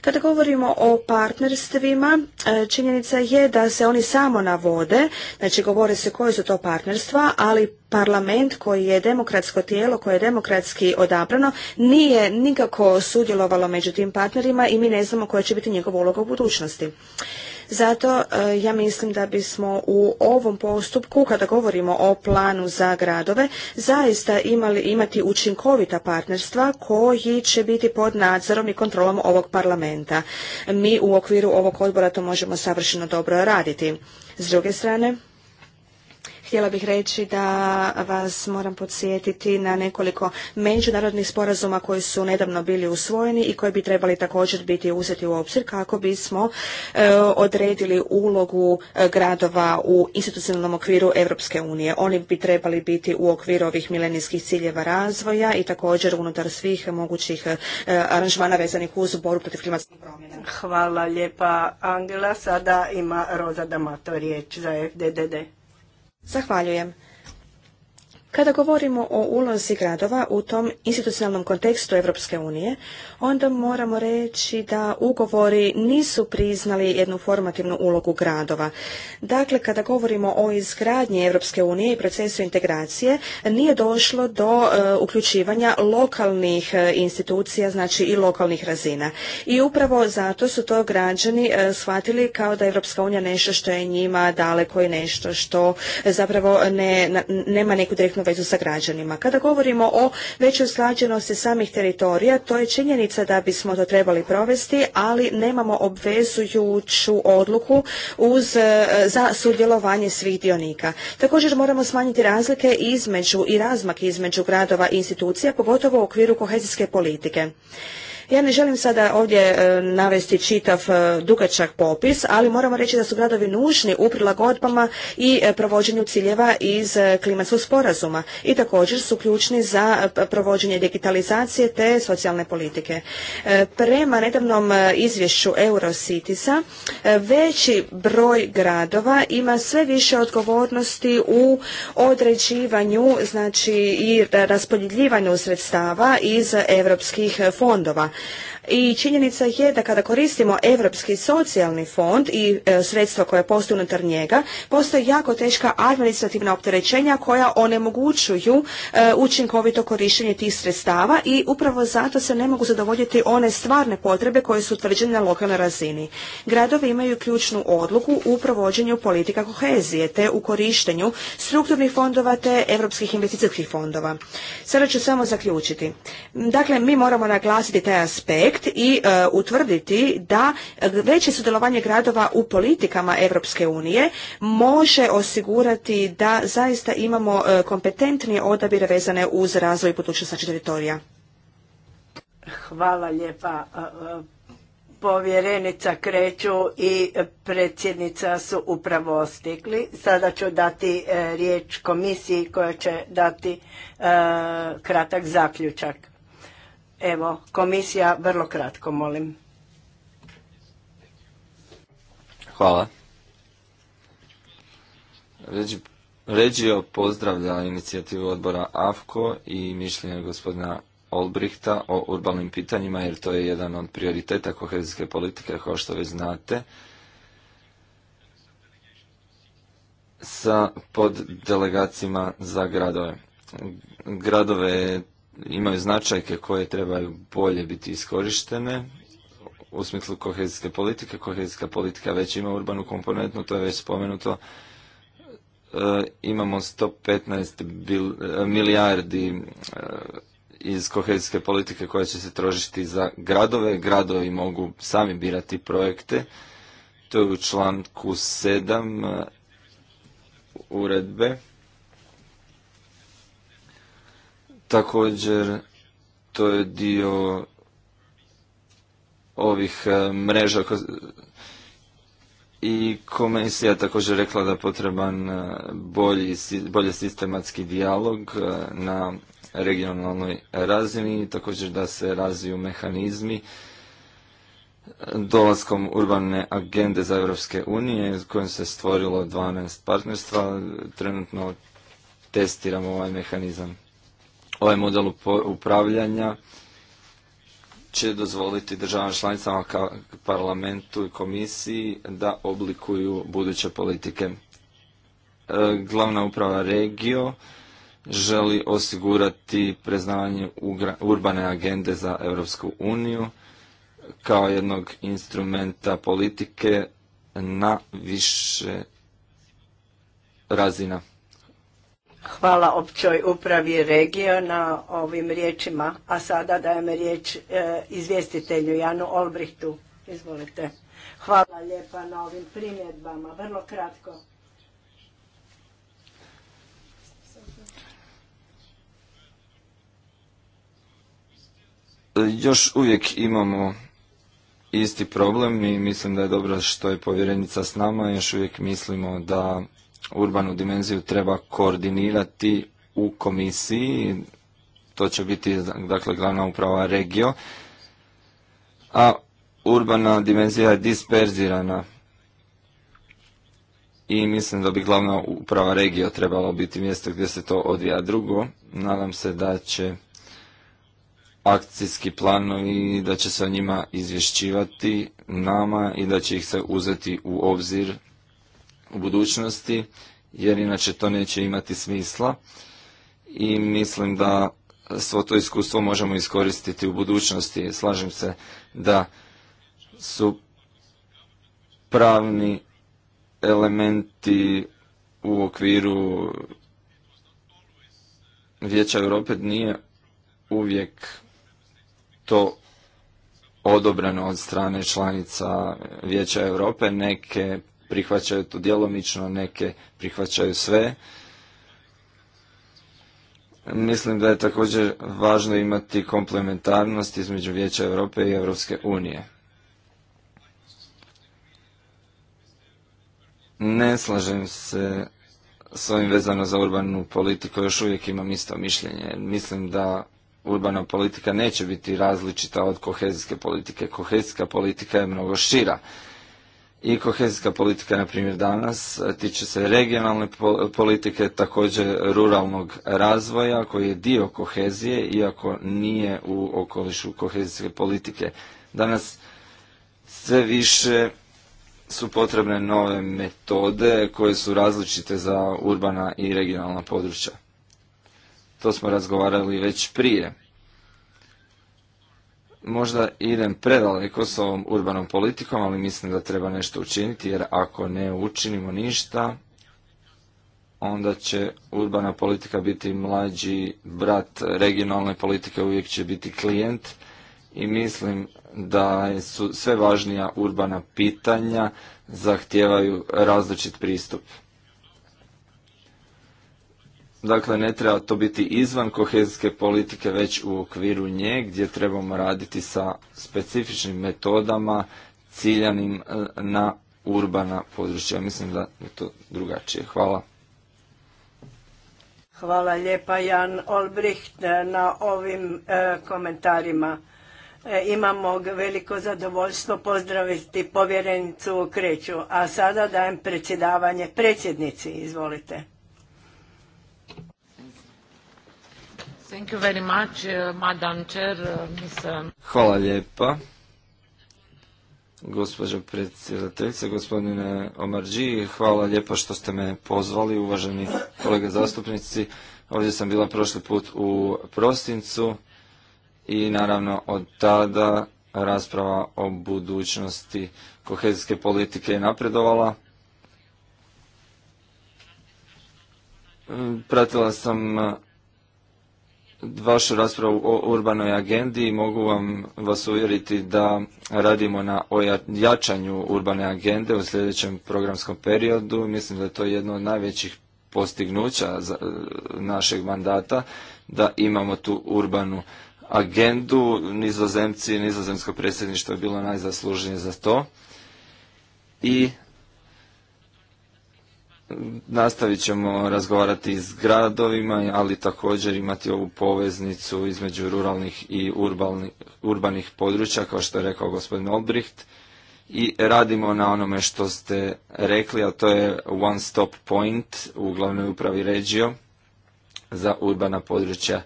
Kada govorimo o partnerstvima, e, činjenica je da se oni samo navode, znači govore se koje su to partnerstva, ali parlament koji je demokratsko tijelo, koje je demokratski odabrano, nije nikako sudjelovalo među tim partnerima i mi ne znamo koja će biti njegova uloga u budućnosti. Zato e, ja mislim da bismo u ovom postupku, kada govorimo o planu za gradove, zaista imali, imati učinkovita partnerstva koji će biti pod nadzorom i kontrolom ovog parlamenta. Mi u okviru ovog odbora to možemo savršeno dobro raditi. S druge strane, Htjela bih reći da vas moram podsjetiti na nekoliko međunarodnih sporazuma koji su nedavno bili usvojeni i koji bi trebali također biti uzeti u obzir kako bismo e, odredili ulogu e, gradova u institucionalnom okviru Europske unije. Oni bi trebali biti u okviru ovih milenijskih ciljeva razvoja i također unutar svih mogućih e, aranžmana vezanih uz borbu protiv klimatskih promjena. Hvala lijepa Angela. Sada ima Roza Damato riječ za FDDD. Zahvaljujem. Kada govorimo o ulozi gradova u tom institucionalnom kontekstu Europske unije, onda moramo reći da ugovori nisu priznali jednu formativnu ulogu gradova. Dakle, kada govorimo o izgradnji Europske unije i procesu integracije, nije došlo do e, uključivanja lokalnih e, institucija, znači i lokalnih razina. I upravo zato su to građani e, shvatili kao da Europska unija nešto što je njima daleko i nešto što zapravo nema neku direktnu vezu sa građanima. Kada govorimo o većoj usklađenosti samih teritorija, to je činjenica da bismo to trebali provesti, ali nemamo obvezujuću odluku uz, e, za sudjelovanje svih dionika. Također moramo smanjiti razlike između i razmak između gradova i institucija, pogotovo u okviru kohezijske politike. Ja ne želim sada ovdje e, navesti čitav e, dugačak popis, ali moramo reći da su gradovi nužni u prilagodbama i e, provođenju ciljeva iz klimatskog sporazuma i također su ključni za provođenje digitalizacije te socijalne politike. Prema nedavnom izvješću Eurocitisa veći broj gradova ima sve više odgovornosti u određivanju znači i raspodjeljivanju sredstava iz europskih fondova. Hvala i činjenica je da kada koristimo Europski socijalni fond i e, sredstva koja postoje unutar njega, postoje jako teška administrativna opterećenja koja onemogućuju e, učinkovito korištenje tih sredstava i upravo zato se ne mogu zadovoljiti one stvarne potrebe koje su utvrđene na lokalnoj razini. Gradovi imaju ključnu odluku u provođenju politika kohezije te u korištenju strukturnih fondova te europskih investicijskih fondova. Sada ću samo zaključiti. Dakle, mi moramo naglasiti taj aspekt i e, utvrditi da veće sudjelovanje gradova u politikama Europske unije može osigurati da zaista imamo e, kompetentnije odabire vezane uz razvoj budućnosti teritorija. Hvala lijepa. E, povjerenica Kreću i predsjednica su upravo stigli. Sada ću dati riječ komisiji koja će dati kratak zaključak. Evo, komisija, vrlo kratko, molim. Hvala. Ređio pozdravlja inicijativu odbora AFKO i mišljenje gospodina Olbrihta o urbanim pitanjima, jer to je jedan od prioriteta kohezijske politike, kao što vi znate. sa pod za gradove. Gradove je imaju značajke koje trebaju bolje biti iskorištene u smislu kohezijske politike. Kohezijska politika već ima urbanu komponentu, to je već spomenuto. E, imamo 115 bil, e, milijardi e, iz kohezijske politike koja će se trošiti za gradove. Gradovi mogu sami birati projekte. To je u članku 7 uredbe. Također, to je dio ovih e, mreža i komisija također rekla da je potreban e, bolji, sistematski dijalog e, na regionalnoj razini i također da se razviju mehanizmi dolaskom urbane agende za Europske unije s kojim se stvorilo 12 partnerstva. Trenutno testiramo ovaj mehanizam. Ovaj model upravljanja će dozvoliti državama članicama kao parlamentu i komisiji da oblikuju buduće politike. E, glavna uprava regio želi osigurati preznavanje urbane agende za Europsku uniju kao jednog instrumenta politike na više razina. Hvala općoj upravi regiona na ovim riječima. A sada dajem riječ e, izvjestitelju Janu Olbrihtu. Izvolite. Hvala lijepa na ovim primjedbama. Vrlo kratko. Još uvijek imamo isti problem i mislim da je dobro što je povjerenica s nama. Još uvijek mislimo da urbanu dimenziju treba koordinirati u komisiji, to će biti dakle glavna uprava regio, a urbana dimenzija je disperzirana i mislim da bi glavna uprava regio trebala biti mjesto gdje se to odvija drugo. Nadam se da će akcijski planovi, da će se o njima izvješćivati nama i da će ih se uzeti u obzir u budućnosti, jer inače to neće imati smisla i mislim da svo to iskustvo možemo iskoristiti u budućnosti. Slažem se da su pravni elementi u okviru Vijeća Europe nije uvijek to odobrano od strane članica Vijeća Europe. Neke prihvaćaju to djelomično, neke prihvaćaju sve. Mislim da je također važno imati komplementarnost između Vijeća Europe i Europske unije. Ne slažem se s ovim vezano za urbanu politiku, još uvijek imam isto mišljenje. Mislim da urbana politika neće biti različita od kohezijske politike. Kohezijska politika je mnogo šira. I kohezijska politika, na primjer danas, e, tiče se regionalne politike, također ruralnog razvoja koji je dio kohezije, iako nije u okolišu kohezijske politike. Danas sve više su potrebne nove metode koje su različite za urbana i regionalna područja. To smo razgovarali već prije. Možda idem predaleko s ovom urbanom politikom, ali mislim da treba nešto učiniti, jer ako ne učinimo ništa, onda će urbana politika biti mlađi brat regionalne politike, uvijek će biti klijent i mislim da su sve važnija urbana pitanja zahtijevaju različit pristup. Dakle, ne treba to biti izvan kohezijske politike, već u okviru nje gdje trebamo raditi sa specifičnim metodama ciljanim e, na urbana područja. Mislim da je to drugačije. Hvala. Hvala lijepa Jan Olbricht na ovim e, komentarima. E, imamo veliko zadovoljstvo pozdraviti povjerenicu Kreću, a sada dajem predsjedavanje predsjednici. Izvolite. Thank uh, uh, uh, Hvala lijepa. Gospođo predsjedateljice, gospodine Omarđi, hvala lijepa što ste me pozvali, uvaženi kolege zastupnici. Ovdje sam bila prošli put u prosincu i naravno od tada rasprava o budućnosti kohezijske politike je napredovala. Pratila sam vašu raspravu o urbanoj agendi mogu vam vas uvjeriti da radimo na jačanju urbane agende u sljedećem programskom periodu. Mislim da je to jedno od najvećih postignuća našeg mandata da imamo tu urbanu agendu. Nizozemci i nizozemsko predsjedništvo je bilo najzaslužnije za to. I Nastavit ćemo razgovarati s gradovima, ali također imati ovu poveznicu između ruralnih i urbanih područja, kao što je rekao gospodin Olbricht. I radimo na onome što ste rekli, a to je One Stop Point u glavnoj upravi Regio za urbana područja.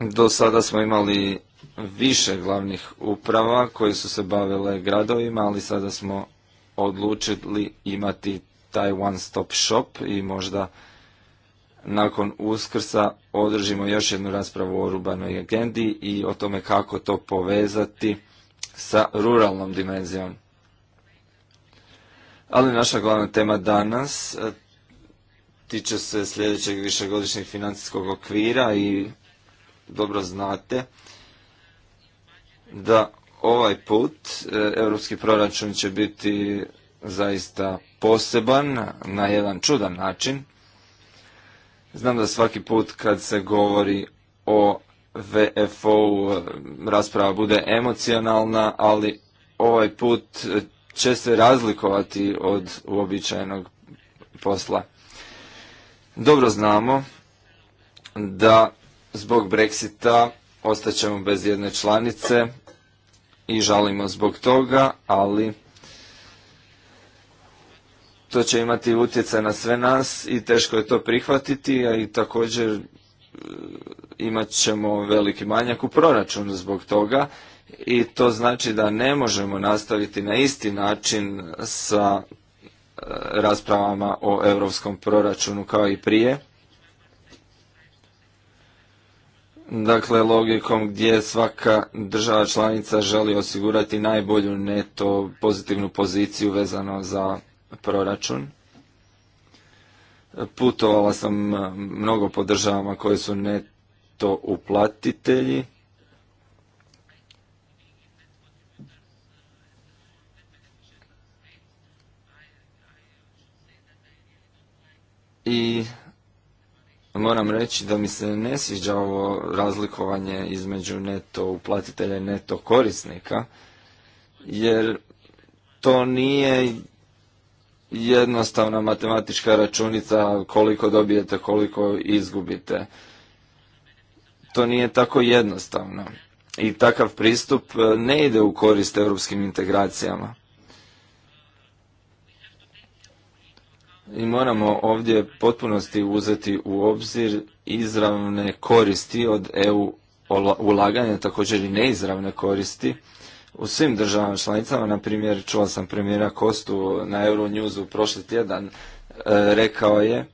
Do sada smo imali više glavnih uprava koje su se bavile gradovima, ali sada smo odlučili imati taj one stop shop i možda nakon uskrsa održimo još jednu raspravu o urbanoj agendi i o tome kako to povezati sa ruralnom dimenzijom. Ali naša glavna tema danas e, tiče se sljedećeg višegodišnjeg financijskog okvira i dobro znate da ovaj put e, europski proračun će biti zaista poseban na jedan čudan način. Znam da svaki put kad se govori o VFO e, rasprava bude emocionalna, ali ovaj put će se razlikovati od uobičajenog posla. Dobro znamo da zbog Brexita ostaćemo bez jedne članice, i žalimo zbog toga, ali to će imati utjecaj na sve nas i teško je to prihvatiti, a i također e, imat ćemo veliki manjak u proračunu zbog toga i to znači da ne možemo nastaviti na isti način sa e, raspravama o europskom proračunu kao i prije. dakle logikom gdje svaka država članica želi osigurati najbolju neto pozitivnu poziciju vezano za proračun. Putovala sam mnogo po državama koje su neto uplatitelji. I Moram reći da mi se ne sviđa ovo razlikovanje između neto uplatitelja i neto korisnika, jer to nije jednostavna matematička računica koliko dobijete, koliko izgubite. To nije tako jednostavno. I takav pristup eh, ne ide u korist europskim integracijama. i moramo ovdje potpunosti uzeti u obzir izravne koristi od EU ulaganja, također i neizravne koristi u svim državama članicama. Na primjer, čuo sam premijera Kostu na Euronewsu prošli tjedan, e, rekao je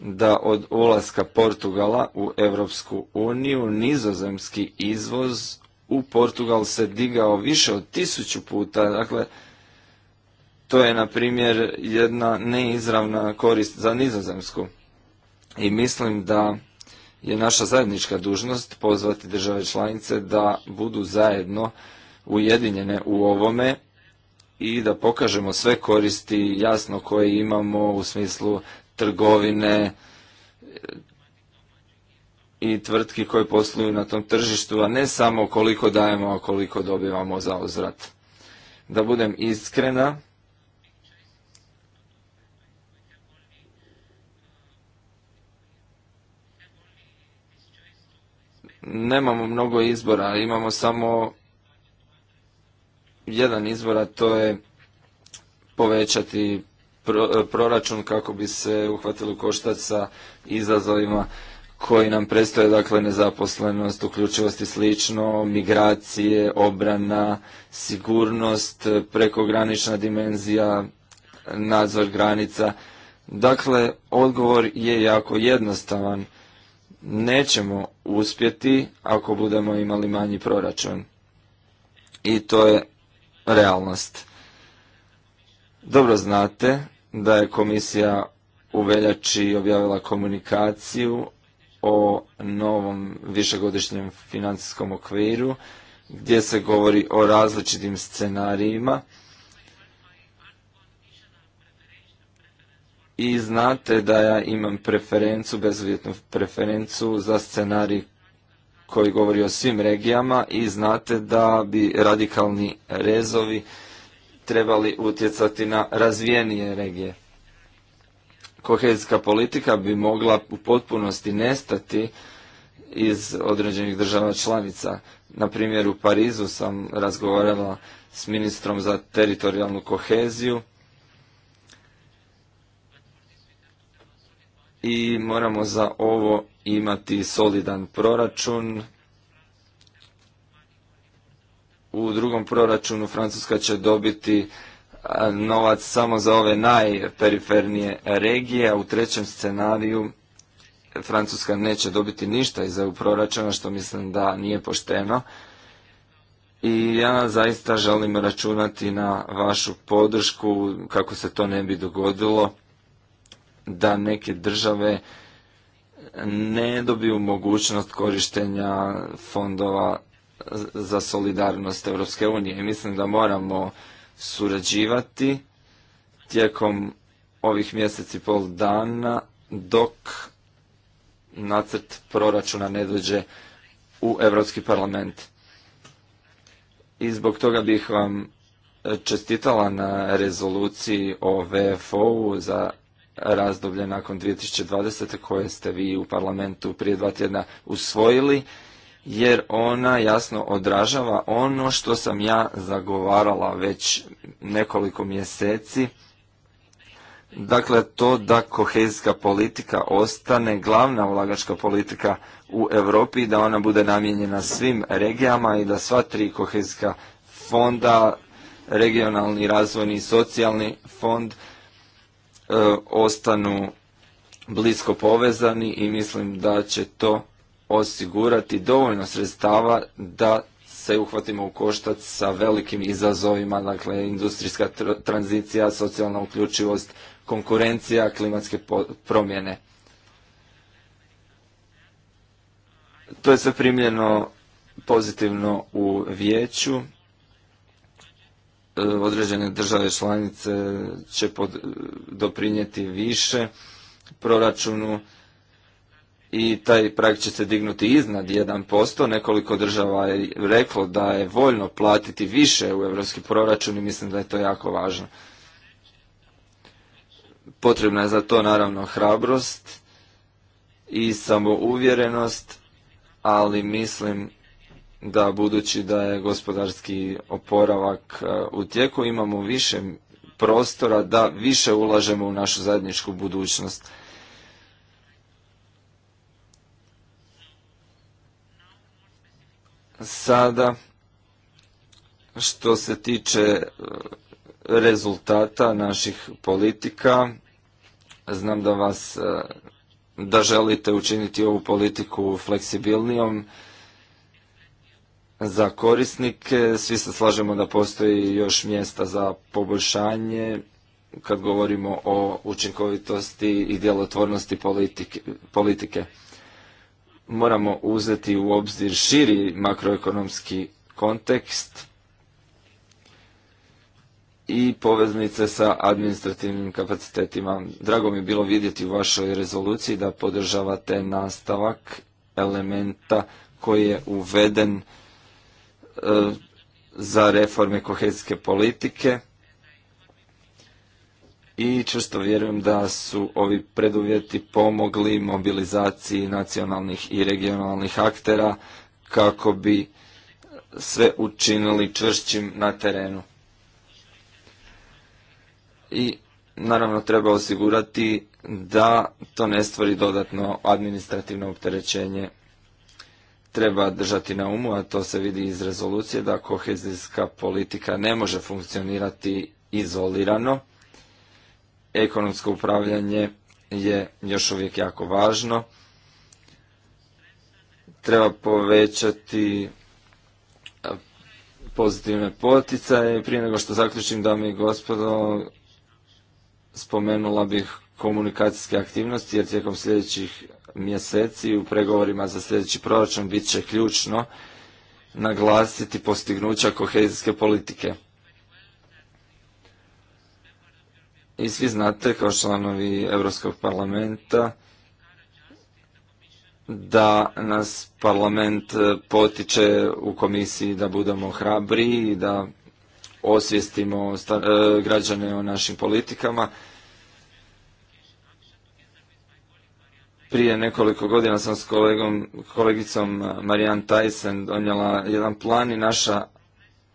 da od ulaska Portugala u Europsku uniju nizozemski izvoz u Portugal se digao više od tisuću puta. Dakle, to je, na primjer, jedna neizravna korist za nizozemsku. I mislim da je naša zajednička dužnost pozvati države članice da budu zajedno ujedinjene u ovome i da pokažemo sve koristi jasno koje imamo u smislu trgovine e, i tvrtki koje posluju na tom tržištu, a ne samo koliko dajemo, a koliko dobivamo za uzrat. Da budem iskrena, nemamo mnogo izbora, imamo samo jedan izbor, a to je povećati proračun kako bi se uhvatili koštac sa izazovima koji nam predstoje, dakle nezaposlenost, uključivost i slično, migracije, obrana, sigurnost, prekogranična dimenzija, nadzor granica. Dakle, odgovor je jako jednostavan nećemo uspjeti ako budemo imali manji proračun. I to je realnost. Dobro znate da je komisija u veljači objavila komunikaciju o novom višegodišnjem financijskom okviru gdje se govori o različitim scenarijima i znate da ja imam preferencu, bezuvjetnu preferencu za scenarij koji govori o svim regijama i znate da bi radikalni rezovi trebali utjecati na razvijenije regije. Kohezijska politika bi mogla u potpunosti nestati iz određenih država članica. Na primjer u Parizu sam razgovarala s ministrom za teritorijalnu koheziju i moramo za ovo imati solidan proračun. U drugom proračunu Francuska će dobiti novac samo za ove najperifernije regije, a u trećem scenariju Francuska neće dobiti ništa iz EU proračuna, što mislim da nije pošteno. I ja zaista želim računati na vašu podršku kako se to ne bi dogodilo da neke države ne dobiju mogućnost korištenja fondova za solidarnost Europske unije. I mislim da moramo surađivati tijekom ovih mjesec i pol dana dok nacrt proračuna ne dođe u Europski parlament. I zbog toga bih vam čestitala na rezoluciji o VFO-u za razdoblje nakon 2020. koje ste vi u parlamentu prije dva tjedna usvojili, jer ona jasno odražava ono što sam ja zagovarala već nekoliko mjeseci. Dakle, to da kohezijska politika ostane glavna ulagačka politika u Europi da ona bude namijenjena svim regijama i da sva tri kohezijska fonda, regionalni, razvojni i socijalni fond, E, ostanu blisko povezani i mislim da će to osigurati dovoljno sredstava da se uhvatimo u koštac sa velikim izazovima, dakle industrijska tranzicija, socijalna uključivost, konkurencija, klimatske promjene. To je sve primljeno pozitivno u vijeću određene države članice će pod, doprinijeti više proračunu i taj prag će se dignuti iznad 1%. Nekoliko država je reklo da je voljno platiti više u evropski proračun i mislim da je to jako važno. Potrebna je za to naravno hrabrost i samouvjerenost, ali mislim da budući da je gospodarski oporavak e, u tijeku imamo više prostora da više ulažemo u našu zajedničku budućnost. Sada što se tiče e, rezultata naših politika, znam da vas e, da želite učiniti ovu politiku fleksibilnijom za korisnike. Svi se slažemo da postoji još mjesta za poboljšanje kad govorimo o učinkovitosti i djelotvornosti politike. Moramo uzeti u obzir širi makroekonomski kontekst i poveznice sa administrativnim kapacitetima. Drago mi je bilo vidjeti u vašoj rezoluciji da podržavate nastavak elementa koji je uveden E, za reforme kohezijske politike i čvrsto vjerujem da su ovi preduvjeti pomogli mobilizaciji nacionalnih i regionalnih aktera kako bi sve učinili čvršćim na terenu. I naravno treba osigurati da to ne stvori dodatno administrativno opterećenje treba držati na umu, a to se vidi iz rezolucije, da kohezijska politika ne može funkcionirati izolirano. Ekonomsko upravljanje je još uvijek jako važno. Treba povećati pozitivne poticaje. Prije nego što zaključim, dame i gospodo, spomenula bih komunikacijske aktivnosti, jer tijekom sljedećih mjeseci u pregovorima za sljedeći proračun bit će ključno naglasiti postignuća kohezijske politike. I svi znate kao članovi Europskog parlamenta da nas parlament potiče u komisiji da budemo hrabri i da osvijestimo e, građane o našim politikama. Prije nekoliko godina sam s kolegom, kolegicom eh, Marijan Tyson donijela jedan plan i naša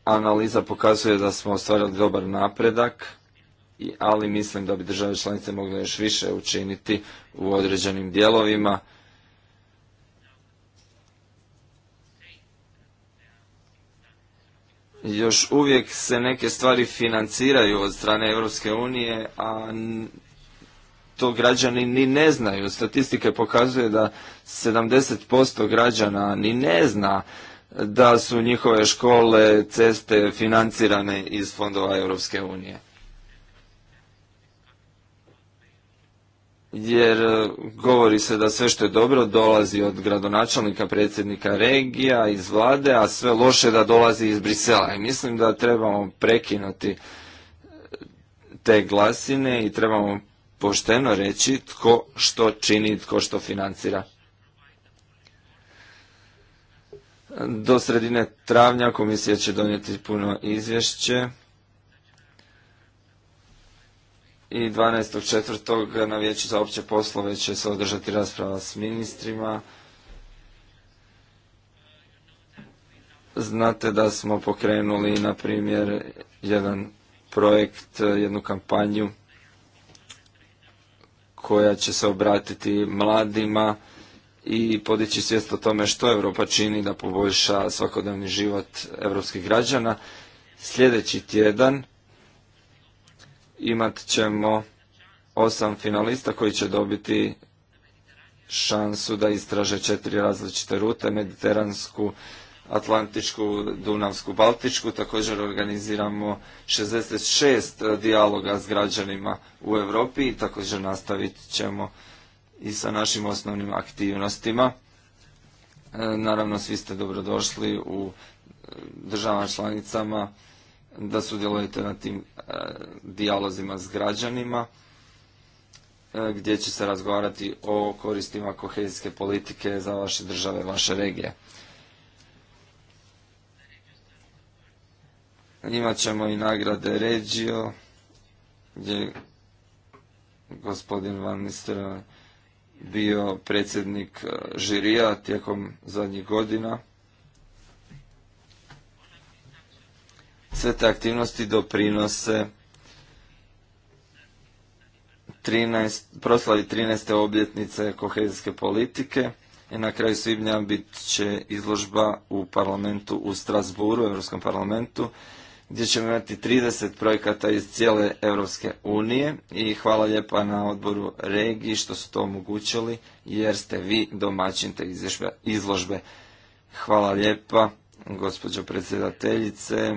analiza pokazuje da smo ostvarili dobar napredak, ali mislim da bi države članice mogle još više učiniti u određenim dijelovima. još uvijek se neke stvari financiraju od strane Europske unije, a to građani ni ne znaju. Statistike pokazuje da 70% građana ni ne zna da su njihove škole, ceste financirane iz fondova Europske unije. Jer e, govori se da sve što je dobro dolazi od gradonačelnika, predsjednika regija, iz vlade, a sve loše da dolazi iz Brisela. I mislim da trebamo prekinuti e, te glasine i trebamo pošteno reći tko što čini, tko što financira. Do sredine travnja komisija će donijeti puno izvješće i 12.4. na vijeću za opće poslove će se održati rasprava s ministrima. Znate da smo pokrenuli, na primjer, jedan projekt, jednu kampanju koja će se obratiti mladima i podići svijest o tome što Europa čini da poboljša svakodnevni život europskih građana. Sljedeći tjedan imat ćemo osam finalista koji će dobiti šansu da istraže četiri različite rute, mediteransku, Atlantičku, Dunavsku, Baltičku. Također organiziramo 66 e, dijaloga s građanima u Europi i također nastavit ćemo i sa našim osnovnim aktivnostima. E, naravno, svi ste dobrodošli u e, državama članicama da sudjelujete na tim dijalozima s građanima gdje će se razgovarati o koristima kohezijske politike za vaše države, vaše regije. Imat ćemo i nagrade Regio, gdje gospodin Van Nistelrooy bio predsjednik e, žirija tijekom zadnjih godina. Sve te aktivnosti doprinose 13, proslavi 13. obljetnice kohezijske politike i na kraju svibnja bit će izložba u parlamentu u Strasburu, Europskom parlamentu, gdje ćemo imati 30 projekata iz cijele Europske unije i hvala lijepa na odboru regiji što su to omogućili jer ste vi domaćin te izložbe. Hvala lijepa gospođo predsjedateljice,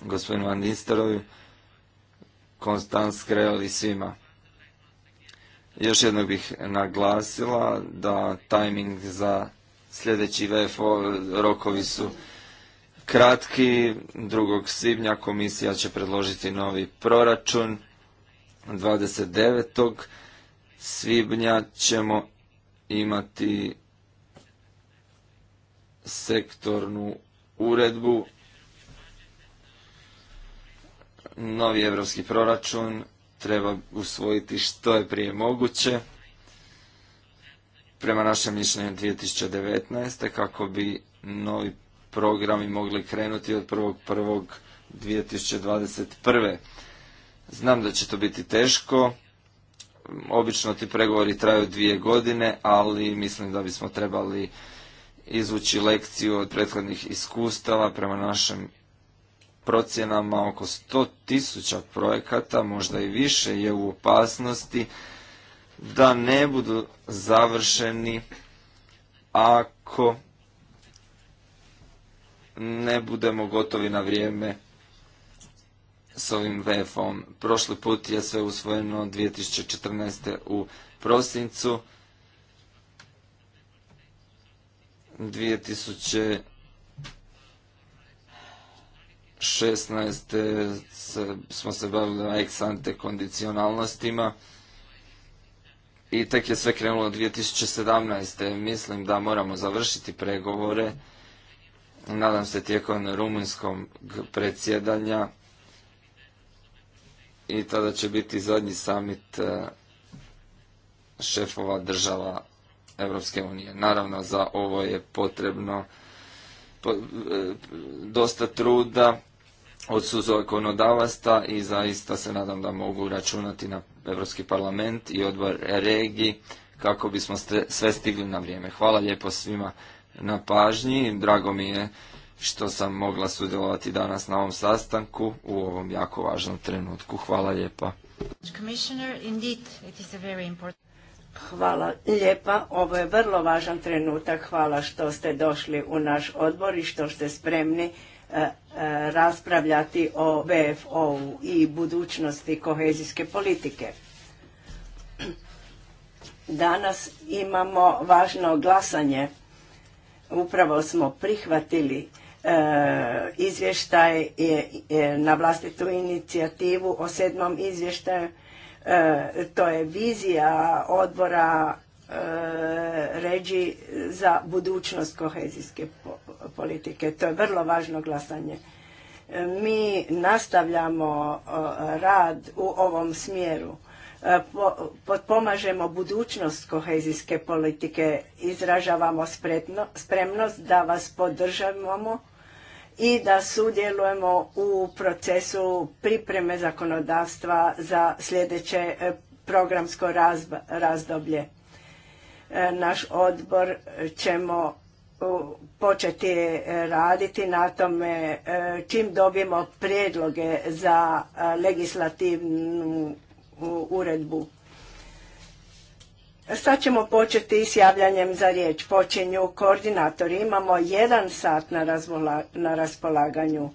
gospodinu Van Nistarovi, Konstant Skrel i svima. Još jednog bih naglasila da tajming za sljedeći VFO rokovi su kratki. 2. svibnja komisija će predložiti novi proračun. 29. svibnja ćemo imati sektornu uredbu, novi evropski proračun treba usvojiti što je prije moguće. Prema našem mišljenju 2019. kako bi novi programi mogli krenuti od 1.1.2021. Znam da će to biti teško, obično ti pregovori traju dvije godine, ali mislim da bismo trebali izvući lekciju od prethodnih iskustava prema našim procjenama oko sto tisuća projekata, možda i više, je u opasnosti da ne budu završeni ako ne budemo gotovi na vrijeme s ovim VF-om. Prošli put je sve usvojeno 2014. u prosincu. 2016. smo se bavili ex ante kondicionalnostima i tek je sve krenulo 2017. Mislim da moramo završiti pregovore nadam se tijekom rumunjskog predsjedanja i tada će biti zadnji samit e, šefova država Europske unije. Naravno, za ovo je potrebno e, dosta truda od ekonodavasta i zaista se nadam da mogu računati na Europski parlament i odbor regiji kako bismo sve stigli na vrijeme. Hvala lijepo svima na pažnji. Drago mi je što sam mogla sudjelovati danas na ovom sastanku u ovom jako važnom trenutku. Hvala lijepa. Hvala lijepa. Ovo je vrlo važan trenutak. Hvala što ste došli u naš odbor i što ste spremni e, e, raspravljati o bfo i budućnosti kohezijske politike. Danas imamo važno glasanje Upravo smo prihvatili e, izvještaj e, e, na vlastitu inicijativu o sedmom izvještaju. to je vizija odbora ređi za budućnost kohezijske politike. To je vrlo važno glasanje. Mi nastavljamo rad u ovom smjeru E, potpomažemo budućnost kohezijske politike, izražavamo spremnost da vas podržavamo i da sudjelujemo u procesu pripreme zakonodavstva za sljedeće e, programsko razdoblje. E, naš odbor ćemo početi raditi na tome čim dobijemo prijedloge za legislativnu uredbu. Sad ćemo početi s javljanjem za riječ. Počinju koordinatori. Imamo jedan sat na, raspolaganju.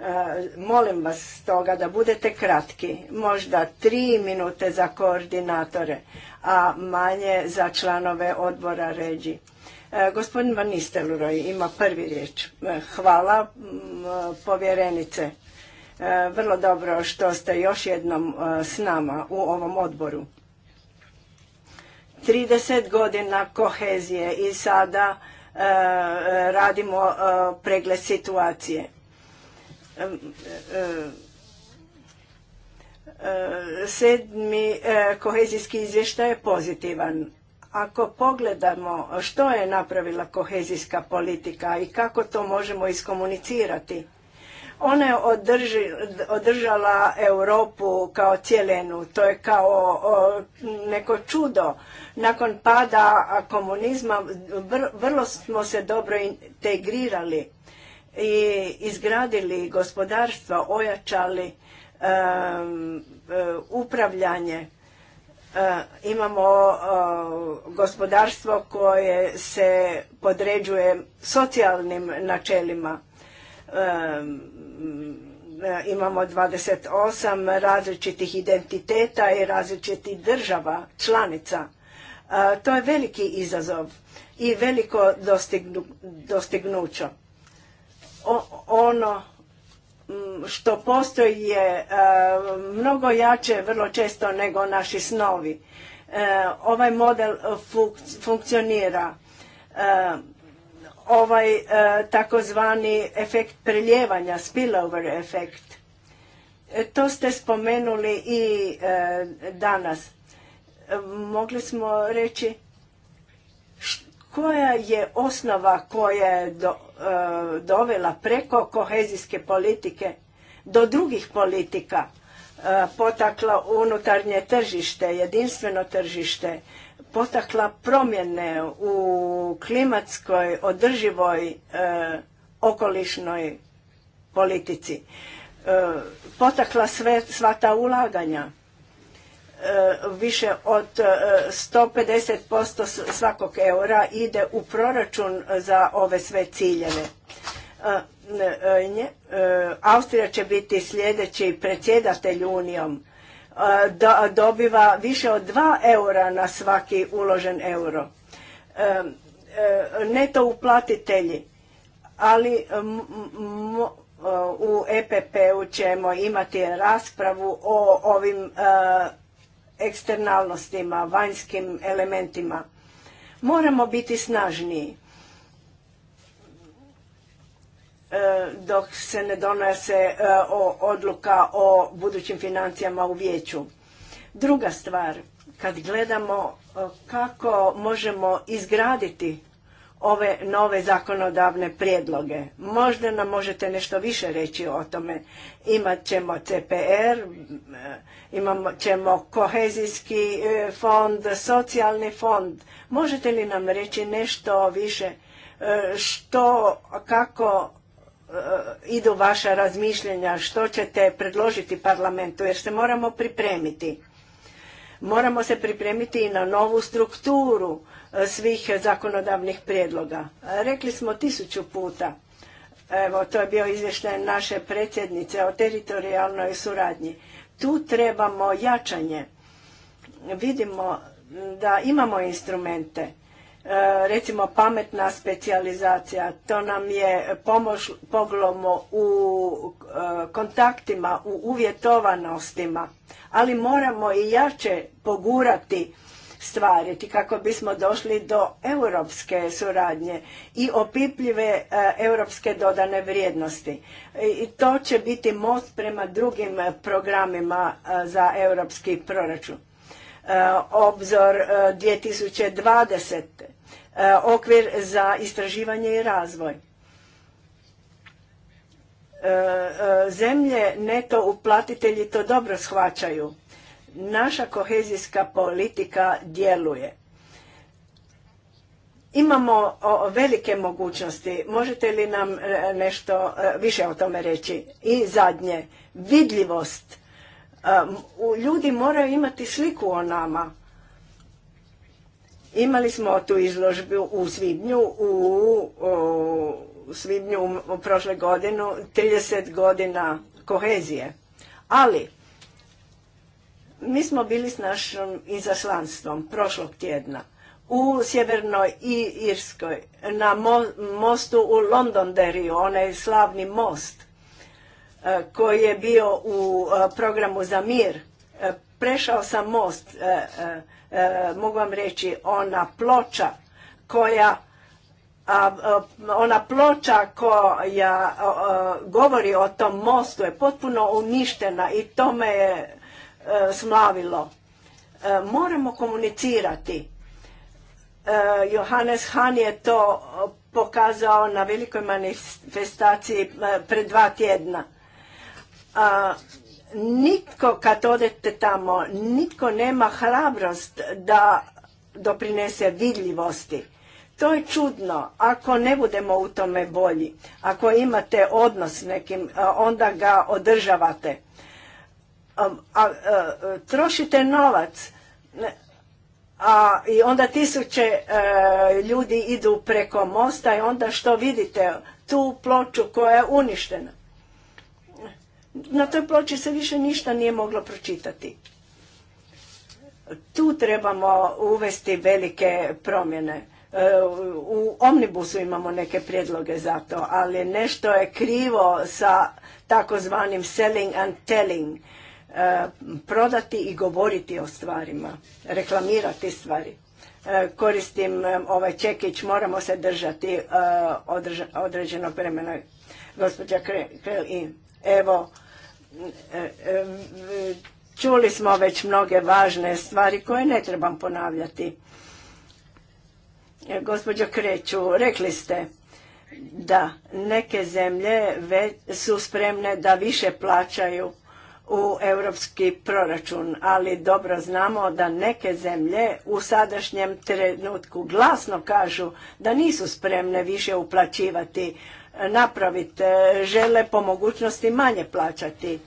E, molim vas toga da budete kratki. Možda tri minute za koordinatore, a manje za članove odbora ređi. E, gospodin Van Nisteluroj ima prvi riječ. E, hvala povjerenice. E, vrlo dobro što ste još jednom e, s nama u ovom odboru. 30 godina kohezije i sada e, radimo pregled situacije. Sedmi kohezijski izvještaj je pozitivan. Ako pogledamo što je napravila kohezijska politika i kako to možemo iskomunicirati, ona je održala Europu kao cijelenu, to je kao neko čudo. Nakon pada komunizma vrlo smo se dobro integrirali i izgradili gospodarstva, ojačali e, upravljanje. E, imamo gospodarstvo koje se podređuje socijalnim načelima. Mm, imamo 28 različitih identiteta i različitih država, članica. to je veliki izazov i veliko dostignu, dostignuće. Ono mm, što postoji je mnogo jače vrlo često nego naši snovi. E, ovaj model funkcionira. E, ovaj e, takozvani efekt preljevanja, spillover efekt. E, to ste spomenuli i e, danas. Mogli smo reći koja je osnova koja je dovela preko kohezijske politike do drugih politika potakla unutarnje tržište, jedinstveno tržište, potakla promjene u klimatskoj, održivoj, e, okolišnoj politici. E, potakla sva ta ulaganja. E, više od 150% e, svakog eura ide u proračun za ove sve ciljeve. E, Austrija će biti sljedeći predsjedatelj Unijom da dobiva više od 2 eura na svaki uložen euro. E, e, neto uplatitelji, ali u EPP-u ćemo imati raspravu o ovim e, eksternalnostima, vanjskim elementima. Moramo biti snažniji. E, dok se ne donese e, odluka o budućim financijama u vijeću. Druga stvar, kad gledamo e, kako možemo izgraditi ove nove zakonodavne prijedloge. Možda nam možete nešto više reći o tome. Imat ćemo CPR, imat ćemo kohezijski fond, socijalni fond. Možete li nam reći nešto više što, kako E, idu vaša razmišljenja, što ćete predložiti parlamentu, jer se moramo pripremiti. Moramo se pripremiti i na novu strukturu e, svih zakonodavnih prijedloga. Rekli smo tisuću puta, evo to je bio izvještaj naše predsjednice o teritorijalnoj suradnji. Tu trebamo jačanje. Vidimo da imamo instrumente E, recimo pametna specijalizacija, to nam je poglomo u e, kontaktima, u uvjetovanostima, ali moramo i jače pogurati stvariti kako bismo došli do europske suradnje i opipljive e, europske dodane vrijednosti. I to će biti most prema drugim programima za europski proračun. E, obzor 2020, e, e, okvir za istraživanje i razvoj. Zemlje neto uplatitelji to dobro shvaćaju. Naša kohezijska politika djeluje. Imamo velike mogućnosti. Možete li nam nešto više o tome reći? I zadnje, vidljivost Ljudi moraju imati sliku o nama. Imali smo tu izložbu u Svibnju, u, Svibnju u prošle godinu, 30 godina kohezije. Ali, mi smo bili s našim izaslanstvom prošlog tjedna u Sjevernoj i Irskoj, na mostu u Londonderiju, onaj slavni most. E, koji je bio u e, programu za mir. E, prešao sam most, mogu vam reći, ona ploča koja ona ploča koja govori o tom mostu je potpuno uništena i to me je smlavilo. Moramo komunicirati. Johannes Han je to pokazao na velikoj manifestaciji pred dva tjedna. A, nitko kad odete tamo, nitko nema hrabrost da doprinese vidljivosti. To je čudno. Ako ne budemo u tome bolji, ako imate odnos s nekim, onda ga održavate. A, trošite novac a i onda tisuće e, ljudi idu preko mosta i onda što vidite? Tu ploču koja je uništena na toj ploči se više ništa nije moglo pročitati. Tu trebamo uvesti velike promjene. E, u omnibusu imamo neke prijedloge za to, ali nešto je krivo sa takozvanim selling and telling. E, prodati i govoriti o stvarima, reklamirati stvari. E, koristim ovaj čekić, moramo se držati određeno vremena. Gospođa Krelin. evo E, e, čuli smo već mnoge važne stvari koje ne trebam ponavljati. E, gospođo Kreću, rekli ste da neke zemlje su spremne da više plaćaju u europski proračun, ali dobro znamo da neke zemlje u sadašnjem trenutku glasno kažu da nisu spremne više uplaćivati napraviti, e, žele po mogućnosti manje plaćati.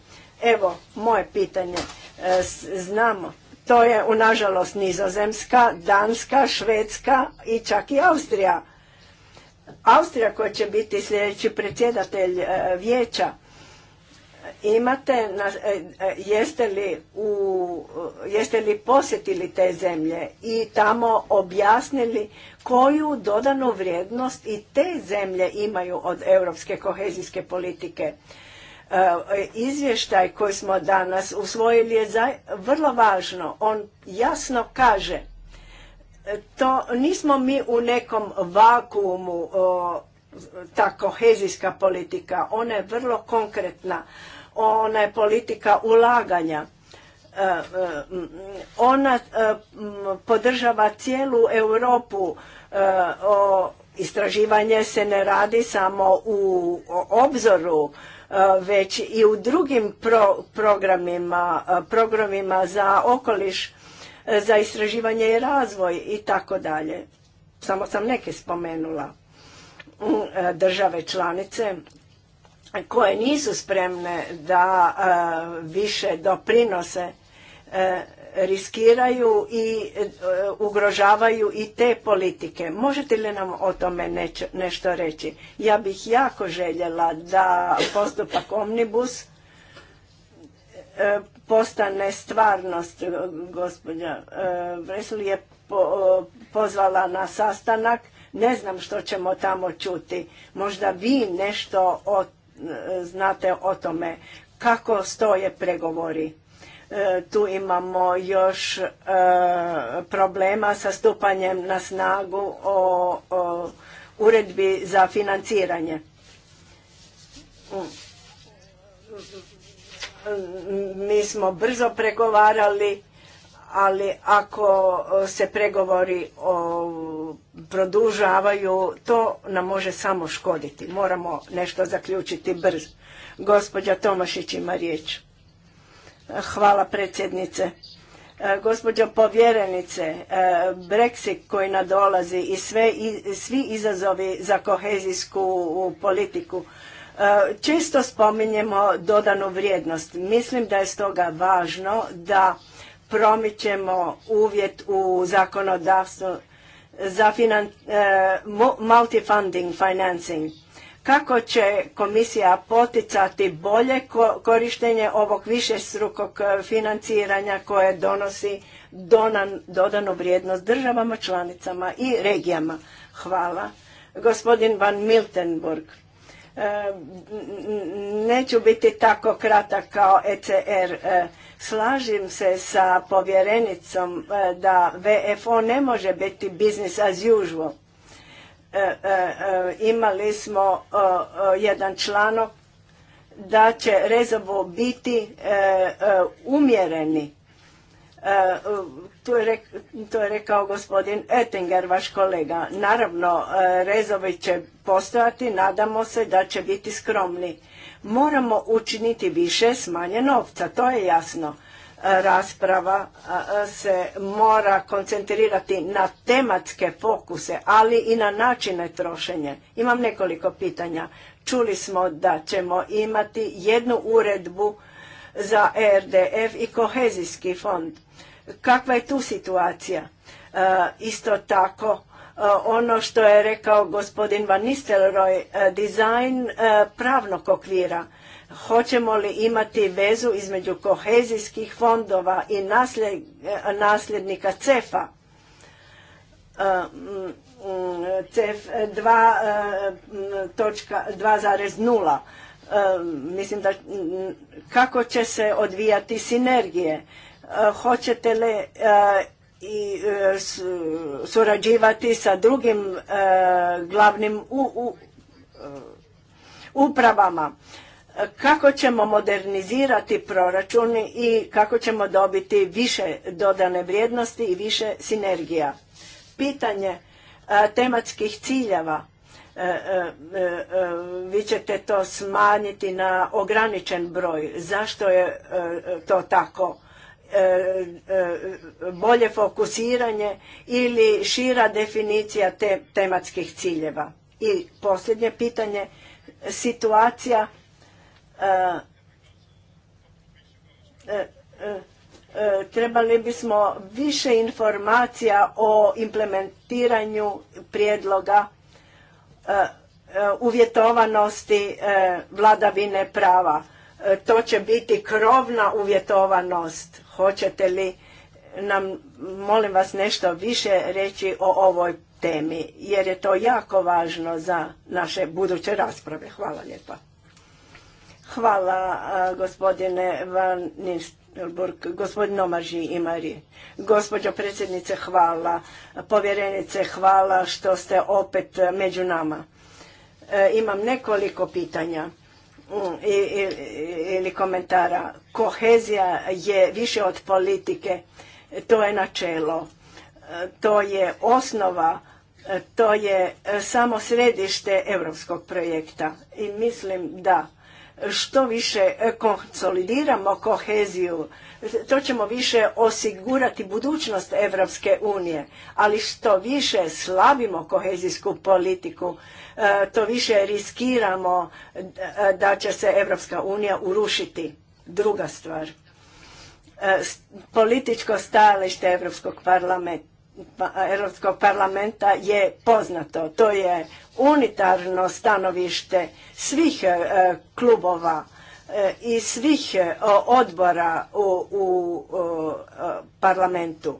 Evo, moje pitanje, e, znamo, to je u nažalost Nizozemska, Danska, Švedska i čak i Austrija. Austrija koja će biti sljedeći predsjedatelj e, vijeća, Imate, e, e, jeste, li e, jeste li posjetili te zemlje i tamo objasnili koju dodanu vrijednost i te zemlje imaju od europske kohezijske politike? Izvještaj koji smo danas usvojili je vrlo važno. On jasno kaže to nismo mi u nekom vakuumu ta kohezijska politika, ona je vrlo konkretna ona je politika ulaganja e, e, ona e, podržava cijelu Europu istraživanje se ne radi samo u obzoru već i u drugim programima programima za okoliš za istraživanje i razvoj i tako dalje samo sam neke spomenula mm, države članice koje nisu spremne da e, više doprinose e, riskiraju i e, ugrožavaju i te politike. Možete li nam o tome nešto reći? Ja bih jako željela da postupak Omnibus postane stvarnost. Gospođa Vresli je pozvala na sastanak. Ne znam što ćemo tamo čuti. Možda vi nešto o znate o tome kako stoje pregovori. E, tu imamo još e, problema sa stupanjem na snagu o, uredbi za financiranje. Mm. Mi smo brzo pregovarali ali ako e, se pregovori o, produžavaju, to nam može samo škoditi. Moramo nešto zaključiti brzo. Gospođa Tomašić ima riječ. Hvala predsjednice. E, gospođo povjerenice, e, Brexit koji nadolazi i, sve, i svi izazovi za kohezijsku politiku, često spominjemo dodanu vrijednost. Mislim da je stoga važno da promičemo uvjet u zakonodavstvu za e, multifunding financing. Kako će komisija poticati bolje korištenje ovog višestrukog e, financiranja koje donosi dodanu vrijednost državama, članicama i regijama? Hvala. Gospodin Van Miltenburg. E, neću biti tako kratak kao ECR. Slažem se sa povjerenicom e, da VFO ne može biti business as usual. E, e, imali smo jedan članok da će rezovo biti umjereni. To je rekao gospodin Ettinger, vaš kolega. Naravno, rezovi će postojati, nadamo se da će biti skromni Moramo učiniti više smanje novca, to je jasno. E, rasprava e, se mora koncentrirati na tematske fokuse, ali i na načine trošenja. Imam nekoliko pitanja. Čuli smo da ćemo imati jednu uredbu za e RDF i kohezijski fond. Kakva je tu situacija? isto tako Eh, ono što je rekao gospodin Van Nistelroj, eh, dizajn eh, pravnog okvira. Hoćemo li imati vezu između kohezijskih fondova i nasljednika, nasljednika CEFA? Mm, mm, CEF 2.0 mislim da mm, kako će se odvijati sinergije hoćete li i e, surađivati sa drugim e, glavnim e, upravama kako ćemo modernizirati proračun i kako ćemo dobiti više dodane vrijednosti i više sinergija. Pitanje tematskih ciljeva, vi ćete to smanjiti na ograničen broj. Zašto je to tako? E, e, bolje fokusiranje ili šira definicija te tematskih ciljeva. I posljednje pitanje, situacija e, trebali bismo više informacija o implementiranju prijedloga uvjetovanosti vladavine prava. To će biti krovna uvjetovanost Hoćete li nam, molim vas, nešto više reći o ovoj temi, jer je to jako važno za naše buduće rasprave. Hvala lijepa. Hvala gospodine Van Nistelburg, gospodin Omaži Imari, Gospođo predsjednice, hvala. Povjerenice, hvala što ste opet među nama. E, imam nekoliko pitanja. Mm, ili komentara. Kohezija je više od politike, to je načelo, e, to je osnova, e, to je e, samo središte europskog projekta i mislim da što više konsolidiramo koheziju, to ćemo više osigurati budućnost Evropske unije, ali što više slabimo kohezijsku politiku, E, to više riskiramo e, da će se Evropska unija urušiti. Druga stvar, e, političko stajalište Evropskog parlamenta pa, Europskog parlamenta je poznato. To je unitarno stanovište svih klubova i svih odbora u parlamentu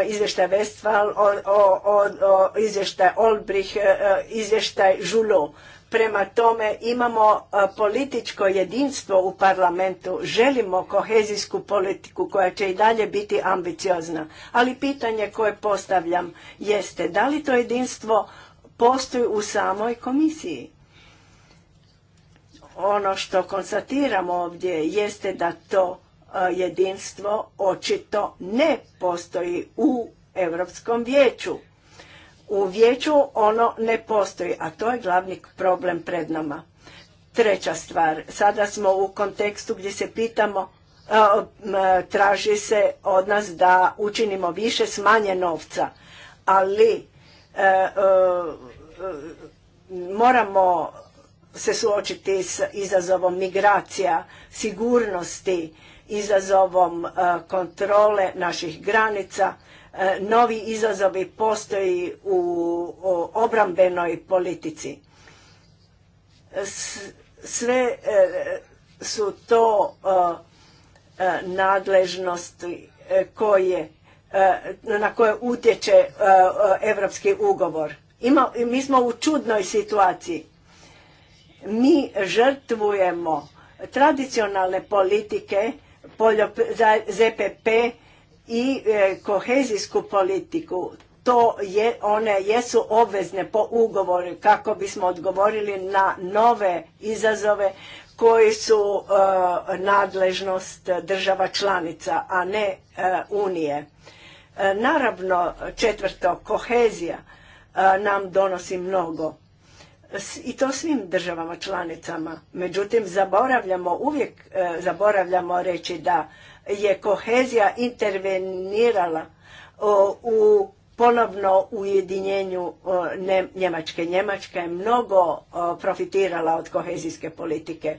izvještaj Westfall, o, o, o, o izvještaj Olbrich, e, e, izvještaj Žulo. Prema tome imamo e, političko jedinstvo u parlamentu, želimo kohezijsku politiku koja će i dalje biti ambiciozna. Ali pitanje koje postavljam jeste da li to jedinstvo postoji u samoj komisiji? Ono što konstatiramo ovdje jeste da to E, jedinstvo očito ne postoji u Europskom vijeću. U vijeću ono ne postoji, a to je glavni problem pred nama. Treća stvar, sada smo u kontekstu gdje se pitamo, e, traži se od nas da učinimo više s manje novca, ali e, moramo se suočiti s izazovom migracija, sigurnosti, izazovom e, kontrole naših granica. E, novi izazovi postoji u obrambenoj politici. Sve e, su to nadležnosti koje, na koje utječe evropski ugovor. mi smo u čudnoj situaciji. Mi žrtvujemo tradicionalne politike za ZPP i e, kohezijsku politiku. To je, one jesu obvezne po ugovoru kako bismo odgovorili na nove izazove koji su e, nadležnost država članica, a ne e, Unije. naravno, četvrto, kohezija nam donosi mnogo i to svim državama članicama. Međutim, zaboravljamo uvijek, e, zaboravljamo reći da je kohezija intervenirala e, u ponovno ujedinjenju e, Njemačke. Njemačka je mnogo profitirala od kohezijske politike.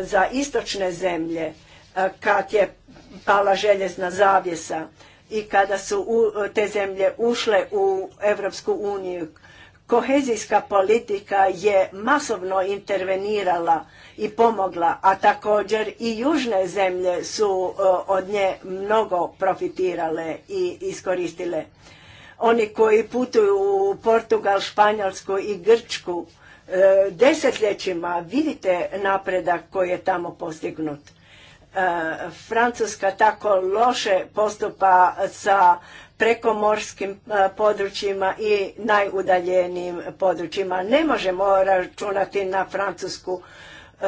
Za istočne zemlje, kad je pala željezna zavjesa i kada su te zemlje ušle u Europsku uniju, Kohezijska politika je masovno intervenirala i pomogla, a također i južne zemlje su e, od nje mnogo profitirale i iskoristile. Oni koji putuju u Portugal, Španjolsku i Grčku e, desetljećima vidite napredak koji je tamo postignut. E, Francuska tako loše postupa sa prekomorskim e, područjima i najudaljenijim područjima. Ne možemo računati na Francusku e,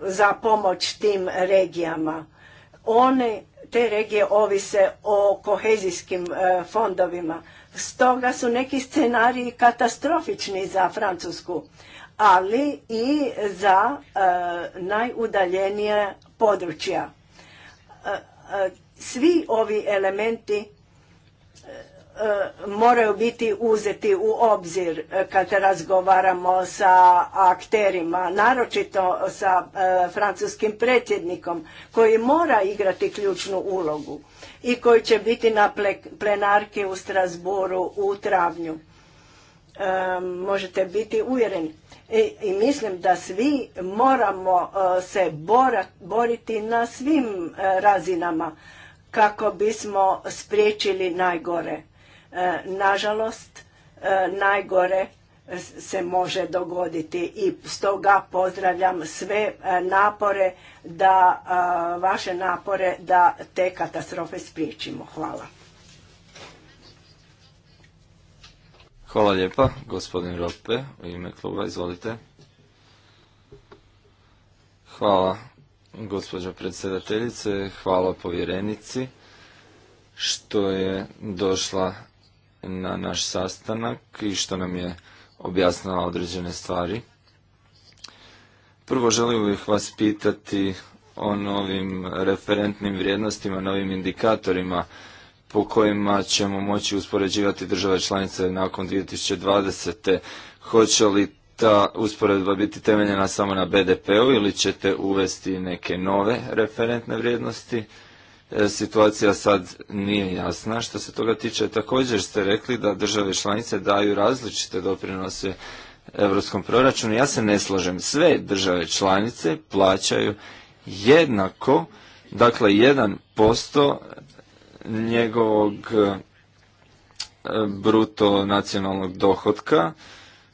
za pomoć tim regijama. One, te regije ovise o kohezijskim e, fondovima. Stoga su neki scenariji katastrofični za Francusku, ali i za najudaljenija najudaljenije područja. svi ovi elementi moraju biti uzeti u obzir e, kad razgovaramo sa akterima, naročito sa e, francuskim predsjednikom koji mora igrati ključnu ulogu i koji će biti na plenarki u Strasboru u travnju. E, možete biti uvjereni. I, mislim da svi moramo se boriti na svim razinama kako bismo spriječili najgore Nažalost, e, najgore se može dogoditi i stoga pozdravljam sve e, napore da e, vaše napore da te katastrofe spriječimo. Hvala. Hvala lijepa, gospodin Rope, u ime kluba, izvolite. Hvala, gospođa predsjedateljice, hvala povjerenici što je došla na naš sastanak i što nam je objasnila određene stvari. Prvo želim bih vas pitati o novim referentnim vrijednostima, novim indikatorima po kojima ćemo moći uspoređivati države članice nakon 2020. Hoće li ta usporedba biti temeljena samo na BDP-u ili ćete uvesti neke nove referentne vrijednosti? E, situacija sad nije jasna. Što se toga tiče, također ste rekli da države članice daju različite doprinose europskom proračunu. Ja se ne slažem. Sve države članice plaćaju jednako, dakle 1% njegovog e, bruto nacionalnog dohotka.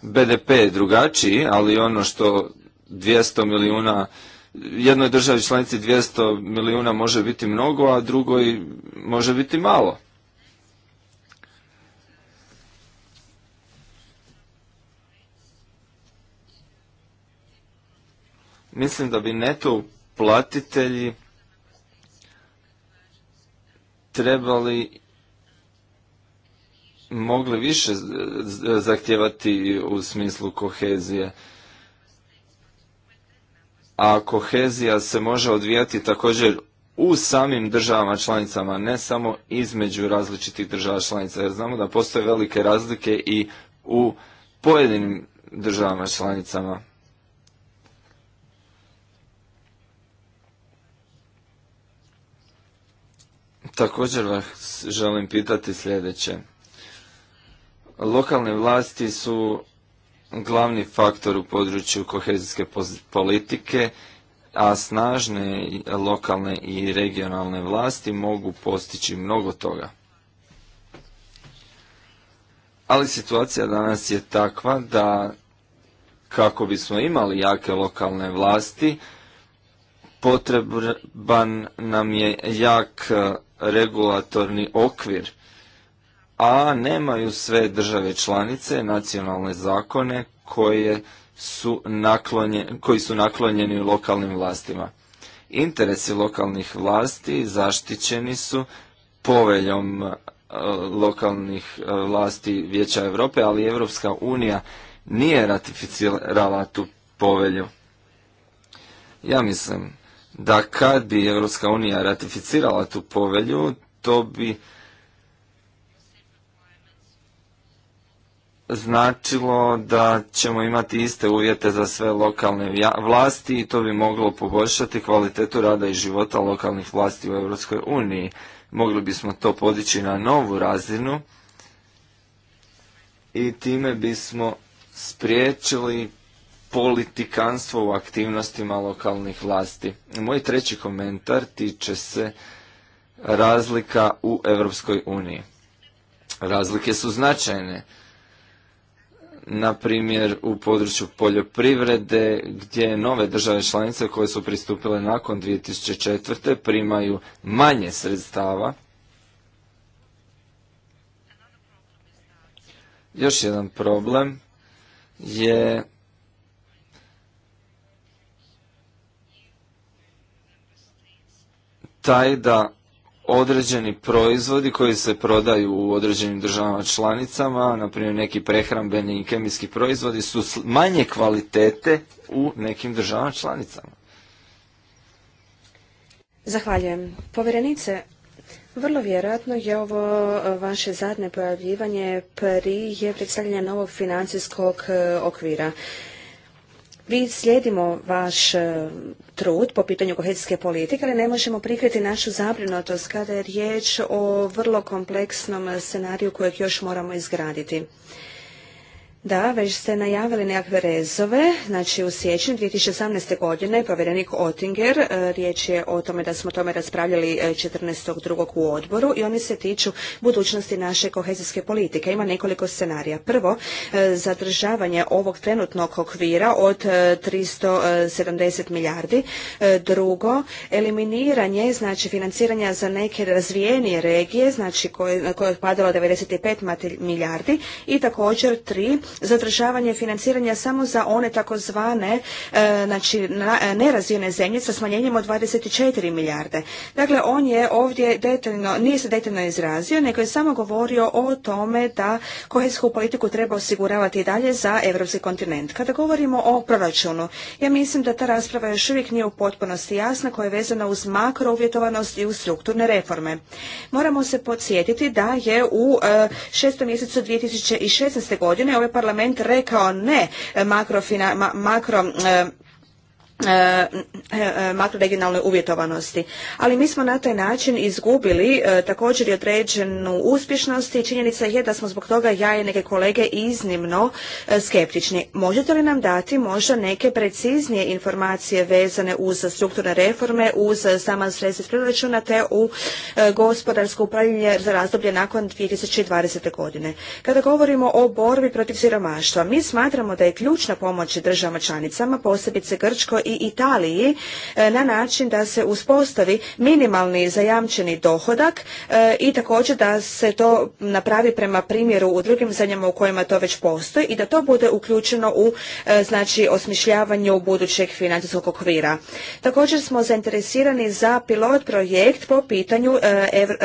BDP je drugačiji, ali ono što 200 milijuna jednoj državi članici 200 milijuna može biti mnogo, a drugoj može biti malo. Mislim da bi neto platitelji trebali mogli više zahtijevati u smislu kohezije a kohezija se može odvijati također u samim državama članicama, ne samo između različitih država članica, jer znamo da postoje velike razlike i u pojedinim državama članicama. Također vas želim pitati sljedeće. Lokalne vlasti su glavni faktor u području kohezijske politike, a snažne lokalne i regionalne vlasti mogu postići mnogo toga. Ali situacija danas je takva da kako bismo imali jake lokalne vlasti, potreban nam je jak eh, regulatorni okvir a nemaju sve države članice nacionalne zakone koje su koji su naklonjeni lokalnim vlastima. Interesi lokalnih vlasti zaštićeni su poveljom e, lokalnih e, vlasti Vijeća Europe, ali Europska unija nije ratificirala tu povelju. Ja mislim da kad bi Europska unija ratificirala tu povelju, to bi značilo da ćemo imati iste uvjete za sve lokalne vlasti i to bi moglo poboljšati kvalitetu rada i života lokalnih vlasti u Europskoj uniji. Mogli bismo to podići na novu razinu i time bismo spriječili politikanstvo u aktivnostima lokalnih vlasti. Moj treći komentar tiče se razlika u Europskoj uniji. Razlike su značajne na primjer u području poljoprivrede gdje nove države članice koje su pristupile nakon 2004. primaju manje sredstava. Još jedan problem je taj da određeni proizvodi koji se prodaju u određenim državama članicama, na neki prehrambeni i kemijski proizvodi su manje kvalitete u nekim državama članicama. Zahvaljujem. Povjerenice, vrlo vjerojatno je ovo e, vaše zadnje pojavljivanje prije predstavljanja novog financijskog e, okvira. Vi slijedimo vaš e, trud po pitanju kohezijske politike, ali ne možemo prikriti našu zabrinutost kada je riječ o vrlo kompleksnom scenariju kojeg još moramo izgraditi. Da, već ste najavili nekakve rezove, znači u siječnju 2018. godine povjerenik Otinger, e, riječ je o tome da smo tome raspravljali 14.2. E, u odboru i oni se tiču budućnosti naše kohezijske politike. Ima nekoliko scenarija. Prvo, e, zadržavanje ovog trenutnog okvira od 370 milijardi. Drugo, eliminiranje znači financiranja za neke razvijenije regije, znači koje, koje je padalo 95 milijardi i također tri zadržavanje financiranja samo za one takozvane e, znači e, nerazvijene zemlje sa smanjenjem od 24 milijarde. Dakle, on je ovdje detaljno, nije se detaljno izrazio, nego je samo govorio o tome da kohesku politiku treba osiguravati i dalje za europski kontinent. Kada govorimo o proračunu, ja mislim da ta rasprava još uvijek nije u potpunosti jasna koja je vezana uz makrouvjetovanost i uz strukturne reforme. Moramo se podsjetiti da je u e, šestom mjesecu 2016. godine ovaj parlament rekao ne makro e, E, e, e, makroregionalnoj uvjetovanosti. Ali mi smo na taj način izgubili također i određenu uspješnost i činjenica je da smo zbog toga ja i neke kolege iznimno skeptični. Možete li nam dati možda neke preciznije informacije vezane uz strukturne reforme, uz sama sredstva proračuna te u gospodarsko upravljanje za razdoblje nakon 2020. godine. Kada govorimo o borbi protiv siromaštva, mi smatramo da je ključna pomoć državama članicama, posebice Grčko i Italiji e, na način da se uspostavi minimalni zajamčeni dohodak e, i također da se to napravi prema primjeru u drugim zemljama u kojima to već postoji i da to bude uključeno u e, znači osmišljavanju budućeg financijskog okvira. Također smo zainteresirani za pilot projekt po pitanju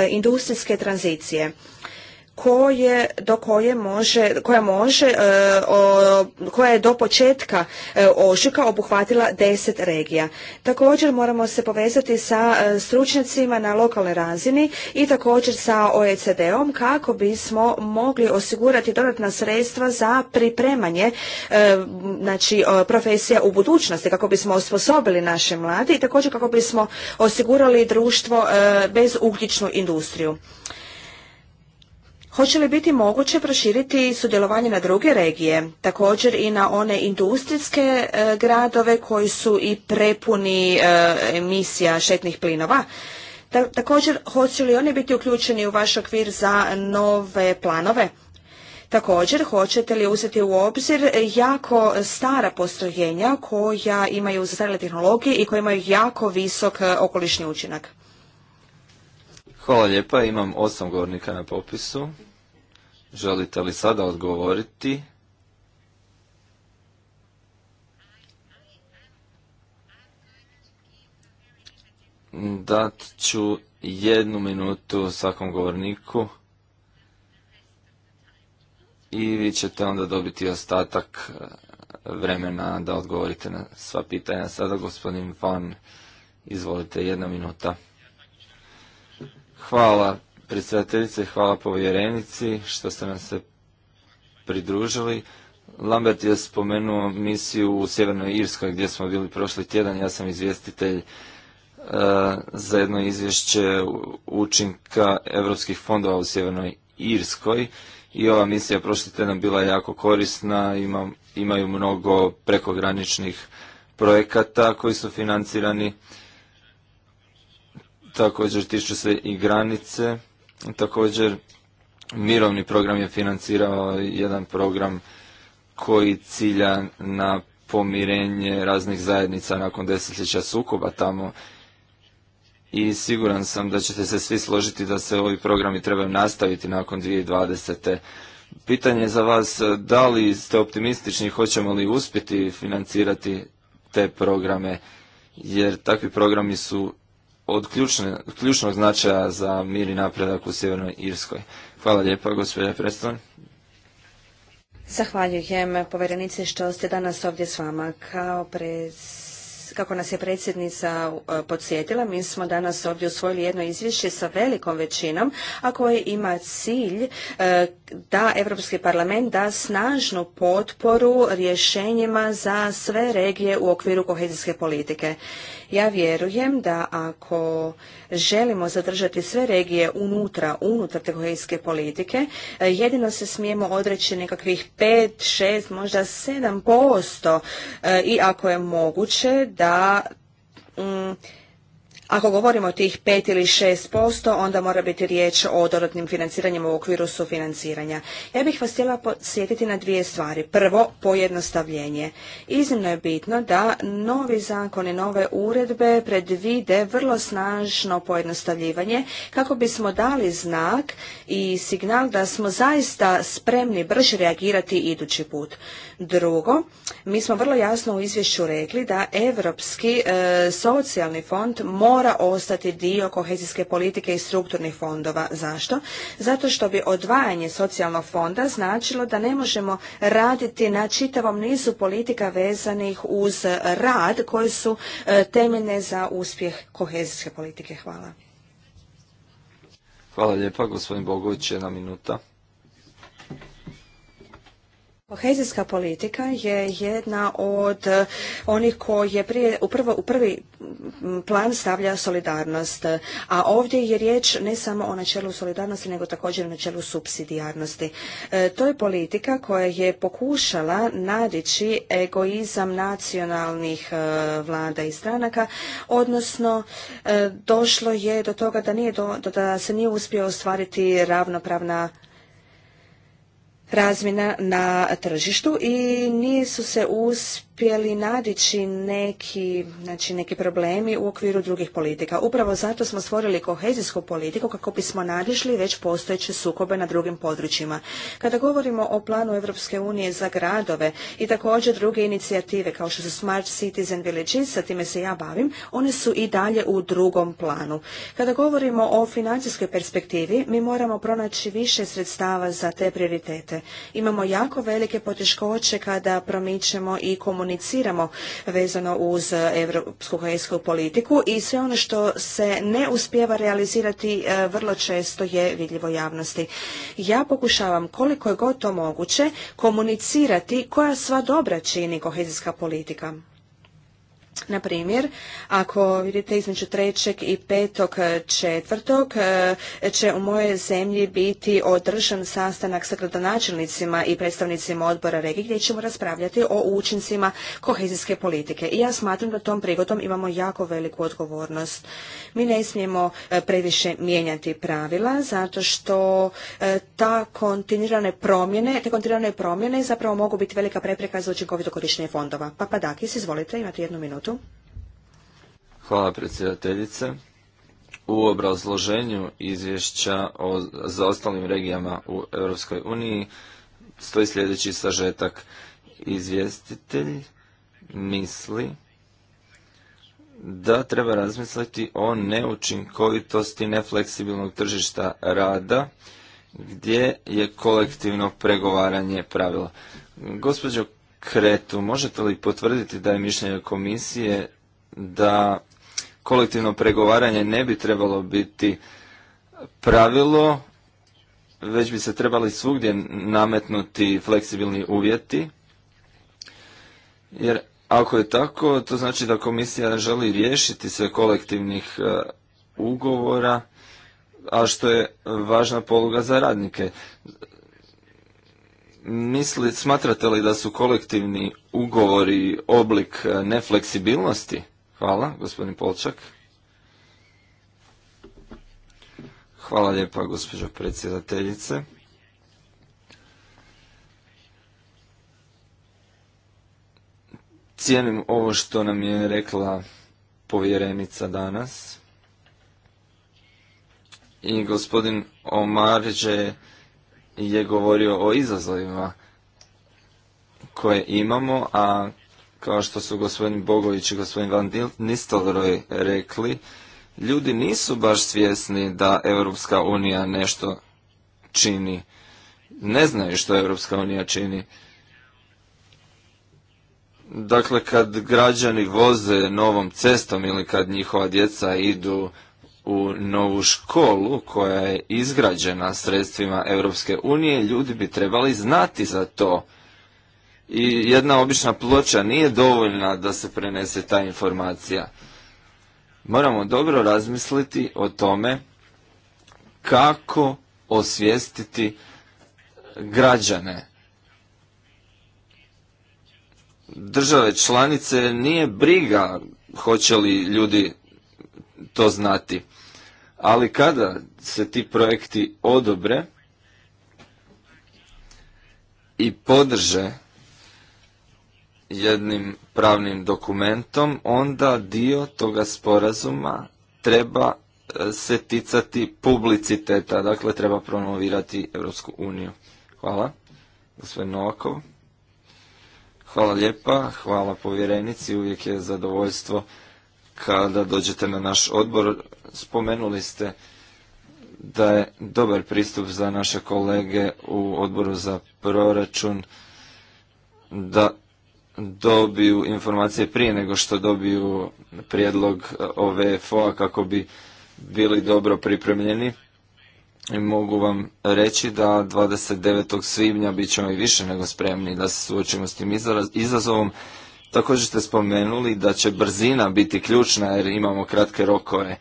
industrijske tranzicije koje, do koje može, koja može, e, koja je do početka e, obuhvatila 10 regija. Također moramo se povezati sa e, stručnjacima na lokalnoj razini i također sa OECD-om kako bismo mogli osigurati dodatna sredstva za pripremanje e, znači e, profesija u budućnosti kako bismo osposobili naše mlade i također kako bismo osigurali društvo bez ugljičnu industriju. Hoće li biti moguće proširiti sudjelovanje na druge regije, također i na one industrijske e, gradove koji su i prepuni e, emisija štetnih plinova? također, hoće li oni biti uključeni u vaš okvir za nove planove? Također, hoćete li uzeti u obzir jako stara postrojenja koja imaju zastarjele tehnologije i koja imaju jako visok e, okolišni učinak? Hvala lijepa, imam osam govornika na popisu. Želite li sada odgovoriti? Dat ću jednu minutu svakom govorniku i vi ćete onda dobiti ostatak e, vremena da odgovorite na sva pitanja. Sada gospodin Van, izvolite, jedna minuta. Hvala predsjedateljice, hvala povjerenici što ste nam se pridružili. Lambert je spomenuo misiju u Sjevernoj Irskoj gdje smo bili prošli tjedan. Ja sam izvjestitelj e, za jedno izvješće učinka europskih fondova u Sjevernoj Irskoj i ova misija prošli tjedan bila jako korisna. imaju mnogo prekograničnih projekata koji su financirani. Također tiču se i granice Također, mirovni program je financirao jedan program koji cilja na pomirenje raznih zajednica nakon desetljeća sukoba tamo i siguran sam da ćete se svi složiti da se ovi programi trebaju nastaviti nakon 2020. Pitanje za vas, da li ste optimistični, hoćemo li uspjeti financirati te programe, jer takvi programi su od ključnog značaja za mir i napredak u Sjevernoj Irskoj. Hvala lijepa, gospođa predstavnik. Zahvaljujem povjerenice što ste danas ovdje s vama. Kao kako nas je predsjednica e, podsjetila, mi smo danas ovdje usvojili jedno izvješće sa velikom većinom, a koje ima cilj e, da Europski parlament da snažnu potporu rješenjima za sve regije u okviru kohezijske politike. Ja vjerujem da ako želimo zadržati sve regije unutra, unutar te politike, e, jedino se smijemo odreći nekakvih 5, 6, možda 7% e, i ako je moguće da... Mm, ako govorimo o tih 5 ili 6%, onda mora biti riječ o dodatnim financiranjima u okviru sufinanciranja. Ja bih vas htjela podsjetiti na dvije stvari. Prvo, pojednostavljenje. Iznimno je bitno da novi zakoni, nove uredbe predvide vrlo snažno pojednostavljivanje kako bismo dali znak i signal da smo zaista spremni brže reagirati idući put. Drugo, mi smo vrlo jasno u izvješću rekli da Europski e, socijalni fond mora ostati dio kohezijske politike i strukturnih fondova. Zašto? Zato što bi odvajanje socijalnog fonda značilo da ne možemo raditi na čitavom nizu politika vezanih uz rad koje su e, temeljne za uspjeh kohezijske politike. Hvala. Hvala lijepa, gospodin Bogović, jedna minuta. Kohezijska politika je jedna od eh, onih koje prije, u, prvo, u prvi plan stavlja solidarnost, a ovdje je riječ ne samo o načelu solidarnosti, nego također o načelu subsidijarnosti. Eh, to je politika koja je pokušala nadići egoizam nacionalnih eh, vlada i stranaka, odnosno došlo je do toga da, nije do, da se nije uspio ostvariti ravnopravna razmjena na tržištu i nisu se uspjeli uspjeli nadići neki, znači neki problemi u okviru drugih politika. Upravo zato smo stvorili kohezijsku politiku kako bismo nadišli već postojeće sukobe na drugim područjima. Kada govorimo o planu Europske unije za gradove i također druge inicijative kao što su Smart Cities and Villages, sa time se ja bavim, one su i dalje u drugom planu. Kada govorimo o financijskoj perspektivi, mi moramo pronaći više sredstava za te prioritete. Imamo jako velike poteškoće kada promičemo i komuniciramo vezano uz europsku kohezijsku politiku i sve ono što se ne uspjeva realizirati e, vrlo često je vidljivo javnosti. Ja pokušavam koliko je god to moguće komunicirati koja sva dobra čini kohezijska politika. Na primjer, ako vidite između trećeg i petog četvrtog e, će u mojoj zemlji biti održan sastanak sa gradonačelnicima i predstavnicima odbora regije gdje ćemo raspravljati o učincima kohezijske politike. I ja smatram da tom prigodom imamo jako veliku odgovornost. Mi ne smijemo e, previše mijenjati pravila zato što e, ta kontinuirane promjene, te kontinuirane promjene zapravo mogu biti velika prepreka za učinkovito korištenje fondova. Papadakis, izvolite, imate jednu minutu minutu. Hvala predsjedateljice. U obrazloženju izvješća o zaostalim regijama u Europskoj uniji stoji sljedeći sažetak. Izvjestitelj misli da treba razmisliti o neučinkovitosti nefleksibilnog tržišta rada gdje je kolektivno pregovaranje pravila. Gospođo Kretu. Možete li potvrditi da je mišljenje komisije da kolektivno pregovaranje ne bi trebalo biti pravilo, već bi se trebali svugdje nametnuti fleksibilni uvjeti? Jer ako je tako, to znači da komisija želi riješiti se kolektivnih e, ugovora, a što je važna poluga za radnike. Misli, smatrate li da su kolektivni ugovori oblik e, nefleksibilnosti? Hvala, gospodin Polčak. Hvala lijepa, gospođo predsjedateljice. Cijenim ovo što nam je rekla povjerenica danas. I gospodin Omarđe je govorio o izazovima koje imamo, a kao što su gospodin Bogović i gospodin Van Nistelroj rekli, ljudi nisu baš svjesni da Europska unija nešto čini. Ne znaju što Europska unija čini. Dakle, kad građani voze novom cestom ili kad njihova djeca idu u novu školu koja je izgrađena sredstvima Europske unije, ljudi bi trebali znati za to. I jedna obična ploča nije dovoljna da se prenese ta informacija. Moramo dobro razmisliti o tome kako osvijestiti građane. Države članice nije briga hoće li ljudi to znati. Ali kada se ti projekti odobre i podrže jednim pravnim dokumentom, onda dio toga sporazuma treba e, se ticati publiciteta, dakle treba promovirati Europsku uniju. Hvala, gospodin Novakov. Hvala lijepa, hvala povjerenici, uvijek je zadovoljstvo kada dođete na naš odbor, spomenuli ste da je dobar pristup za naše kolege u odboru za proračun da dobiju informacije prije nego što dobiju prijedlog OVFO-a kako bi bili dobro pripremljeni. I mogu vam reći da 29. svibnja bit ćemo i više nego spremni da se suočimo s tim izazovom. Također ste spomenuli da će brzina biti ključna jer imamo kratke rokove.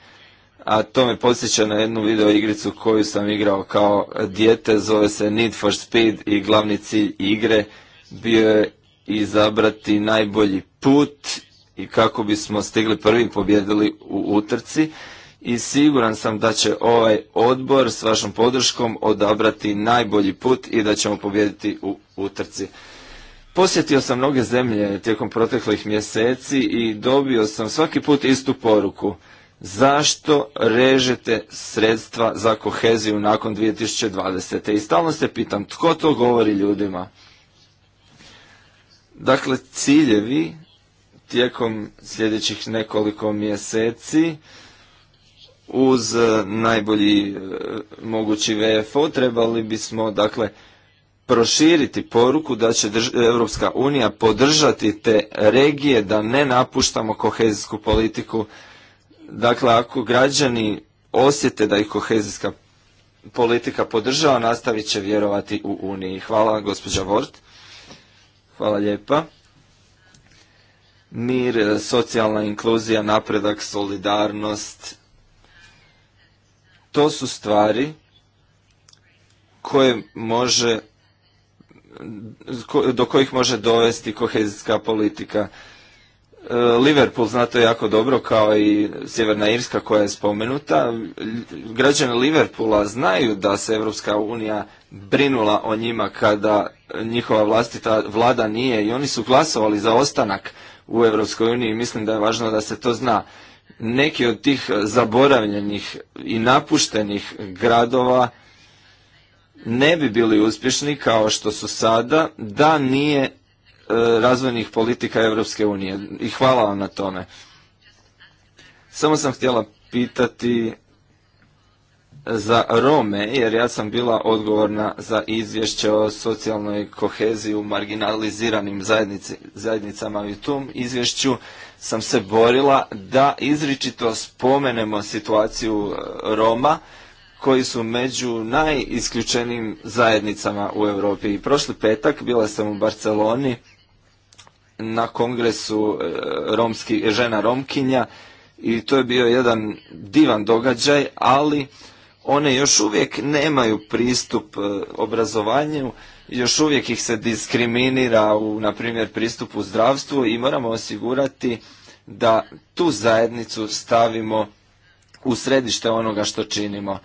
A to me podsjeća na jednu video igricu koju sam igrao kao dijete, zove se Need for Speed i glavni cilj igre bio je izabrati najbolji put i kako bismo stigli prvi pobjedili u utrci i siguran sam da će ovaj odbor s vašom podrškom odabrati najbolji put i da ćemo pobjediti u utrci. Posjetio sam mnoge zemlje tijekom proteklih mjeseci i dobio sam svaki put istu poruku. Zašto režete sredstva za koheziju nakon 2020. I stalno se pitam, tko to govori ljudima? Dakle, ciljevi tijekom sljedećih nekoliko mjeseci uz eh, najbolji eh, mogući VFO trebali bismo, dakle, proširiti poruku da će Europska unija podržati te regije da ne napuštamo kohezijsku politiku. Dakle, ako građani osjete da ih kohezijska politika podržava, nastavit će vjerovati u Uniji. Hvala, gospođa Vort. Hvala lijepa. Mir, socijalna inkluzija, napredak, solidarnost. To su stvari koje može do kojih može dovesti kohezijska politika. E, Liverpool zna to jako dobro kao i Sjeverna Irska koja je spomenuta. Građani Liverpoola znaju da se Europska unija brinula o njima kada njihova vlastita vlada nije i oni su glasovali za ostanak u Europskoj uniji. Mislim da je važno da se to zna. Neki od tih zaboravljenih i napuštenih gradova ne bi bili uspješni kao što su sada da nije e, razvojnih politika Europske unije. I hvala vam na tome. Samo sam htjela pitati za Rome, jer ja sam bila odgovorna za izvješće o socijalnoj koheziji u marginaliziranim zajednicama i u tom izvješću sam se borila da izričito spomenemo situaciju e, Roma, koji su među najisključenijim zajednicama u Europi. I prošli petak bila sam u Barceloni na kongresu e, romski, žena Romkinja i to je bio jedan divan događaj, ali one još uvijek nemaju pristup e, obrazovanju, još uvijek ih se diskriminira u, na primjer, pristupu zdravstvu i moramo osigurati da tu zajednicu stavimo u središte onoga što činimo.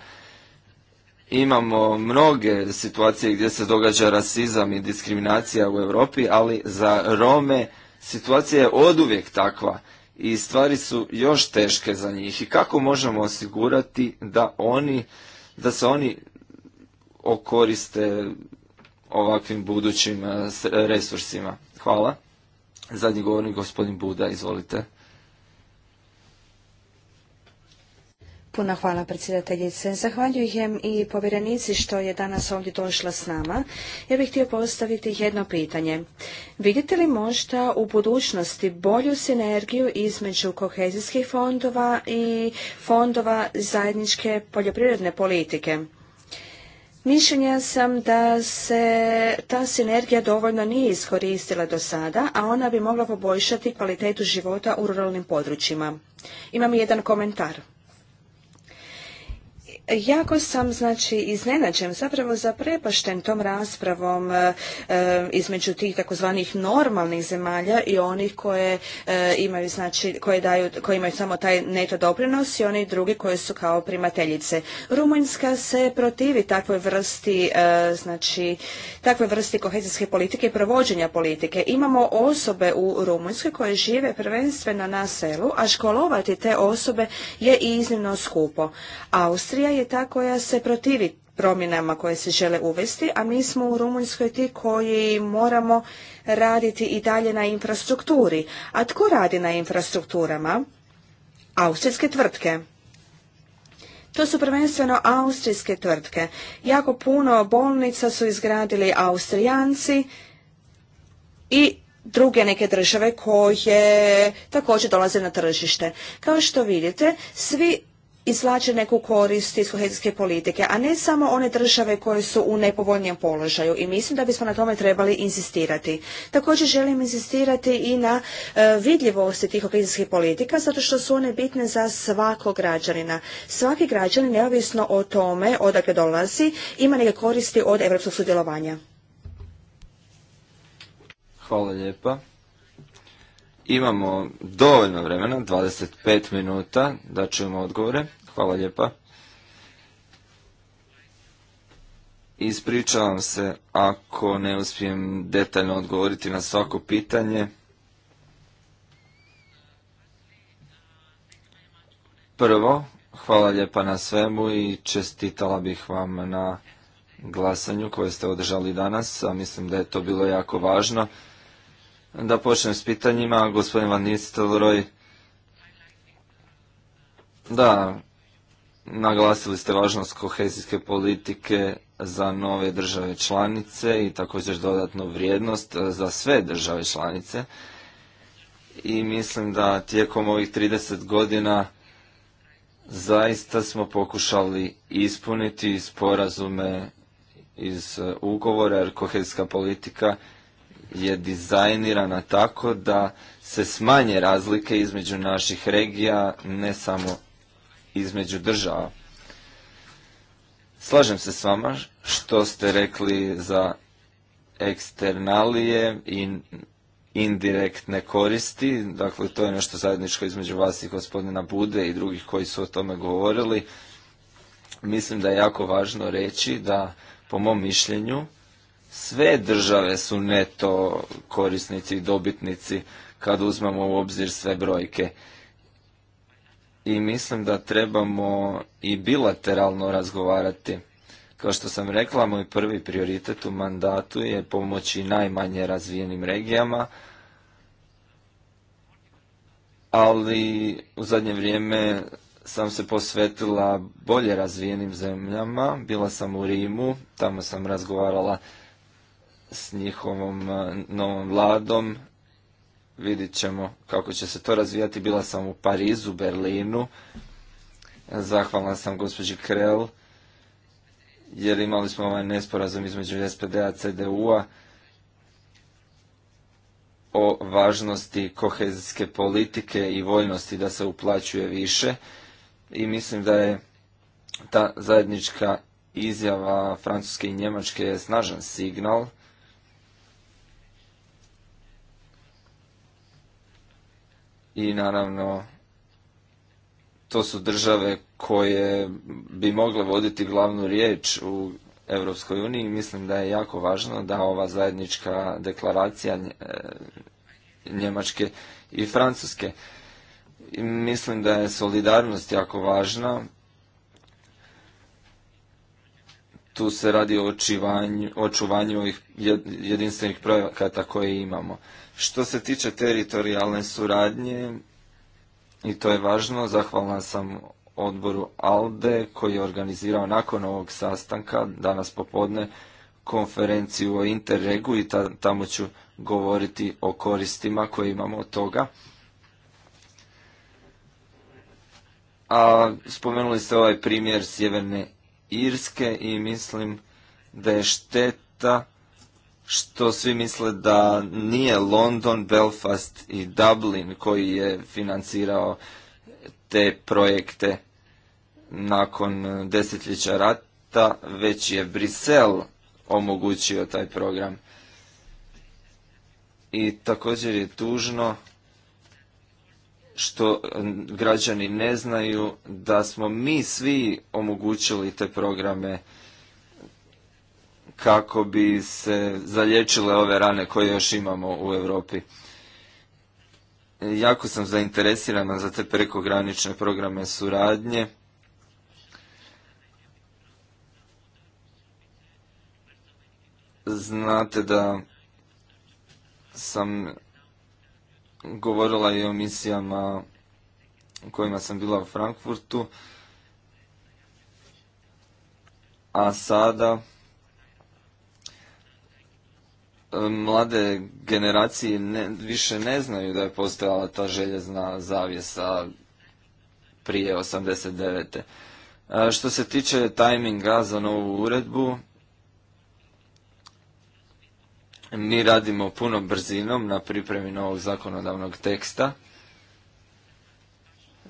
Imamo mnoge situacije gdje se događa rasizam i diskriminacija u Europi, ali za Rome situacija je oduvijek takva i stvari su još teške za njih. I kako možemo osigurati da oni, da se oni okoriste ovakvim budućim resursima? Hvala. Zadnji govornik gospodin Buda, izvolite. Puno hvala predsjedateljice. Zahvaljujem i povjerenici što je danas ovdje došla s nama. Ja bih htio postaviti jedno pitanje. Vidite li možda u budućnosti bolju sinergiju između kohezijskih fondova i fondova zajedničke poljoprivredne politike? Mišljenja sam da se ta sinergija dovoljno nije iskoristila do sada, a ona bi mogla poboljšati kvalitetu života u ruralnim područjima. Imam jedan komentar. Jako sam znači iznenađen, zapravo zaprepašten tom raspravom e, e, između tih takozvanih normalnih zemalja i onih koje e, imaju znači koje daju koje imaju samo taj neto doprinos i oni drugi koji su kao primateljice. Rumunjska se protivi takvoj vrsti znači takvoj vrsti kohezijske politike i provođenja politike. Imamo osobe u Rumunjskoj koje žive prvenstveno na selu, a školovati te osobe je iznimno skupo. Austrija je je ta koja se protivi promjenama koje se žele uvesti, a mi smo u Rumunjskoj ti koji moramo raditi i dalje na infrastrukturi. A tko radi na infrastrukturama? Austrijske tvrtke. To su prvenstveno austrijske tvrtke. Jako puno bolnica su izgradili austrijanci i druge neke države koje također dolaze na tržište. Kao što vidite, svi izvlače neku korist iz kohezijske politike, a ne samo one države koje su u nepovoljnijem položaju i mislim da bismo na tome trebali insistirati. Također želim insistirati i na e, vidljivosti tih kohezijskih politika zato što su one bitne za svakog građanina. Svaki građanin neovisno o tome odakle dolazi ima neke koristi od europskog sudjelovanja. Hvala lijepa. Imamo dovoljno vremena, 25 minuta, da ćemo odgovore. Hvala lijepa. Ispričavam se ako ne uspijem detaljno odgovoriti na svako pitanje. Prvo, hvala lijepa na svemu i čestitala bih vam na glasanju koje ste održali danas, a mislim da je to bilo jako važno. Da počnem s pitanjima, gospodin Van Nistelroj. Da, naglasili ste važnost kohezijske politike za nove države članice i također dodatnu vrijednost eh, za sve države članice. I mislim da tijekom ovih 30 godina zaista smo pokušali ispuniti sporazume iz eh, ugovora jer kohezijska politika je dizajnirana tako da se smanje razlike između naših regija, ne samo između država. Slažem se s vama što ste rekli za eksternalije i indirektne koristi, dakle to je nešto zajedničko između vas i gospodina Bude i drugih koji su o tome govorili. Mislim da je jako važno reći da po mom mišljenju sve države su neto korisnici i dobitnici kad uzmemo u obzir sve brojke. I mislim da trebamo i bilateralno razgovarati. Kao što sam rekla, moj prvi prioritet u mandatu je pomoći najmanje razvijenim regijama, ali u zadnje vrijeme sam se posvetila bolje razvijenim zemljama. Bila sam u Rimu, tamo sam razgovarala s njihovom e, novom vladom. Vidjet ćemo kako će se to razvijati. Bila sam u Parizu, Berlinu. zahvalan sam gospođi Krell jer imali smo ovaj nesporazum između SPD-a i CDU-a o važnosti kohezijske politike i vojnosti da se uplaćuje više i mislim da je ta zajednička izjava Francuske i Njemačke snažan signal i naravno to su države koje bi mogle voditi glavnu riječ u Europskoj uniji. Mislim da je jako važno da ova zajednička deklaracija e, Njemačke i Francuske. Mislim da je solidarnost jako važna tu se radi o očuvanju, ovih jedinstvenih projekata koje imamo. Što se tiče teritorijalne suradnje, i to je važno, zahvalna sam odboru ALDE koji je organizirao nakon ovog sastanka danas popodne konferenciju o Interregu i tamo ću govoriti o koristima koje imamo od toga. A spomenuli ste ovaj primjer Sjeverne Irske i mislim da je šteta što svi misle da nije London, Belfast i Dublin koji je financirao te projekte nakon desetljeća rata, već je Brisel omogućio taj program. I također je tužno što eh, građani ne znaju da smo mi svi omogućili te programe kako bi se zalječile ove rane koje još imamo u Europi. Jako sam zainteresirana za te prekogranične programe suradnje. Znate da sam govorila i o misijama u kojima sam bila u Frankfurtu. A sada e, mlade generacije ne, više ne znaju da je postojala ta željezna zavjesa prije 89. E, što se tiče tajminga za novu uredbu, mi radimo punom brzinom na pripremi novog zakonodavnog teksta.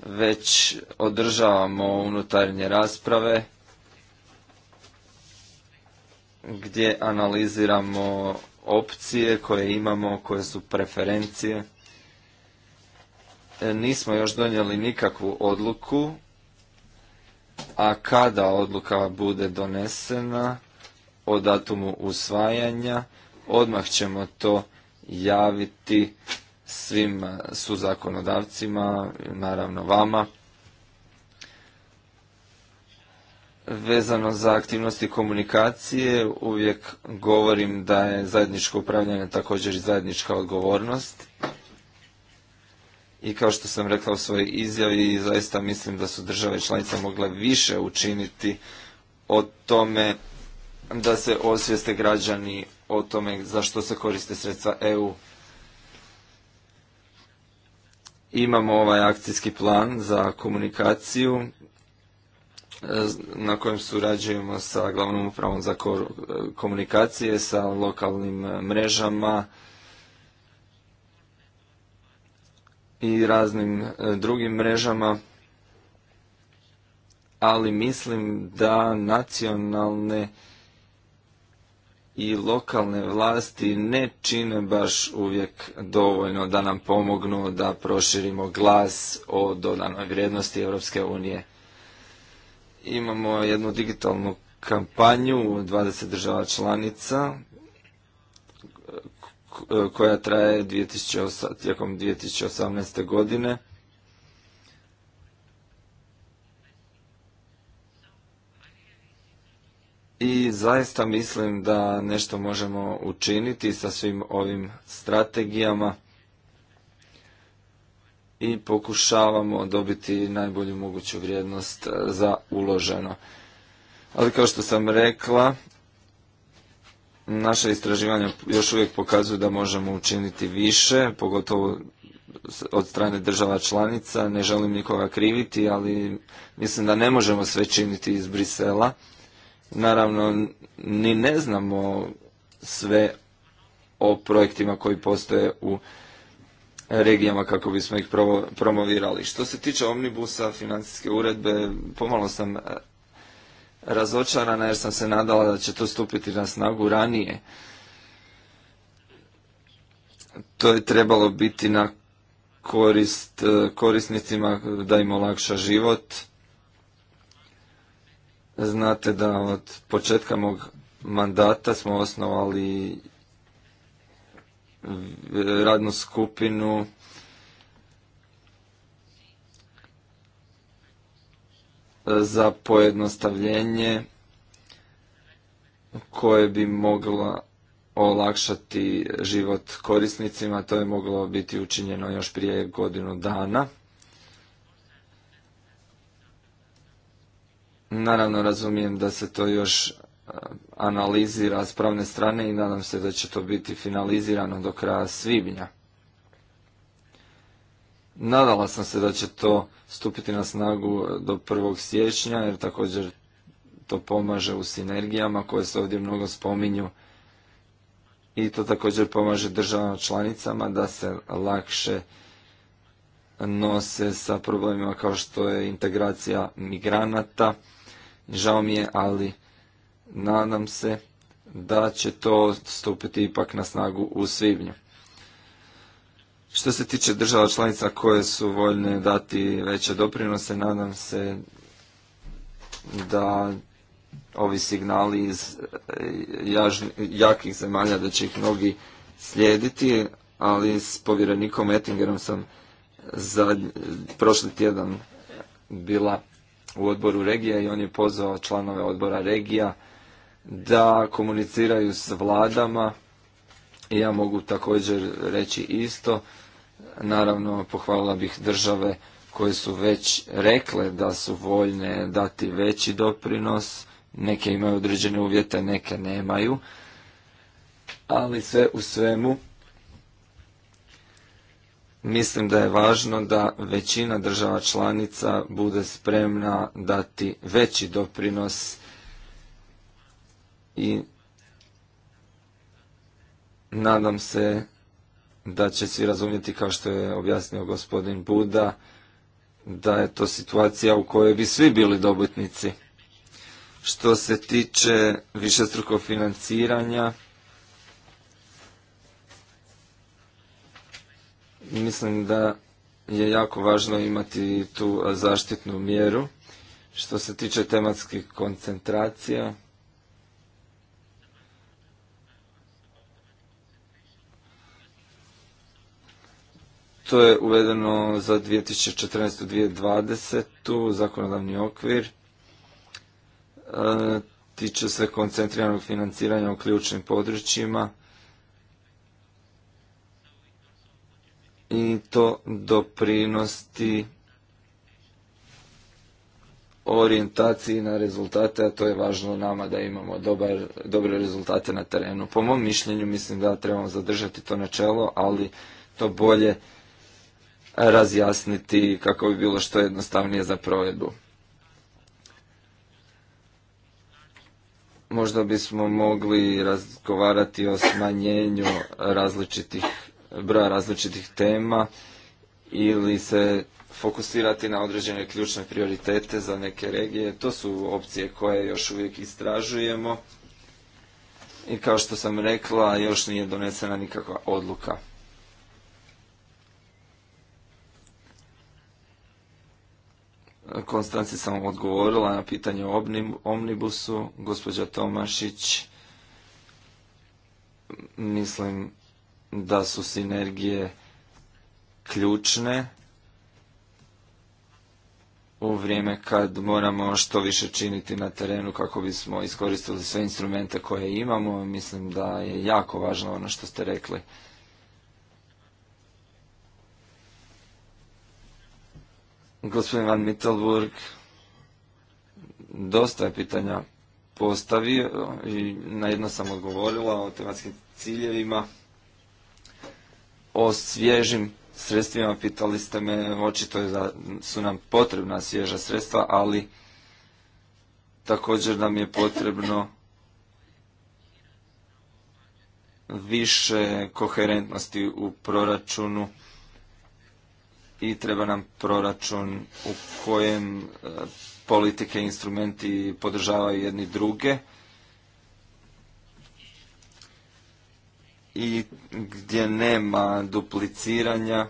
Već održavamo unutarnje rasprave gdje analiziramo opcije koje imamo, koje su preferencije. E, nismo još donijeli nikakvu odluku, a kada odluka bude donesena o datumu usvajanja, Odmah ćemo to javiti svim eh, suzakonodavcima, naravno vama. Vezano za aktivnosti komunikacije, uvijek govorim da je zajedničko upravljanje također i zajednička odgovornost. I kao što sam rekla u svojoj izjavi, zaista mislim da su države članice mogle više učiniti o tome da se osvijeste građani o tome zašto se koriste sredstva EU. Imamo ovaj akcijski plan za komunikaciju e, na kojem surađujemo sa glavnom upravom za komunikacije, sa lokalnim e, mrežama i raznim e, drugim mrežama ali mislim da nacionalne i lokalne vlasti ne čine baš uvijek dovoljno da nam pomognu da proširimo glas o dodanoj vrijednosti Europske unije. Imamo jednu digitalnu kampanju u 20 država članica koja traje 2008, tijekom 2018. godine i zaista mislim da nešto možemo učiniti sa svim ovim strategijama i pokušavamo dobiti najbolju moguću vrijednost e, za uloženo. Ali kao što sam rekla, naša istraživanja još uvijek pokazuju da možemo učiniti više, pogotovo od strane država članica. Ne želim nikoga kriviti, ali mislim da ne možemo sve činiti iz Brisela. Naravno, ni ne znamo sve o projektima koji postoje u regijama kako bismo ih promovirali. Što se tiče omnibusa, financijske uredbe, pomalo sam e, razočarana jer sam se nadala da će to stupiti na snagu ranije. To je trebalo biti na korist e, korisnicima da im olakša život. Znate da od početka mog mandata smo osnovali radnu skupinu e, za pojednostavljenje koje bi mogla olakšati život korisnicima. To je moglo biti učinjeno još prije godinu dana. Naravno razumijem da se to još e, analizira s pravne strane i nadam se da će to biti finalizirano do kraja svibnja. Nadala sam se da će to stupiti na snagu e, do 1. siječnja jer također to pomaže u sinergijama koje se ovdje mnogo spominju i to također pomaže državama članicama da se lakše nose sa problemima kao što je integracija migranata Žao mi je, ali nadam se da će to stupiti ipak na snagu u svibnju. Što se tiče država članica koje su voljne dati veće doprinose, nadam se da ovi signali iz eh, jakih zemalja, da će ih mnogi slijediti, ali s povjerenikom Ettingerom sam za prošli tjedan bila u odboru regija i on je pozvao članove odbora regija da komuniciraju s vladama i ja mogu također reći isto. Naravno, pohvalila bih države koje su već rekle da su voljne dati veći doprinos, neke imaju određene uvjete, neke nemaju, ali sve u svemu Mislim da je važno da većina država članica bude spremna dati veći doprinos i nadam se da će svi razumjeti kao što je objasnio gospodin Buda da je to situacija u kojoj bi svi bili dobitnici. Što se tiče višestrukog financiranja, Mislim da je jako važno imati tu zaštitnu mjeru. Što se tiče tematskih koncentracija, to je uvedeno za 2014-2020, zakonodavni okvir. E, tiče se koncentriranog financiranja u ključnim područjima. i to doprinosti orijentaciji na rezultate, a to je važno nama da imamo dobar, dobre rezultate na terenu. Po mom mišljenju mislim da trebamo zadržati to načelo, ali to bolje razjasniti kako bi bilo što jednostavnije za provedbu. Možda bismo mogli razgovarati o smanjenju različitih broja različitih tema ili se fokusirati na određene ključne prioritete za neke regije. To su opcije koje još uvijek istražujemo i kao što sam rekla još nije donesena nikakva odluka. Konstanci sam odgovorila na pitanje o omnibusu, gospođa Tomašić mislim da su sinergije ključne u vrijeme kad moramo što više činiti na terenu kako bismo iskoristili sve instrumente koje imamo. Mislim da je jako važno ono što ste rekli. Gospodin Van Mittelburg dosta je pitanja postavio i na jedno sam odgovorila o tematskim ciljevima o svježim sredstvima, pitali ste me, očito je da su nam potrebna svježa sredstva, ali također nam je potrebno više koherentnosti u proračunu i treba nam proračun u kojem e, politike i instrumenti podržavaju jedni druge i gdje nema dupliciranja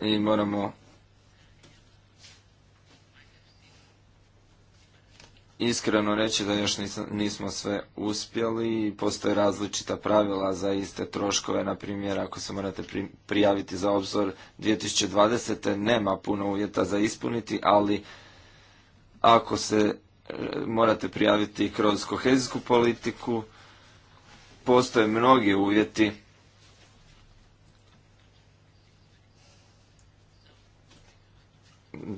i moramo iskreno reći da još nismo sve uspjeli i postoje različita pravila za iste troškove. Na primjer, ako se morate prijaviti za obzor 2020. nema puno uvjeta za ispuniti, ali ako se morate prijaviti kroz kohezijsku politiku. Postoje mnogi uvjeti.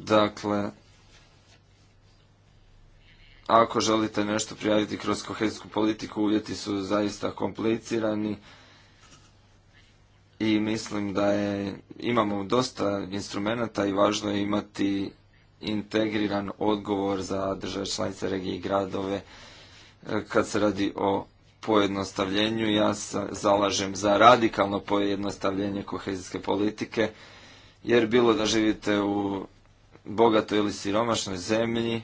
Dakle, ako želite nešto prijaviti kroz kohezijsku politiku, uvjeti su zaista komplicirani i mislim da je, imamo dosta instrumenata i važno je imati integriran odgovor za države članice regije i gradove e, kad se radi o pojednostavljenju. Ja se zalažem za radikalno pojednostavljenje kohezijske politike, jer bilo da živite u bogatoj ili siromašnoj zemlji,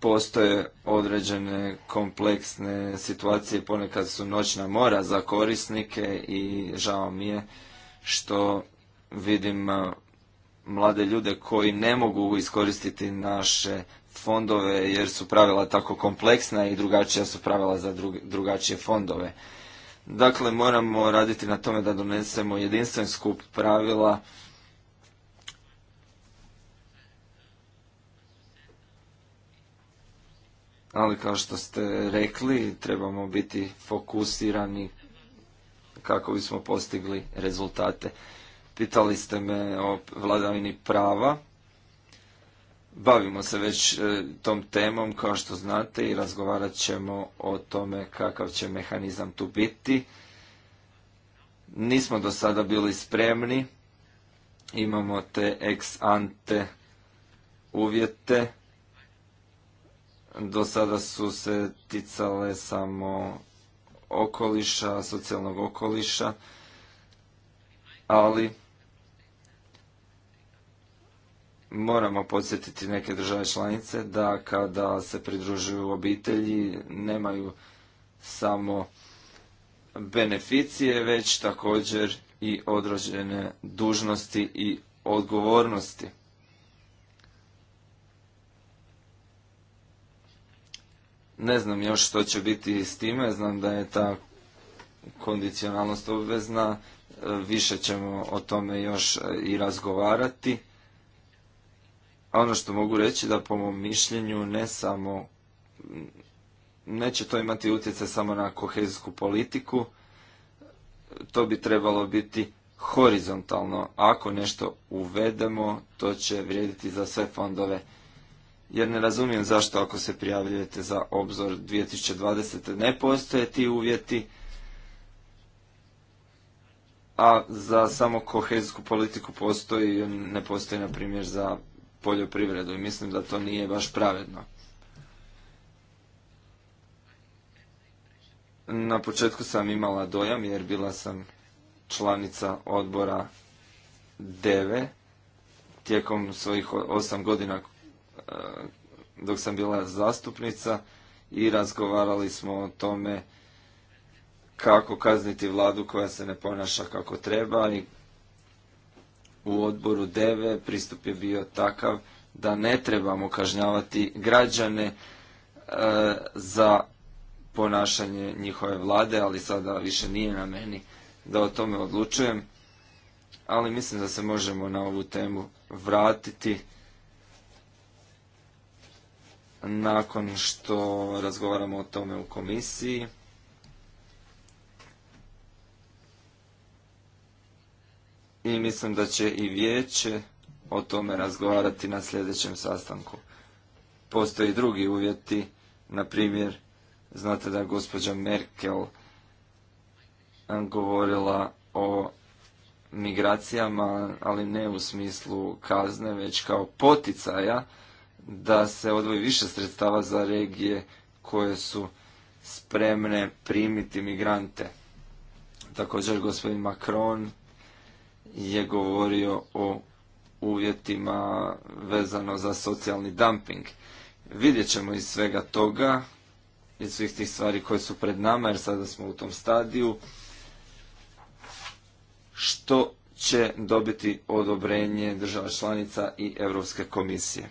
postoje određene kompleksne situacije, ponekad su noćna mora za korisnike i žao mi je što vidim mlade ljude koji ne mogu iskoristiti naše fondove jer su pravila tako kompleksna i drugačija su pravila za drugačije fondove. Dakle, moramo raditi na tome da donesemo jedinstven skup pravila ali kao što ste rekli, trebamo biti fokusirani kako bismo postigli rezultate. Pitali ste me o vladavini prava. Bavimo se već e, tom temom, kao što znate, i razgovarat ćemo o tome kakav će mehanizam tu biti. Nismo do sada bili spremni. Imamo te ex ante uvjete. Do sada su se ticale samo okoliša, socijalnog okoliša, ali moramo podsjetiti neke države članice da kada se pridružuju obitelji nemaju samo beneficije, već također i određene dužnosti i odgovornosti. Ne znam još što će biti s time, znam da je ta kondicionalnost obvezna, e, više ćemo o tome još e, i razgovarati ono što mogu reći da po mom mišljenju ne samo neće to imati utjecaj samo na kohezijsku politiku, to bi trebalo biti horizontalno. Ako nešto uvedemo, to će vrijediti za sve fondove. Jer ne razumijem zašto ako se prijavljujete za obzor 2020. ne postoje ti uvjeti, a za samo kohezijsku politiku postoji, ne postoji na primjer za poljoprivredu i mislim da to nije baš pravedno. Na početku sam imala dojam jer bila sam članica odbora DEVE tijekom svojih osam godina e, dok sam bila zastupnica i razgovarali smo o tome kako kazniti vladu koja se ne ponaša kako treba i u odboru DEVE pristup je bio takav da ne trebamo kažnjavati građane e, za ponašanje njihove vlade, ali sada više nije na meni da o tome odlučujem. Ali mislim da se možemo na ovu temu vratiti nakon što razgovaramo o tome u komisiji. i mislim da će i vijeće o tome razgovarati na sljedećem sastanku. Postoje i drugi uvjeti, na primjer, znate da je gospođa Merkel eh, govorila o migracijama, ali ne u smislu kazne, već kao poticaja da se odvoji više sredstava za regije koje su spremne primiti migrante. Također gospodin Macron je govorio o uvjetima vezano za socijalni dumping. Vidjet ćemo iz svega toga, iz svih tih stvari koje su pred nama, jer sada smo u tom stadiju, što će dobiti odobrenje država članica i Europske komisije.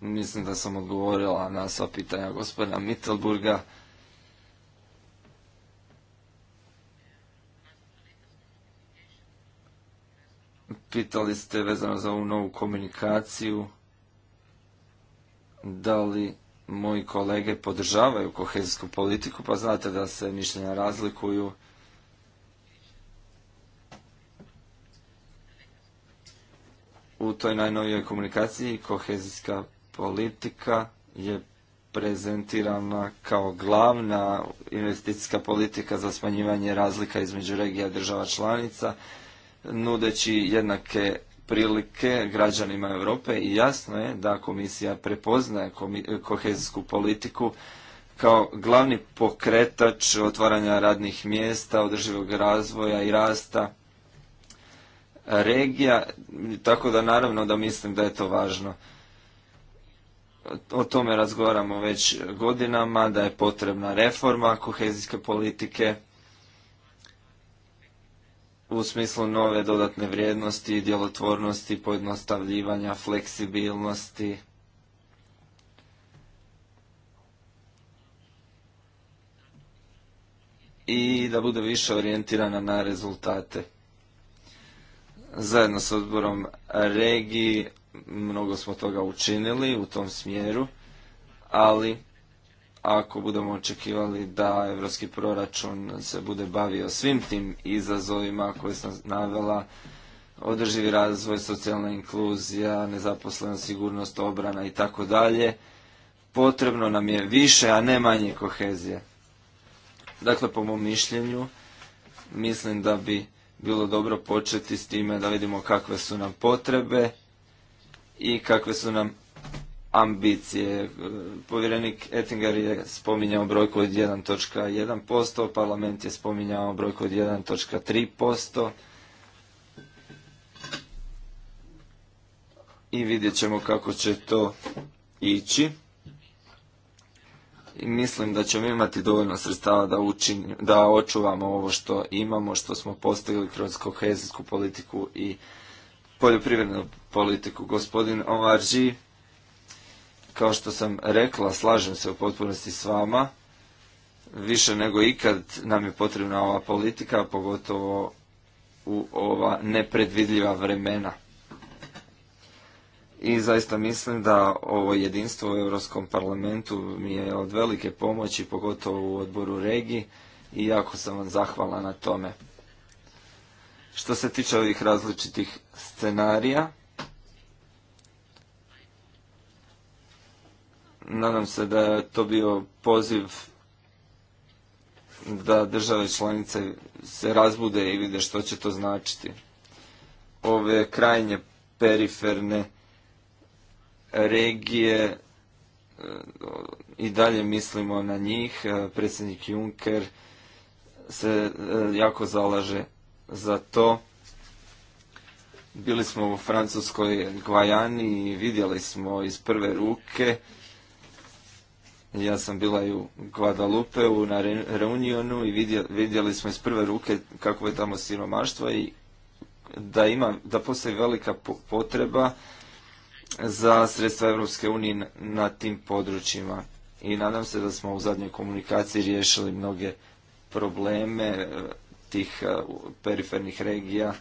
Mislim da sam odgovorila na sva pitanja gospodina Mittelburga. Pitali ste vezano za ovu novu komunikaciju, da li moji kolege podržavaju kohezijsku politiku, pa znate da se mišljenja razlikuju. U toj najnovijoj komunikaciji kohezijska politika je prezentirana kao glavna investicijska politika za smanjivanje razlika između regija država članica nudeći jednake prilike građanima Europe i jasno je da komisija prepoznaje kohezijsku politiku kao glavni pokretač otvaranja radnih mjesta, održivog razvoja i rasta regija, tako da naravno da mislim da je to važno. O tome razgovaramo već godinama, da je potrebna reforma kohezijske politike u smislu nove dodatne vrijednosti, djelotvornosti, pojednostavljivanja, fleksibilnosti. I da bude više orijentirana na rezultate. Zajedno s odborom regiji mnogo smo toga učinili u tom smjeru, ali ako budemo očekivali da evropski proračun se bude bavio svim tim izazovima koje sam navela, održivi razvoj, socijalna inkluzija, nezaposlena sigurnost, obrana i tako dalje, potrebno nam je više, a ne manje kohezije. Dakle, po mom mišljenju, mislim da bi bilo dobro početi s time da vidimo kakve su nam potrebe i kakve su nam ambicije. E, povjerenik Ettinger je spominjao brojku od 1.1%, parlament je spominjao brojku od 1.3%. I vidjet ćemo kako će to ići. I mislim da ćemo imati dovoljno sredstava da, učin, da očuvamo ovo što imamo, što smo postigli kroz kohezijsku politiku i poljoprivrednu politiku. Gospodin ovarži kao što sam rekla, slažem se u potpunosti s vama. Više nego ikad nam je potrebna ova politika, pogotovo u ova nepredvidljiva vremena. I zaista mislim da ovo jedinstvo u Europskom parlamentu mi je od velike pomoći, pogotovo u odboru regiji i jako sam vam zahvala na tome. Što se tiče ovih različitih scenarija, Nadam se da je to bio poziv da države članice se razbude i vide što će to značiti. Ove krajnje periferne regije e, i dalje mislimo na njih. E, predsjednik Juncker se e, jako zalaže za to. Bili smo u Francuskoj Gvajani i vidjeli smo iz prve ruke ja sam bila i u u na Reunionu i vidjeli smo iz prve ruke kako je tamo siromaštvo i da, ima, da postoji velika potreba za sredstva Europske unije na tim područjima. I nadam se da smo u zadnjoj komunikaciji riješili mnoge probleme e, tih e, perifernih regija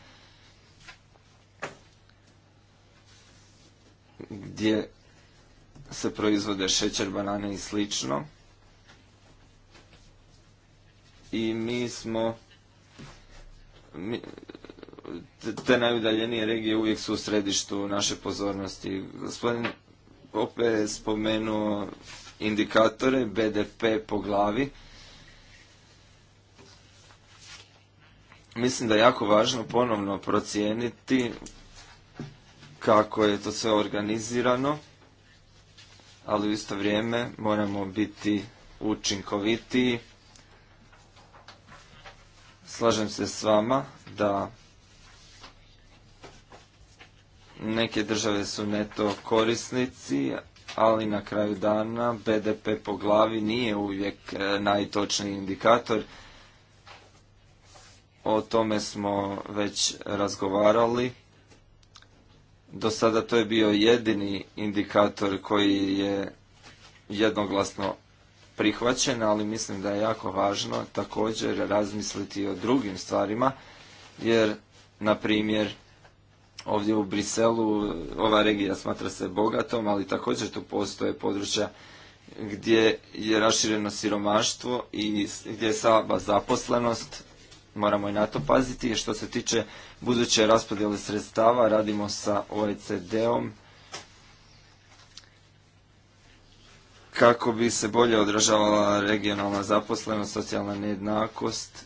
gdje se proizvode šećer, banane i slično. I mi smo te najudaljenije regije uvijek su u središtu naše pozornosti. Gospodin opet je spomenuo indikatore BDP po glavi. Mislim da je jako važno ponovno procijeniti kako je to sve organizirano ali u isto vrijeme moramo biti učinkovitiji. Slažem se s vama da neke države su neto korisnici, ali na kraju dana BDP po glavi nije uvijek e, najtočniji indikator. O tome smo već razgovarali. Do sada to je bio jedini indikator koji je jednoglasno prihvaćen, ali mislim da je jako važno također razmisliti o drugim stvarima, jer, na primjer, ovdje u Briselu ova regija smatra se bogatom, ali također tu postoje područja gdje je rašireno siromaštvo i gdje je slaba zaposlenost moramo i na to paziti. Što se tiče buduće raspodjele sredstava, radimo sa OECD-om kako bi se bolje odražavala regionalna zaposlenost, socijalna nejednakost,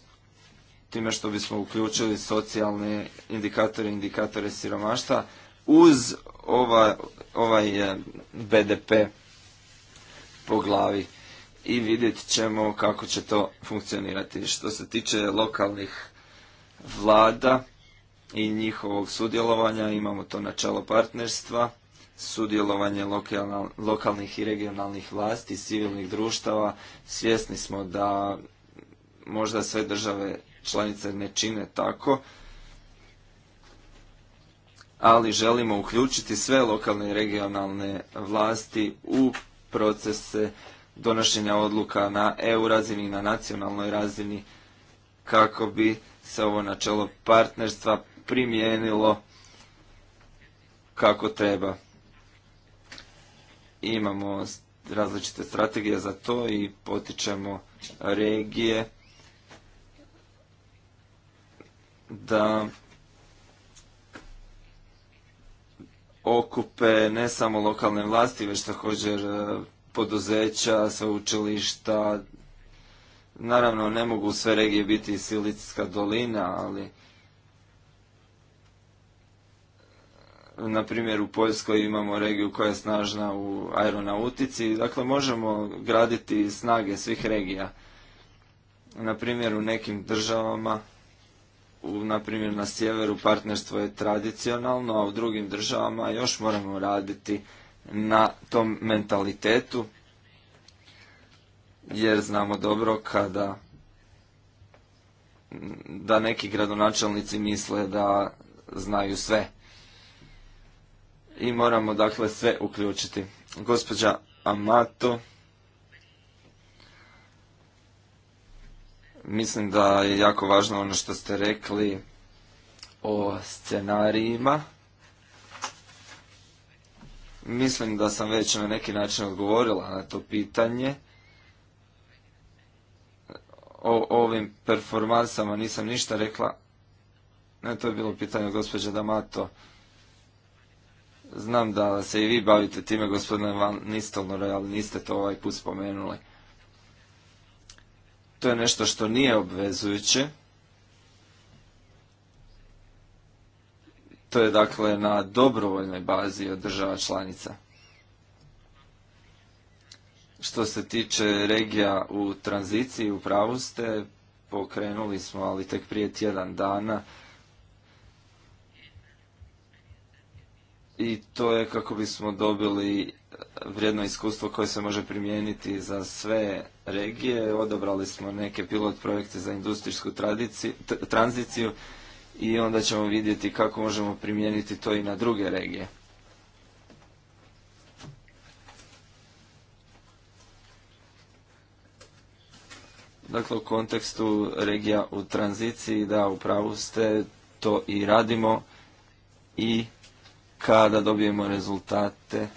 time što bismo uključili socijalne indikatore, indikatore siromaštva uz ova, ovaj eh, BDP po glavi i vidjet ćemo kako će to funkcionirati. Što se tiče lokalnih vlada i njihovog sudjelovanja, imamo to načelo partnerstva, sudjelovanje lokalnih i regionalnih vlasti, civilnih društava. Svjesni smo da možda sve države članice ne čine tako, ali želimo uključiti sve lokalne i regionalne vlasti u procese donošenja odluka na EU razini i na nacionalnoj razini kako bi se ovo načelo partnerstva primijenilo kako treba. Imamo različite strategije za to i potičemo regije da okupe ne samo lokalne vlasti, već također poduzeća, sveučilišta. Naravno, ne mogu sve regije biti Silicijska dolina, ali na primjer u Poljskoj imamo regiju koja je snažna u aeronautici, dakle možemo graditi snage svih regija. Na primjer u nekim državama, u, na primjer na sjeveru partnerstvo je tradicionalno, a u drugim državama još moramo raditi na tom mentalitetu, jer znamo dobro kada da neki gradonačelnici misle da znaju sve. I moramo dakle sve uključiti. Gospođa Amato, mislim da je jako važno ono što ste rekli o scenarijima Mislim da sam već na neki način odgovorila na to pitanje. O ovim performansama nisam ništa rekla. Ne, to je bilo pitanje gospođe Damato. Znam da se i vi bavite time, gospodine Van Nistelnore, ali niste to ovaj put spomenuli. To je nešto što nije obvezujuće. To je dakle na dobrovoljnoj bazi od država članica. Što se tiče regija u tranziciji, u pravu ste, pokrenuli smo, ali tek prije tjedan dana. I to je kako bismo dobili vrijedno iskustvo koje se može primijeniti za sve regije. Odobrali smo neke pilot projekte za industrijsku tranziciju i onda ćemo vidjeti kako možemo primijeniti to i na druge regije. Dakle, u kontekstu regija u tranziciji, da, u pravu ste, to i radimo i kada dobijemo rezultate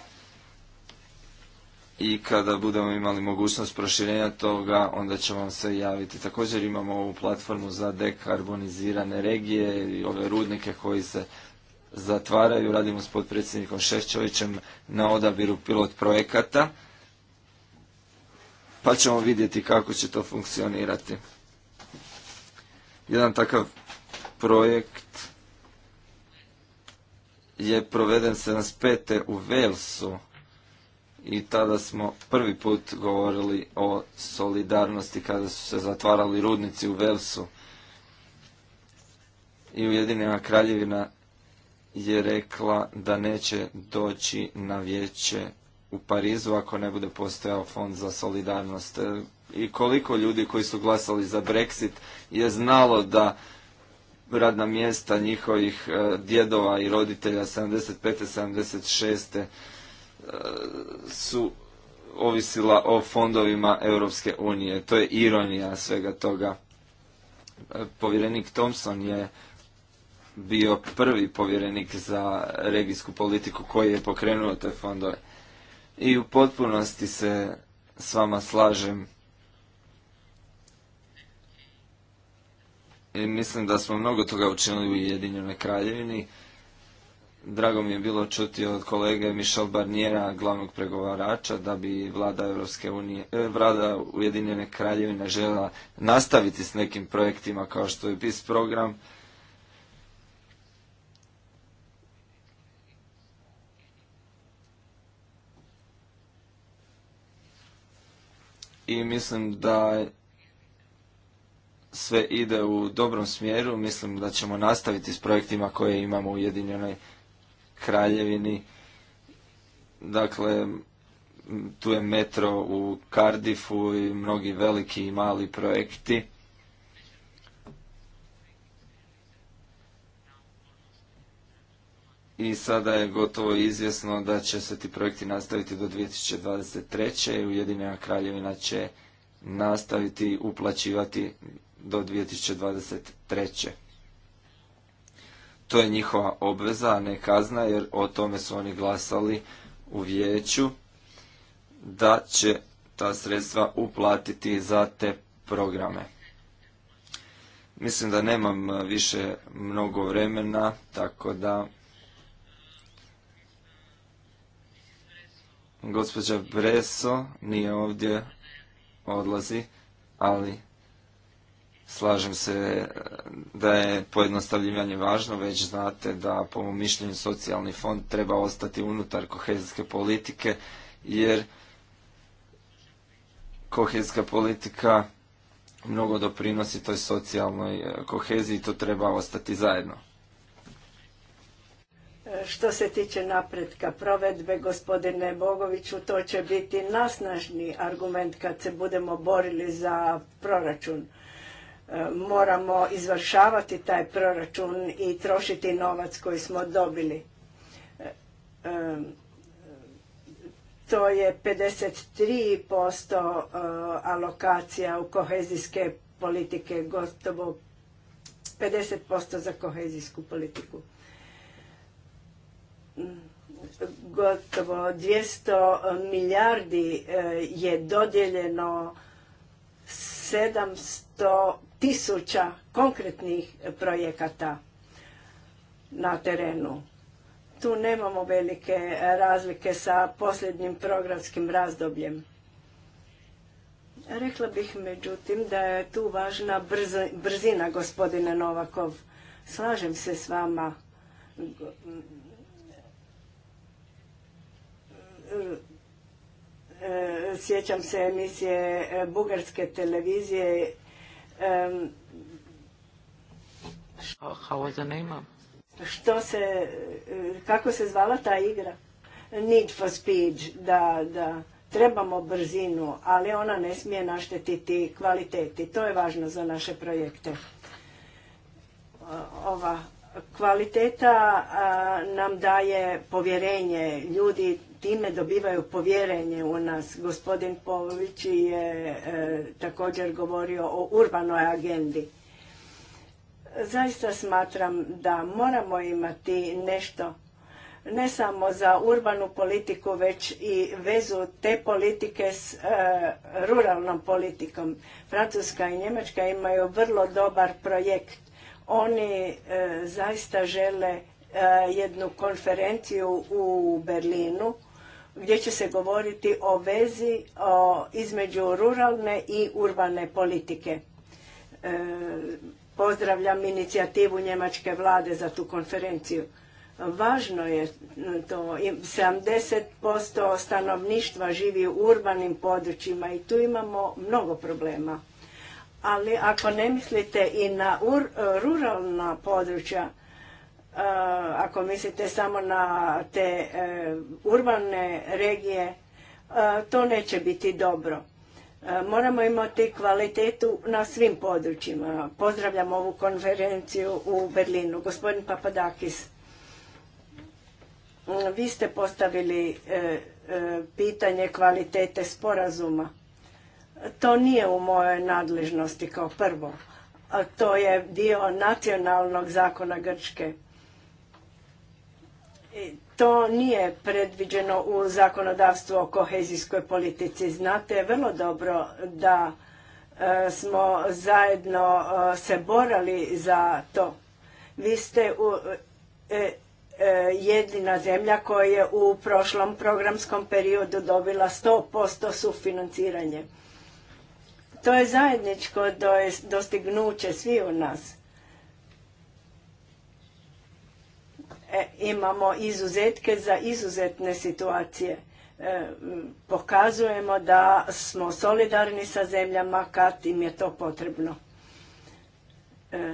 i kada budemo imali mogućnost proširenja toga, onda ćemo vam se javiti. Također imamo ovu platformu za dekarbonizirane regije i ove rudnike koji se zatvaraju. Radimo s potpredsjednikom Šešćovićem na odabiru pilot projekata, pa ćemo vidjeti kako će to funkcionirati. Jedan takav projekt je proveden 75. u Velsu i tada smo prvi put govorili o solidarnosti kada su se zatvarali rudnici u Velsu. I Ujedinjena kraljevina je rekla da neće doći na vijeće u Parizu ako ne bude postojao fond za solidarnost. E, I koliko ljudi koji su glasali za Brexit je znalo da radna mjesta njihovih e, djedova i roditelja 75. 76 su ovisila o fondovima Europske unije. To je ironija svega toga. E, povjerenik Thompson je bio prvi povjerenik za regijsku politiku koji je pokrenuo te fondove. I u potpunosti se s vama slažem. I mislim da smo mnogo toga učinili u Ujedinjenoj kraljevini. Drago mi je bilo čuti od kolege Michel Barniera, glavnog pregovarača, da bi vlada Europske unije, e, vlada Ujedinjene kraljevine žela nastaviti s nekim projektima kao što je PIS program. I mislim da sve ide u dobrom smjeru. Mislim da ćemo nastaviti s projektima koje imamo u Ujedinjenoj kraljevini. Dakle, tu je metro u Cardiffu i mnogi veliki i mali projekti. i sada je gotovo izvjesno da će se ti projekti nastaviti do 2023. i Ujedinjena kraljevina će nastaviti uplaćivati do 2023 to je njihova obveza, a ne kazna, jer o tome su oni glasali u vijeću da će ta sredstva uplatiti za te programe. Mislim da nemam više mnogo vremena, tako da... Gospođa Breso nije ovdje, odlazi, ali Slažem se eh, da je pojednostavljivanje važno, već znate da po mom mišljenju socijalni fond treba ostati unutar kohezijske politike, jer kohezijska politika mnogo doprinosi toj socijalnoj eh, koheziji i to treba ostati zajedno. Što se tiče napretka provedbe, gospodine Bogoviću, to će biti nasnažni argument kad se budemo borili za proračun moramo izvršavati taj proračun i trošiti novac koji smo dobili. E, to je 53% e, alokacija u kohezijske politike, gotovo 50% za kohezijsku politiku. Gotovo 200 milijardi e, je dodijeljeno 700 tisuća konkretnih projekata na terenu. Tu nemamo velike razlike sa posljednjim programskim razdobljem. Rekla bih međutim da je tu važna brzina gospodine Novakov. Slažem se s vama. E, sjećam se emisije bugarske televizije što se, e, kako se zvala ta igra? Need for speed, da, da. Trebamo brzinu, ali ona ne smije naštetiti kvaliteti. To je važno za naše projekte. Ova kvaliteta nam daje povjerenje. Ljudi ime dobivaju povjerenje u nas. Gospodin Polović je e, također govorio o urbanoj agendi. Zaista smatram da moramo imati nešto ne samo za urbanu politiku, već i vezu te politike s e, ruralnom politikom. Francuska i Njemačka imaju vrlo dobar projekt. Oni e, zaista žele jednu konferenciju u Berlinu gdje će se govoriti o vezi o, između ruralne i urbane politike. E, pozdravljam inicijativu njemačke vlade za tu konferenciju. Važno je e, to, 70% stanovništva živi u urbanim područjima i tu imamo mnogo problema. Ali ako ne mislite i na e, ruralna područja, Eh, ako mislite samo na te eh, urbane regije, eh, to neće biti dobro. Moramo imati kvalitetu na svim područjima. Pozdravljam ovu konferenciju u Berlinu. Gospodin Papadakis, mm, vi ste postavili pitanje kvalitete sporazuma. To nije u mojoj nadležnosti kao prvo. To je dio nacionalnog zakona Grčke E, to nije predviđeno u zakonodavstvu o kohezijskoj politici. Znate vrlo dobro da e, smo zajedno e, se borali za to. Vi ste u, jedina zemlja koja je u prošlom programskom periodu dobila 100% sufinanciranje. To je zajedničko dostignuće svi u nas E, imamo izuzetke za izuzetne situacije. E, pokazujemo da smo solidarni sa zemljama kad im je to potrebno. E,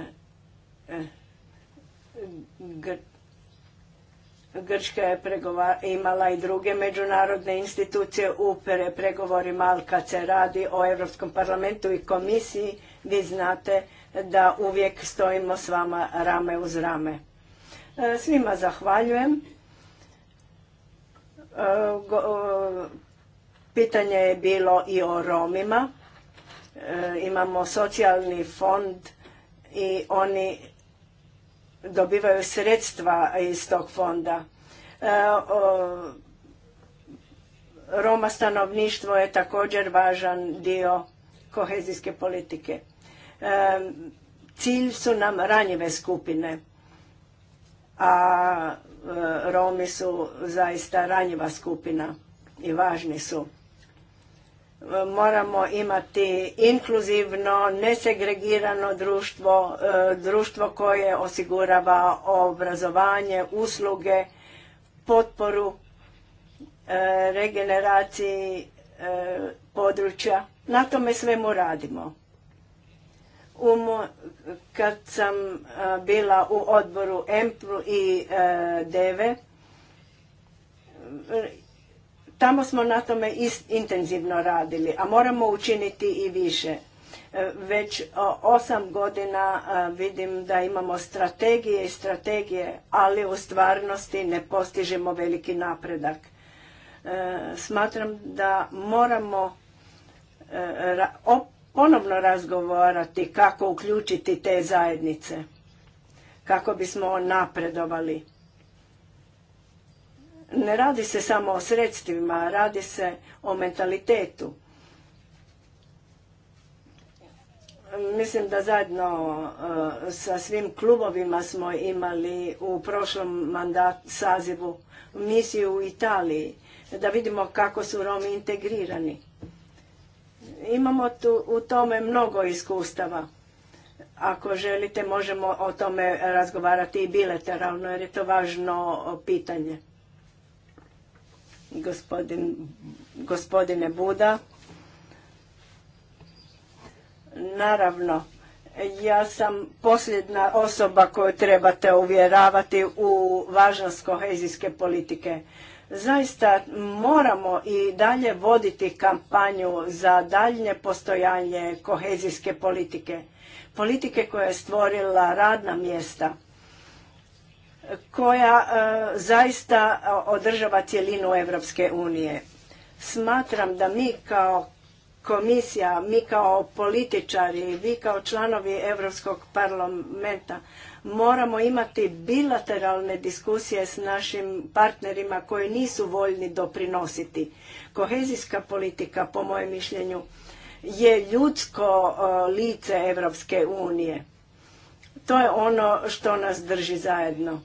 Grčka je imala i druge međunarodne institucije u pregovorima, ali kad se radi o Europskom parlamentu i komisiji, vi znate da uvijek stojimo s vama rame uz rame. E, svima zahvaljujem. E, e, pitanje je bilo i o Romima. Imamo socijalni fond i oni dobivaju sredstva iz tog fonda. Roma stanovništvo je također važan dio kohezijske politike. Cilj su nam ranjive skupine a e, Romi su zaista ranjiva skupina i važni su. E, moramo imati inkluzivno, nesegregirano društvo, e, društvo koje osigurava obrazovanje, usluge, potporu regeneraciji područja. Na tome svemu radimo. Um, kad sam bila u odboru EMPRU i e, DEVE, e, tamo smo na tome intenzivno radili, a moramo učiniti i više. E, već osam godina vidim da imamo strategije i strategije, ali u stvarnosti ne postižemo veliki napredak. Smatram da moramo ponovno razgovarati kako uključiti te zajednice, kako bismo napredovali. Ne radi se samo o sredstvima, radi se o mentalitetu. Mislim da zajedno e, sa svim klubovima smo imali u prošlom mandat sazivu misiju u Italiji, da vidimo kako su Romi integrirani Imamo tu u tome mnogo iskustava. Ako želite možemo o tome razgovarati i bilateralno jer je to važno pitanje. Gospodin, gospodine Buda. Naravno, ja sam posljedna osoba koju trebate uvjeravati u važnost kohezijske politike. Zaista moramo i dalje voditi kampanju za daljnje postojanje kohezijske politike. Politike koja je stvorila radna mjesta, koja e, zaista održava cjelinu Europske unije. Smatram da mi kao komisija, mi kao političari, vi kao članovi Europskog parlamenta Moramo imati bilateralne diskusije s našim partnerima koji nisu voljni doprinositi. Kohezijska politika, po mojem mišljenju, je ljudsko e, lice Evropske unije. To je ono što nas drži zajedno.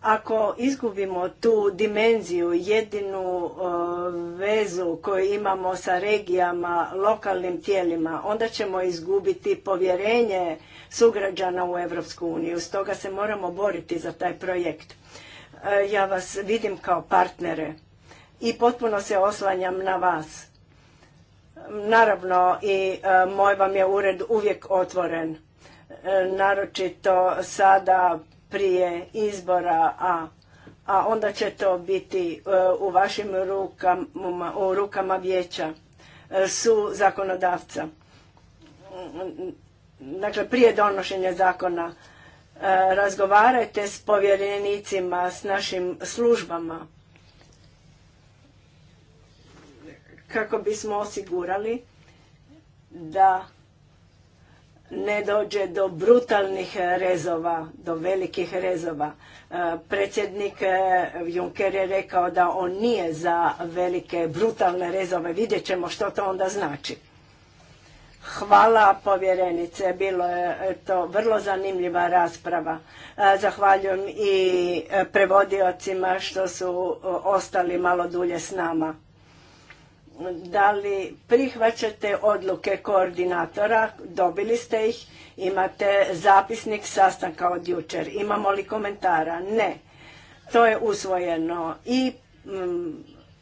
Ako izgubimo tu dimenziju, jedinu e, vezu koju imamo sa regijama, lokalnim tijelima, onda ćemo izgubiti povjerenje sugrađana u Evropsku uniju. Stoga se moramo boriti za taj projekt. E, ja vas vidim kao partnere i potpuno se oslanjam na vas. Naravno i e, moj vam je ured uvijek otvoren, e, naročito sada prije izbora, a a onda će to biti u vašim rukama, u rukama vijeća su zakonodavca dakle prije donošenja zakona, e, razgovarajte s povjerenicima, s našim službama kako bismo osigurali da ne dođe do brutalnih rezova, do velikih rezova. E, predsjednik e, Juncker je rekao da on nije za velike brutalne rezove, vidjet ćemo što to onda znači. Hvala povjerenice, bilo je e, to vrlo zanimljiva rasprava. E, zahvaljujem i e, prevodiocima što su ostali malo dulje s nama. Da li prihvaćate odluke koordinatora? Dobili ste ih. Imate zapisnik sastanka od jučer. Imamo li komentara? Ne. To je usvojeno i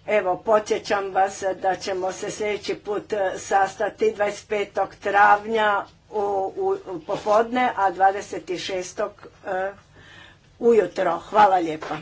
Evo, podsjećam vas da ćemo se sljedeći put e, sastati 25. travnja u, popodne, a 26. E, ujutro. Hvala lijepa.